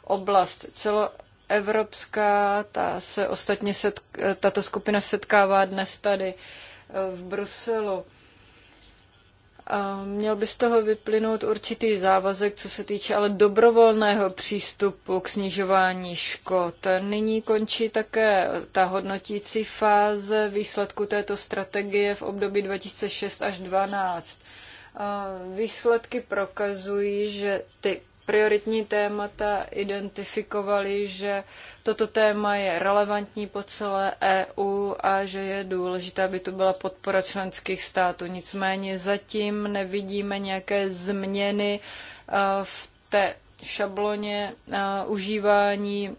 oblast celo evropská, ta se ostatně eh, tato skupina setkává dnes tady v Bruselu. Měl by z toho vyplynout určitý závazek, co se týče ale dobrovolného přístupu k snižování škod. Nyní končí také ta hodnotící fáze výsledku této strategie v období 2006 až 2012. Výsledky prokazují, že ty prioritní témata identifikovali, že toto téma je relevantní po celé EU a že je důležité, aby tu byla podpora členských států. Nicméně zatím nevidíme nějaké změny eh, v té šabloně eh, užívání,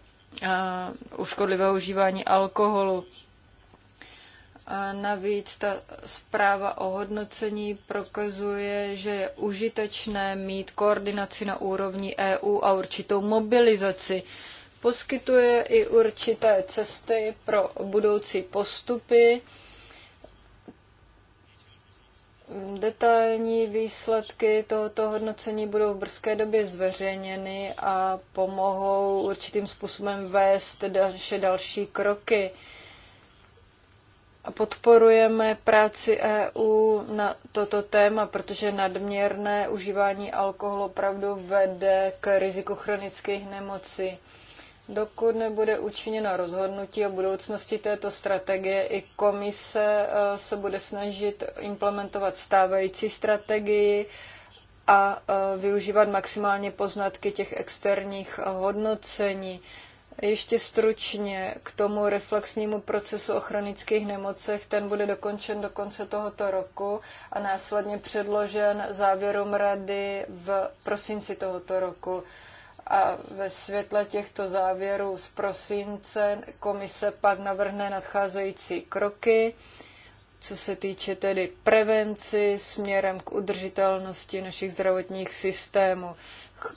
uh, eh, uškodlivého užívání alkoholu. A navíc ta zpráva o hodnocení prokazuje, že je užitečné mít koordinaci na úrovni EU a určitou mobilizaci. Poskytuje i určité cesty pro budoucí postupy. Detailní výsledky tohoto hodnocení budou v brzké době zveřejněny a pomohou určitým způsobem vést naše další kroky podporujeme práci EU na toto téma, protože nadměrné užívání alkoholu opravdu vede k riziku chronických nemocí. Dokud nebude učiněno rozhodnutí o budoucnosti této strategie, i komise e, se bude snažit implementovat stávající strategii a e, využívat maximálně poznatky těch externích hodnocení. Ještě stručně k tomu reflexnímu procesu o chronických nemocech. Ten bude dokončen do konce tohoto roku a následně předložen závěrům rady v prosinci tohoto roku. A ve světle těchto závěrů z prosince komise pak navrhne nadcházející kroky, co se týče tedy prevenci směrem k udržitelnosti našich zdravotních systémů.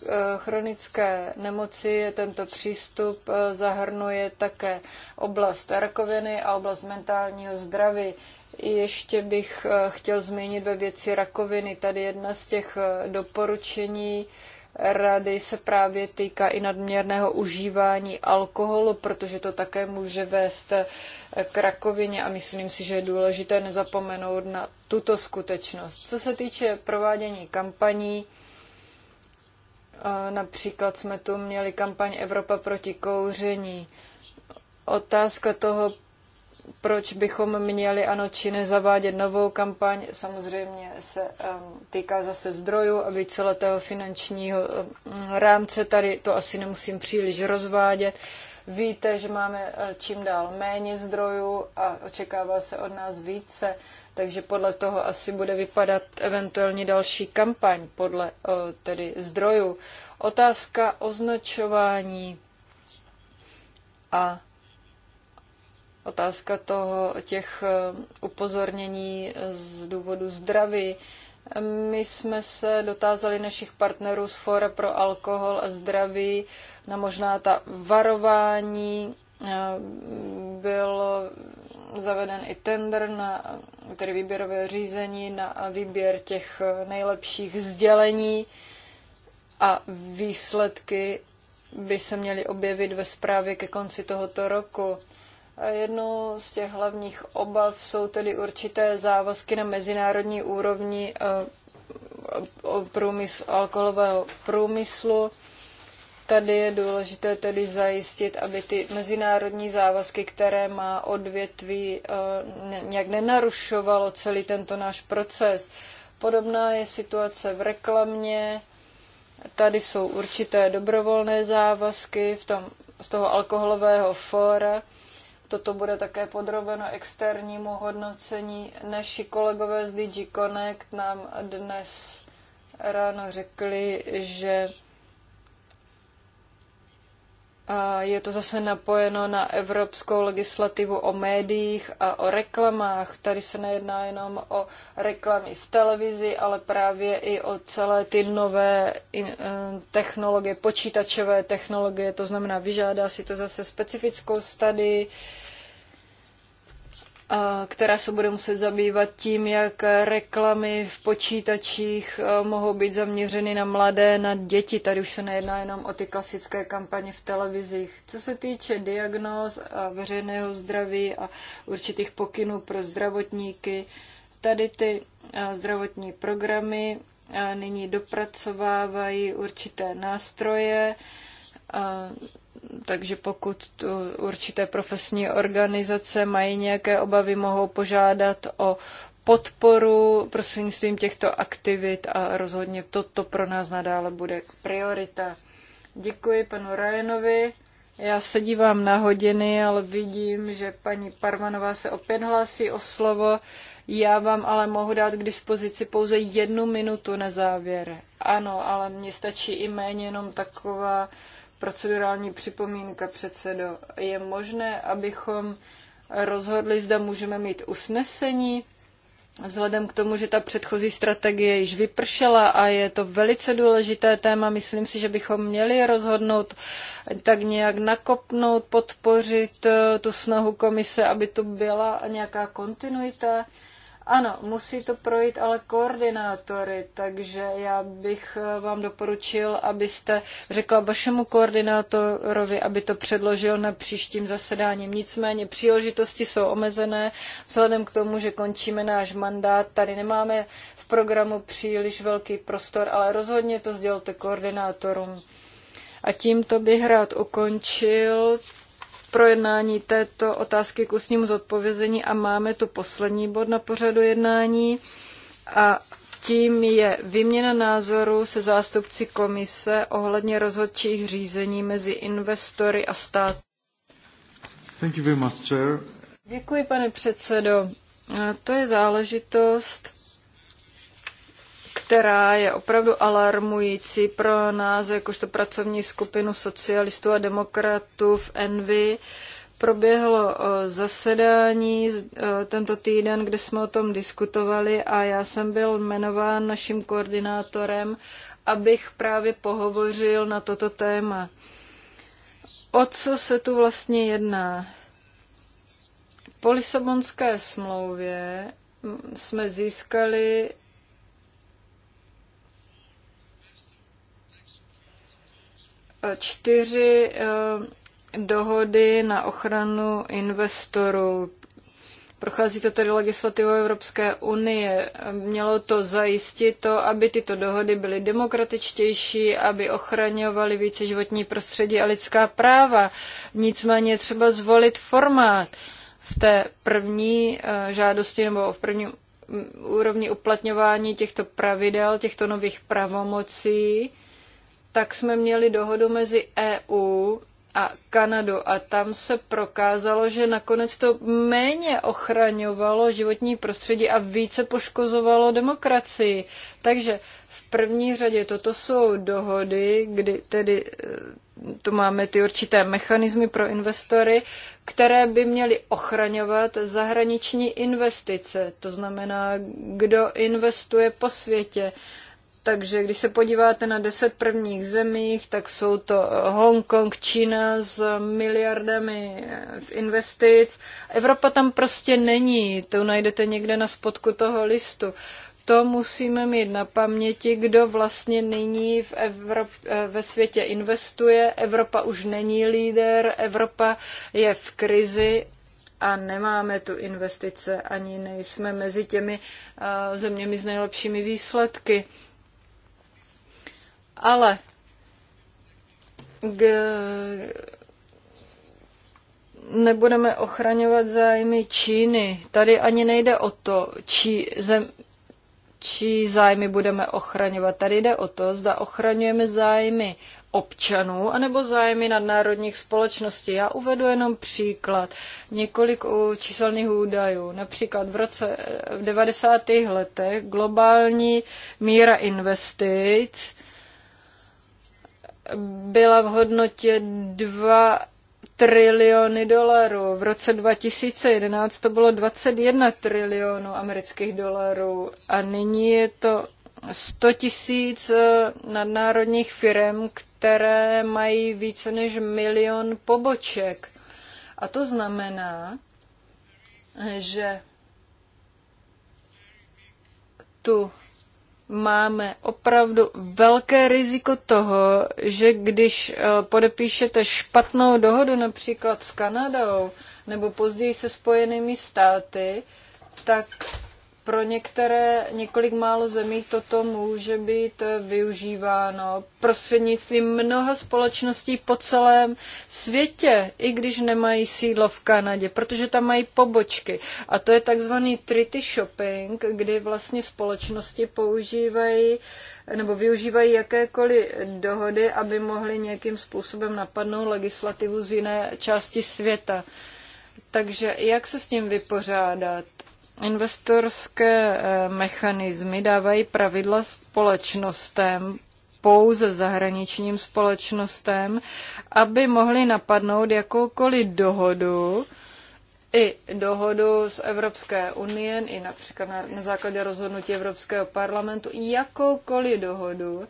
Eh, chronické nemoci tento přístup eh, zahrnuje také oblast rakoviny a oblast mentálního zdraví. Ještě bych eh, chtěl zmínit ve věci rakoviny. Tady jedna z těch doporučení rady se právě týká i nadměrného užívání alkoholu, protože to také může vést k rakovině a myslím si, že je důležité nezapomenout na tuto skutečnost. Co se týče provádění kampaní, Například jsme tu měli kampaň Evropa proti kouření. Otázka toho, proč bychom měli ano či nezavádět novou kampaň, samozřejmě se týká zase zdrojů a víceletého finančního rámce. Tady to asi nemusím příliš rozvádět. Víte, že máme eh, čím dál méně zdrojů a očekává se od nás více. Takže podle toho asi bude vypadat eventuálně další kampaň podle eh, tedy zdrojů. Otázka označování a otázka toho těch eh, upozornění eh, z důvodu zdraví. My jsme se dotázali našich partnerů z Fora pro alkohol a zdraví na možná ta varování bylo zaveden i tender, na, tedy výběrové řízení na výběr těch nejlepších sdělení a výsledky by se měly objevit ve zprávě ke konci tohoto roku. A jednou z těch hlavních obav jsou tedy určité závazky na mezinárodní úrovni eh, průmysl, alkoholového průmyslu. Tady je důležité tedy zajistit, aby ty mezinárodní závazky, které má odvětví, eh, nějak nenarušovalo celý tento náš proces. Podobná je situace v reklamě. Tady jsou určité dobrovolné závazky v tom, z toho alkoholového fóra. Toto bude také podrobeno externímu hodnocení. Naši kolegové z DG Connect nám dnes ráno řekli, že je to zase napojeno na evropskou legislativu o médiích a o reklamách. Tady se nejedná jenom o reklamy v televizi, ale právě i o celé ty nové eh, technologie, počítačové technologie. To znamená, vyžádá si to zase specifickou studii, která se bude muset zabývat tím, jak reklamy v počítačích e, mohou být zaměřeny na mladé, na děti. Tady už se nejedná jenom o ty klasické kampaně v televizích. Co se týče diagnóz a veřejného zdraví a určitých pokynů pro zdravotníky, tady ty e, zdravotní programy e, nyní dopracovávají určité nástroje, takže pokud tu určité profesní organizace mají nějaké obavy, mohou požádat o podporu prostřednictvím těchto aktivit a rozhodně toto pro nás nadále bude priorita. Děkuji panu Ryanovi. Já se dívám na hodiny, ale vidím, že paní Parvanová se opět hlásí o slovo. Já vám ale mohu dát k dispozici pouze jednu minutu na závěr. Ano, ale mně stačí i méně jenom taková Procedurální připomínka předsedo. Je možné, abychom rozhodli, zda můžeme mít usnesení, Vzhledem k tomu, že ta předchozí strategie již vypršela a je to velice důležité téma, myslím si, že bychom měli rozhodnout tak nějak nakopnout, podpořit eh, tu snahu komise, aby tu byla nějaká kontinuita. Ano, musí to projít ale koordinátory, takže já bych eh, vám doporučil, abyste řekla vašemu koordinátorovi, aby to předložil na příštím zasedání. Nicméně příležitosti jsou omezené, vzhledem k tomu, že končíme náš mandát, tady nemáme v programu příliš velký prostor, ale rozhodně to sdělte koordinátorům. A tímto bych rád ukončil projednání této otázky k ústnímu zodpovězení a máme tu poslední bod na pořadu jednání a tím je výměna názoru se zástupci komise ohledně rozhodčích řízení mezi investory a státy. Thank you very much, chair. Děkuji, pane předsedo. To je záležitost, která je opravdu alarmující pro nás, jakožto pracovní skupinu socialistů a demokratů v Envy. Proběhlo eh, zasedání eh, tento týden, kde jsme o tom diskutovali a já jsem byl jmenován naším koordinátorem, abych právě pohovořil na toto téma. O co se tu vlastně jedná? Po Lisabonské smlouvě mm, jsme získali čtyři eh, dohody na ochranu investorů. Prochází to tedy legislativou Evropské unie. Mělo to zajistit to, aby tyto dohody byly demokratičtější, aby ochraňovaly více životní prostředí a lidská práva. Nicméně třeba zvolit formát. V té první eh, žádosti nebo v prvním úrovni uplatňování těchto pravidel, těchto nových pravomocí, tak jsme měli dohodu mezi EU a Kanadu a tam se prokázalo, že nakonec to méně ochraňovalo životní prostředí a více poškozovalo demokracii. Takže v první řadě toto jsou dohody, kdy tedy e, tu máme ty určité mechanismy pro investory, které by měly ochraňovat zahraniční investice. To znamená, kdo investuje po světě. Uh, takže když se podíváte na deset prvních zemích, tak jsou to eh, Hongkong, Čína s miliardami eh, v investic. Evropa tam prostě není, to najdete někde na spodku toho listu. To musíme mít na paměti, kdo vlastně nyní v Evrop- eh, ve světě investuje. Evropa už není líder, Evropa je v krizi a nemáme tu investice, ani nejsme mezi těmi zeměmi s nejlepšími výsledky. Ale k, nebudeme ochraňovat zájmy Číny. Tady ani nejde o to, či, zem, či zájmy budeme ochraňovat. Tady jde o to, zda ochraňujeme zájmy občanů anebo zájmy nadnárodních společností. Já uvedu jenom příklad, několik číselných údajů. Například v roce eh, v 90. letech globální míra investic byla v hodnotě 2 triliony dolarů. V roce 2011 to bylo 21 trilionů amerických dolarů a nyní je to 100 tisíc eh, nadnárodních firm, které mají více než milion poboček. A to znamená, že tu máme opravdu velké riziko toho, že když eh, podepíšete špatnou dohodu například s Kanadou nebo později se Spojenými státy, tak pro některé, několik málo zemí toto může být využíváno prostřednictvím mnoha společností po celém světě, i když nemají sídlo v Kanadě, protože tam mají pobočky. A to je takzvaný treaty shopping, kdy vlastně společnosti používají nebo využívají jakékoliv dohody, aby mohli nějakým způsobem napadnout legislativu z jiné části světa. Takže jak se s tím vypořádat? Investorské eh, mechanismy dávají pravidla společnostem, pouze zahraničním společnostem, aby mohli napadnout jakoukoliv dohodu, i dohodu z Evropské unie, i například na, na základě rozhodnutí Evropského parlamentu, jakoukoliv dohodu,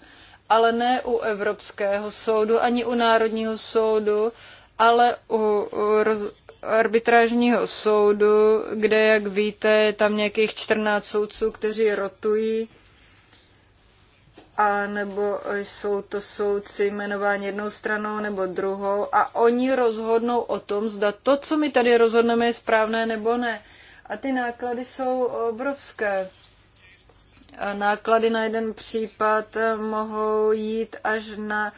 ale ne u Evropského soudu, ani u Národního soudu, ale u, u roz, arbitrážního soudu, kde, jak víte, je tam nějakých 14 soudců, kteří rotují, a nebo jsou to soudci jmenováni jednou stranou nebo druhou a oni rozhodnou o tom, zda to, co my tady rozhodneme, je správné nebo ne. A ty náklady jsou obrovské. Náklady na jeden případ mohou jít až na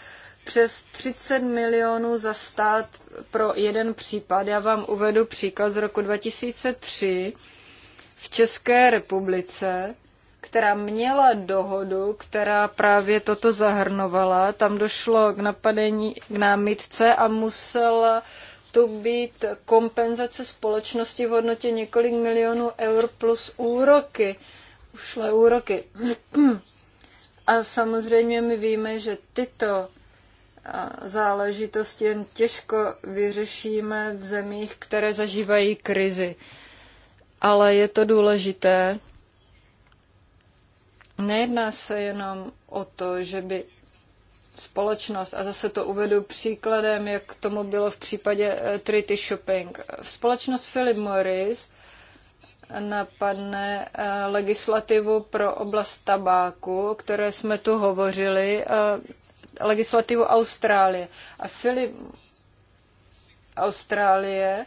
přes 30 milionů za stát pro jeden případ. Já vám uvedu příklad z roku 2003 v České republice, která měla dohodu, která právě toto zahrnovala. Tam došlo k napadení k námitce a musela to být kompenzace společnosti v hodnotě několik milionů eur plus úroky. Ušlé úroky. A samozřejmě my víme, že tyto záležitosti jen těžko vyřešíme v zemích, které zažívají krizi. Ale je to důležité. Nejedná se jenom o to, že by společnost, a zase to uvedu příkladem, jak tomu bylo v případě eh, Trinity Shopping. Společnost Philip Morris napadne eh, legislativu pro oblast tabáku, o které jsme tu hovořili, eh, legislativu Austrálie. A Filip Austrálie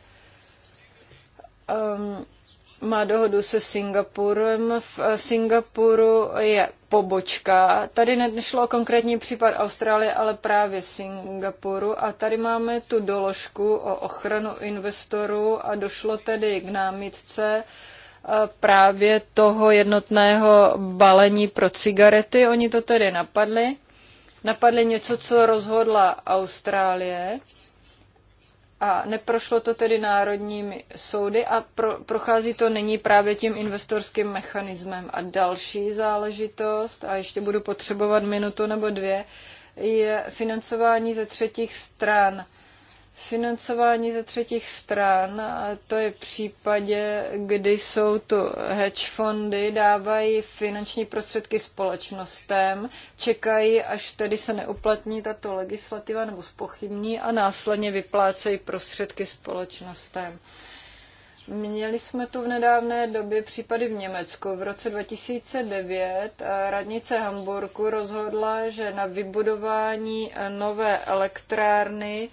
um, má dohodu se Singapurem. V eh, Singapuru je pobočka. Tady nešlo o konkrétní případ Austrálie, ale právě Singapuru. A tady máme tu doložku o ochranu investorů a došlo tedy k námitce eh, právě toho jednotného balení pro cigarety. Oni to tedy napadli napadli něco, co rozhodla Austrálie a neprošlo to tedy národními soudy a pro, prochází to není právě tím investorským mechanismem. A další záležitost, a ještě budu potřebovat minutu nebo dvě, je financování ze třetích stran Financování ze třetích stran, a to je v případě, kdy jsou tu hedge fondy, dávají finanční prostředky společnostem, čekají, až tedy se neuplatní tato legislativa nebo spochybní a následně vyplácejí prostředky společnostem. Měli jsme tu v nedávné době případy v Německu. V roce 2009 eh, radnice Hamburku rozhodla, že na vybudování eh, nové elektrárny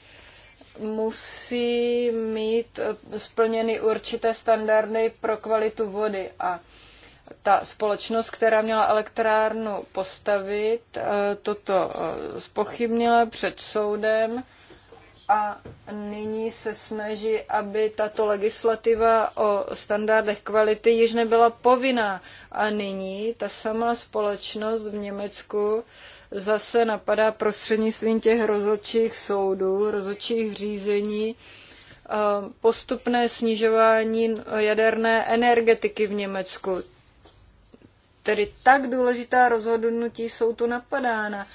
musí mít eh, splněny určité standardy pro kvalitu vody. A ta společnost, která měla elektrárnu postavit, eh, toto spochybnila eh, před soudem a nyní se snaží, aby tato legislativa o standardech kvality již nebyla povinná. A nyní ta samá společnost v Německu zase napadá prostřednictvím těch rozhodčích soudů, rozhodčích řízení, eh, postupné snižování jaderné energetiky v Německu. Tedy tak důležitá rozhodnutí jsou tu napadána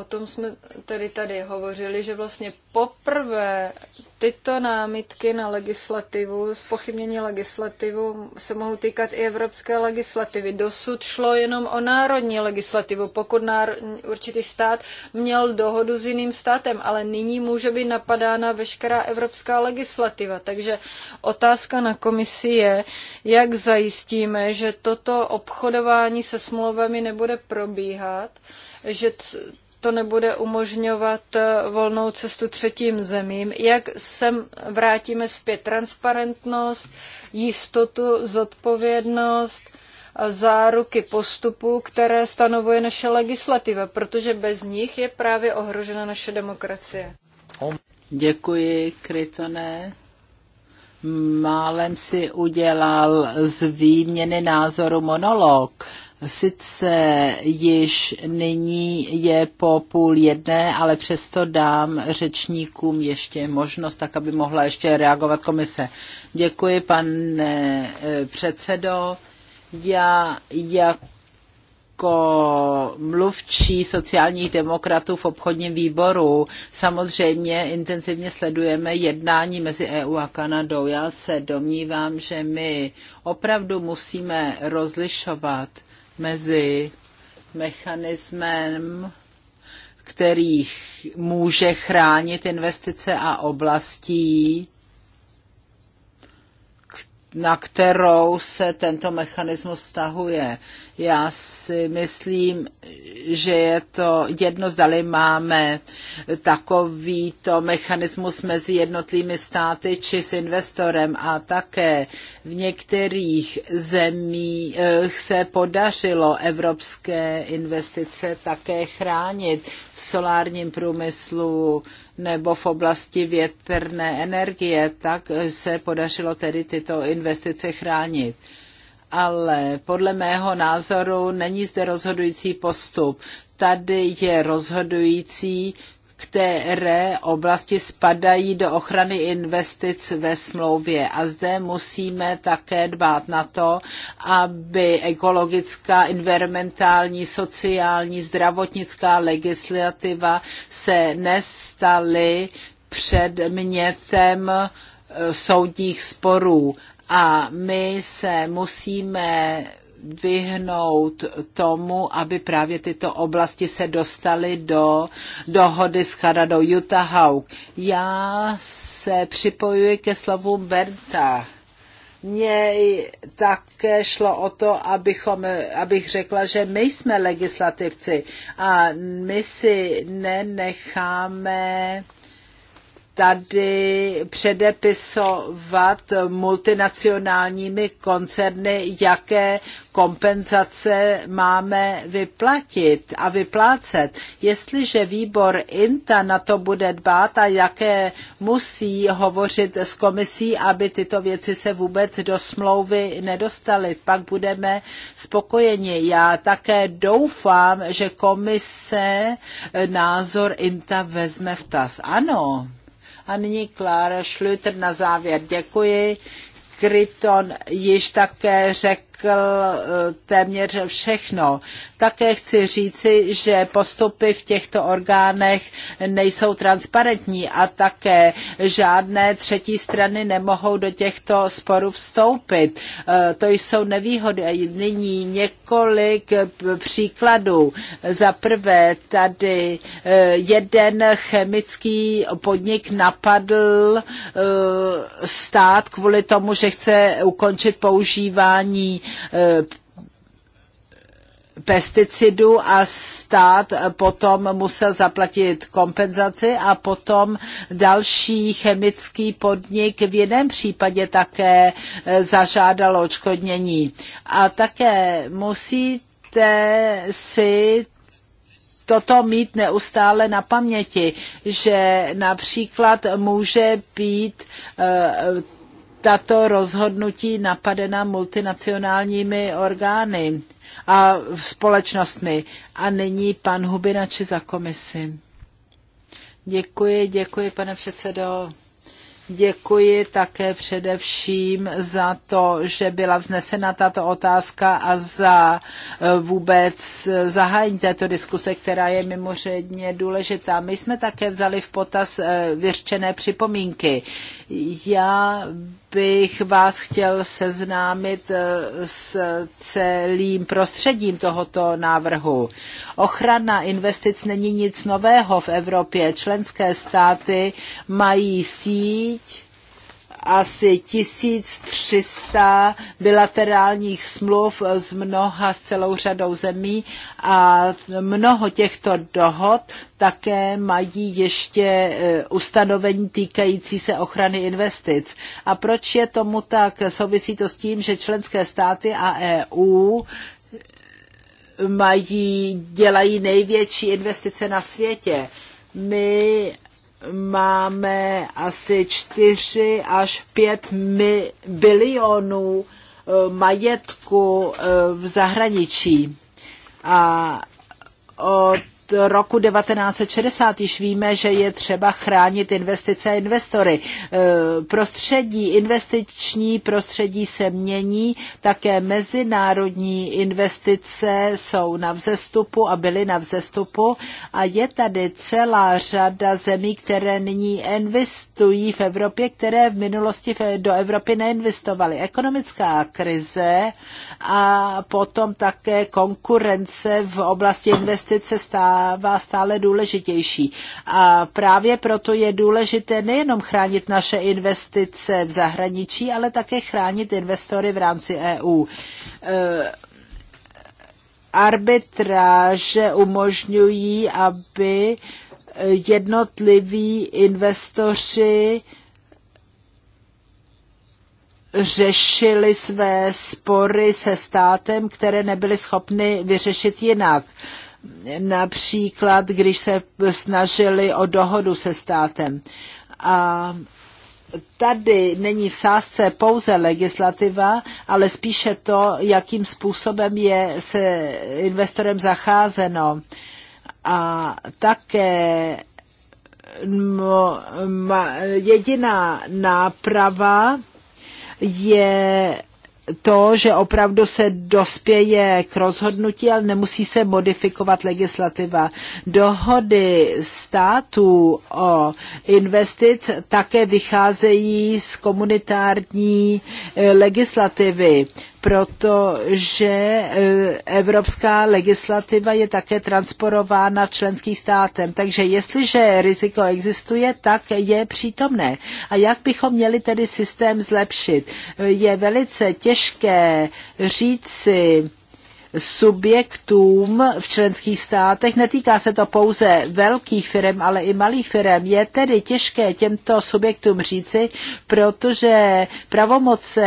o tom jsme tedy tady hovořili, že vlastně poprvé tyto námitky na legislativu, zpochybnění legislativu se mohou týkat i evropské legislativy. Dosud šlo jenom o národní legislativu, pokud náro... určitý stát měl dohodu s jiným státem, ale nyní může být napadána veškerá evropská legislativa. Takže otázka na komisi je, jak zajistíme, že toto obchodování se smlouvami nebude probíhat, že to nebude umožňovat eh, volnou cestu třetím zemím. Jak sem vrátíme zpět transparentnost, jistotu, zodpovědnost, záruky postupu, které stanovuje naše legislativa, protože bez nich je právě ohrožena naše demokracie. Děkuji, Krytone. Málem si udělal z výměny názoru monolog Sice již nyní je po půl jedné, ale přesto dám řečníkům ještě možnost, tak aby mohla ještě reagovat komise. Děkuji, pane eh, předsedo. Já jako mluvčí sociálních demokratů v obchodním výboru samozřejmě intenzivně sledujeme jednání mezi EU a Kanadou. Já se domnívám, že my opravdu musíme rozlišovat mezi mechanismem, který může chránit investice a oblastí, na kterou se tento mechanismus vztahuje. Já si myslím, že je to jedno, zdali máme takovýto mechanismus mezi jednotlivými státy či s investorem a také v některých zemích se podařilo evropské investice také chránit v solárním průmyslu nebo v oblasti větrné energie, tak se podařilo tedy tyto investice chránit ale podle mého názoru není zde rozhodující postup. Tady je rozhodující, které oblasti spadají do ochrany investic ve smlouvě. A zde musíme také dbát na to, aby ekologická, environmentální, sociální, zdravotnická legislativa se nestaly předmětem eh, soudních sporů a my se musíme vyhnout tomu, aby právě tyto oblasti se dostaly do dohody s Kanadou. Utah Já se připojuji ke slovu Berta. Mně také šlo o to, abychom, abych řekla, že my jsme legislativci a my si nenecháme tady předepisovat multinacionálními koncerny, jaké kompenzace máme vyplatit a vyplácet. Jestliže výbor INTA na to bude dbát a jaké musí hovořit s komisí, aby tyto věci se vůbec do smlouvy nedostaly, pak budeme spokojeni. Já také doufám, že komise názor INTA vezme v tas. Ano, a nyní Klára Schlüter na závěr. Děkuji. Kryton již také řekl, Eh, téměř všechno. Také chci říci, že postupy v těchto orgánech nejsou transparentní a také žádné třetí strany nemohou do těchto sporů vstoupit. Eh, to jsou nevýhody. Nyní několik příkladů. Za prvé tady eh, jeden chemický podnik napadl stát kvůli tomu, že chce ukončit používání Eh, pesticidu a stát potom musel zaplatit kompenzaci a potom další chemický podnik v jiném případě také eh, zažádal očkodnění. A také musíte si toto mít neustále na paměti, že například může být eh, tato rozhodnutí napadena multinacionálními orgány a společnostmi. A nyní pan Hubinači za komisi. Děkuji, děkuji, pane předsedo. Děkuji také především za to, že byla vznesena tato otázka a za eh, vůbec eh, zahájení této diskuse, která je mimořádně důležitá. My jsme také vzali v potaz eh, vyřčené připomínky. Já bych vás chtěl seznámit eh, s celým prostředím tohoto návrhu. Ochrana investic není nic nového v Evropě. Členské státy mají síť asi 1300 bilaterálních smluv z mnoha, s celou řadou zemí a mnoho těchto dohod také mají ještě eh, ustanovení týkající se ochrany investic. A proč je tomu tak? Souvisí to s tím, že členské státy a EU eh, mají, dělají největší investice na světě. My máme asi 4 až 5 bilionů eh, majetku eh, v zahraničí. A od roku 1960 již víme, že je třeba chránit investice a investory. E, prostředí, investiční prostředí se mění, také mezinárodní investice jsou na vzestupu a byly na vzestupu a je tady celá řada zemí, které nyní investují v Evropě, které v minulosti do Evropy neinvestovaly. Ekonomická krize a potom také konkurence v oblasti investice stále stává stále důležitější. A právě proto je důležité nejenom chránit naše investice v zahraničí, ale také chránit investory v rámci EU e, arbitráže umožňují, aby jednotliví investoři řešili své spory se státem, které nebyly schopny vyřešit jinak například když se snažili o dohodu se státem. A tady není v sázce pouze legislativa, ale spíše to, jakým způsobem je se investorem zacházeno. A také no, jediná náprava je to, že opravdu se dospěje k rozhodnutí, ale nemusí se modifikovat legislativa. Dohody států o investic také vycházejí z komunitární eh, legislativy protože eh, evropská legislativa je také transporována členským státem. Takže jestliže riziko existuje, tak je přítomné. A jak bychom měli tedy systém zlepšit? Eh, je velice těžké říci, subjektům v členských státech. Netýká se to pouze velkých firm, ale i malých firm. Je tedy těžké těmto subjektům říci, protože pravomoce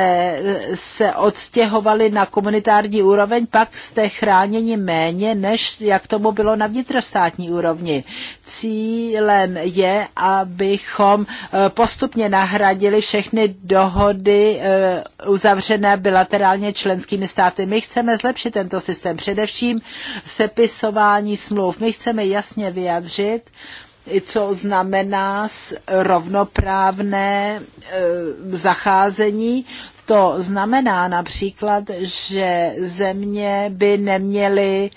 se odstěhovaly na komunitární úroveň, pak jste chráněni méně, než jak tomu bylo na vnitrostátní úrovni cílem je, abychom eh, postupně nahradili všechny dohody eh, uzavřené bilaterálně členskými státy. My chceme zlepšit tento systém, především sepisování smluv. My chceme jasně vyjadřit, co znamená rovnoprávné eh, zacházení. To znamená například, že země by neměly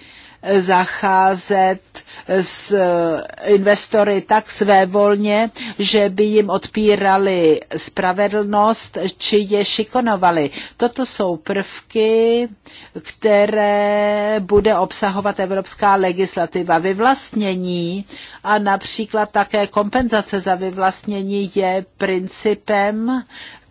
zacházet s eh, investory tak svévolně, že by jim odpírali spravedlnost či je šikonovali. Toto jsou prvky, které bude obsahovat evropská legislativa. Vyvlastnění a například také kompenzace za vyvlastnění je principem,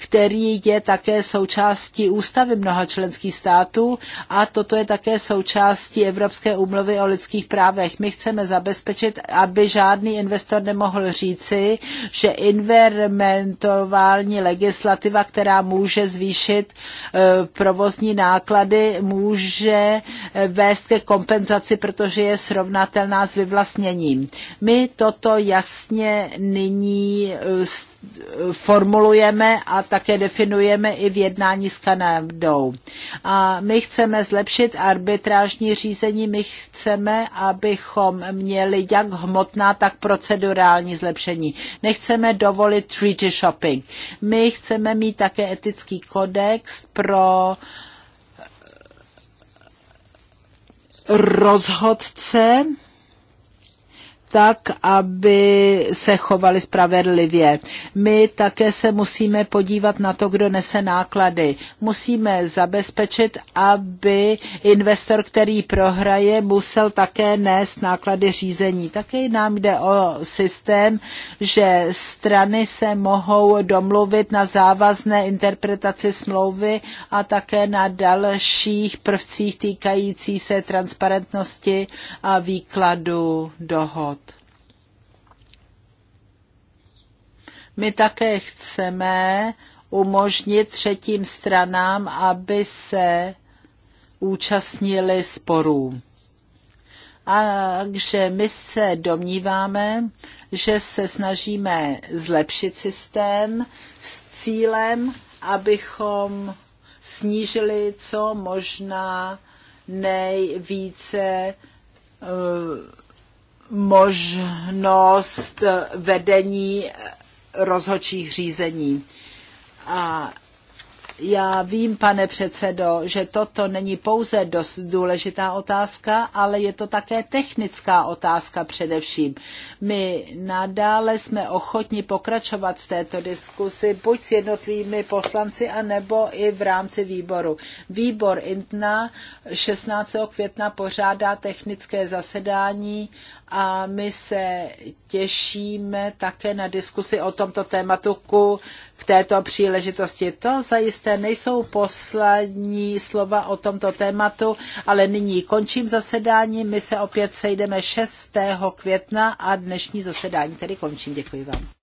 který je také součástí ústavy mnoha členských států a toto je také součástí Evropské úmluvy o lidských právech. My chceme zabezpečit, aby žádný investor nemohl říci, že environmentální legislativa, která může zvýšit e, provozní náklady, může e, vést ke kompenzaci, protože je srovnatelná s vyvlastněním. My toto jasně nyní e, formulujeme a také definujeme i v jednání s Kanadou. A my chceme zlepšit arbitrážní řízení, my chceme, abychom měli jak hmotná, tak procedurální zlepšení. Nechceme dovolit treaty shopping. My chceme mít také etický kodex pro rozhodce, tak, aby se chovali spravedlivě. My také se musíme podívat na to, kdo nese náklady. Musíme zabezpečit, aby investor, který prohraje, musel také nést náklady řízení. Také nám jde o systém, že strany se mohou domluvit na závazné interpretaci smlouvy a také na dalších prvcích týkající se transparentnosti a výkladu dohod. My také chceme umožnit třetím stranám, aby se účastnili sporů. A takže my se domníváme, že se snažíme zlepšit systém s cílem, abychom snížili co možná nejvíce eh, možnost vedení rozhodčích řízení. A já vím, pane předsedo, že toto není pouze dost důležitá otázka, ale je to také technická otázka především. My nadále jsme ochotni pokračovat v této diskusi buď s jednotlivými poslanci, anebo i v rámci výboru. Výbor INTNA 16. května pořádá technické zasedání a my se těšíme také na diskusi o tomto tématu ku, k této příležitosti. To zajisté nejsou poslední slova o tomto tématu, ale nyní končím zasedání. My se opět sejdeme 6. května a dnešní zasedání tedy končím. Děkuji vám.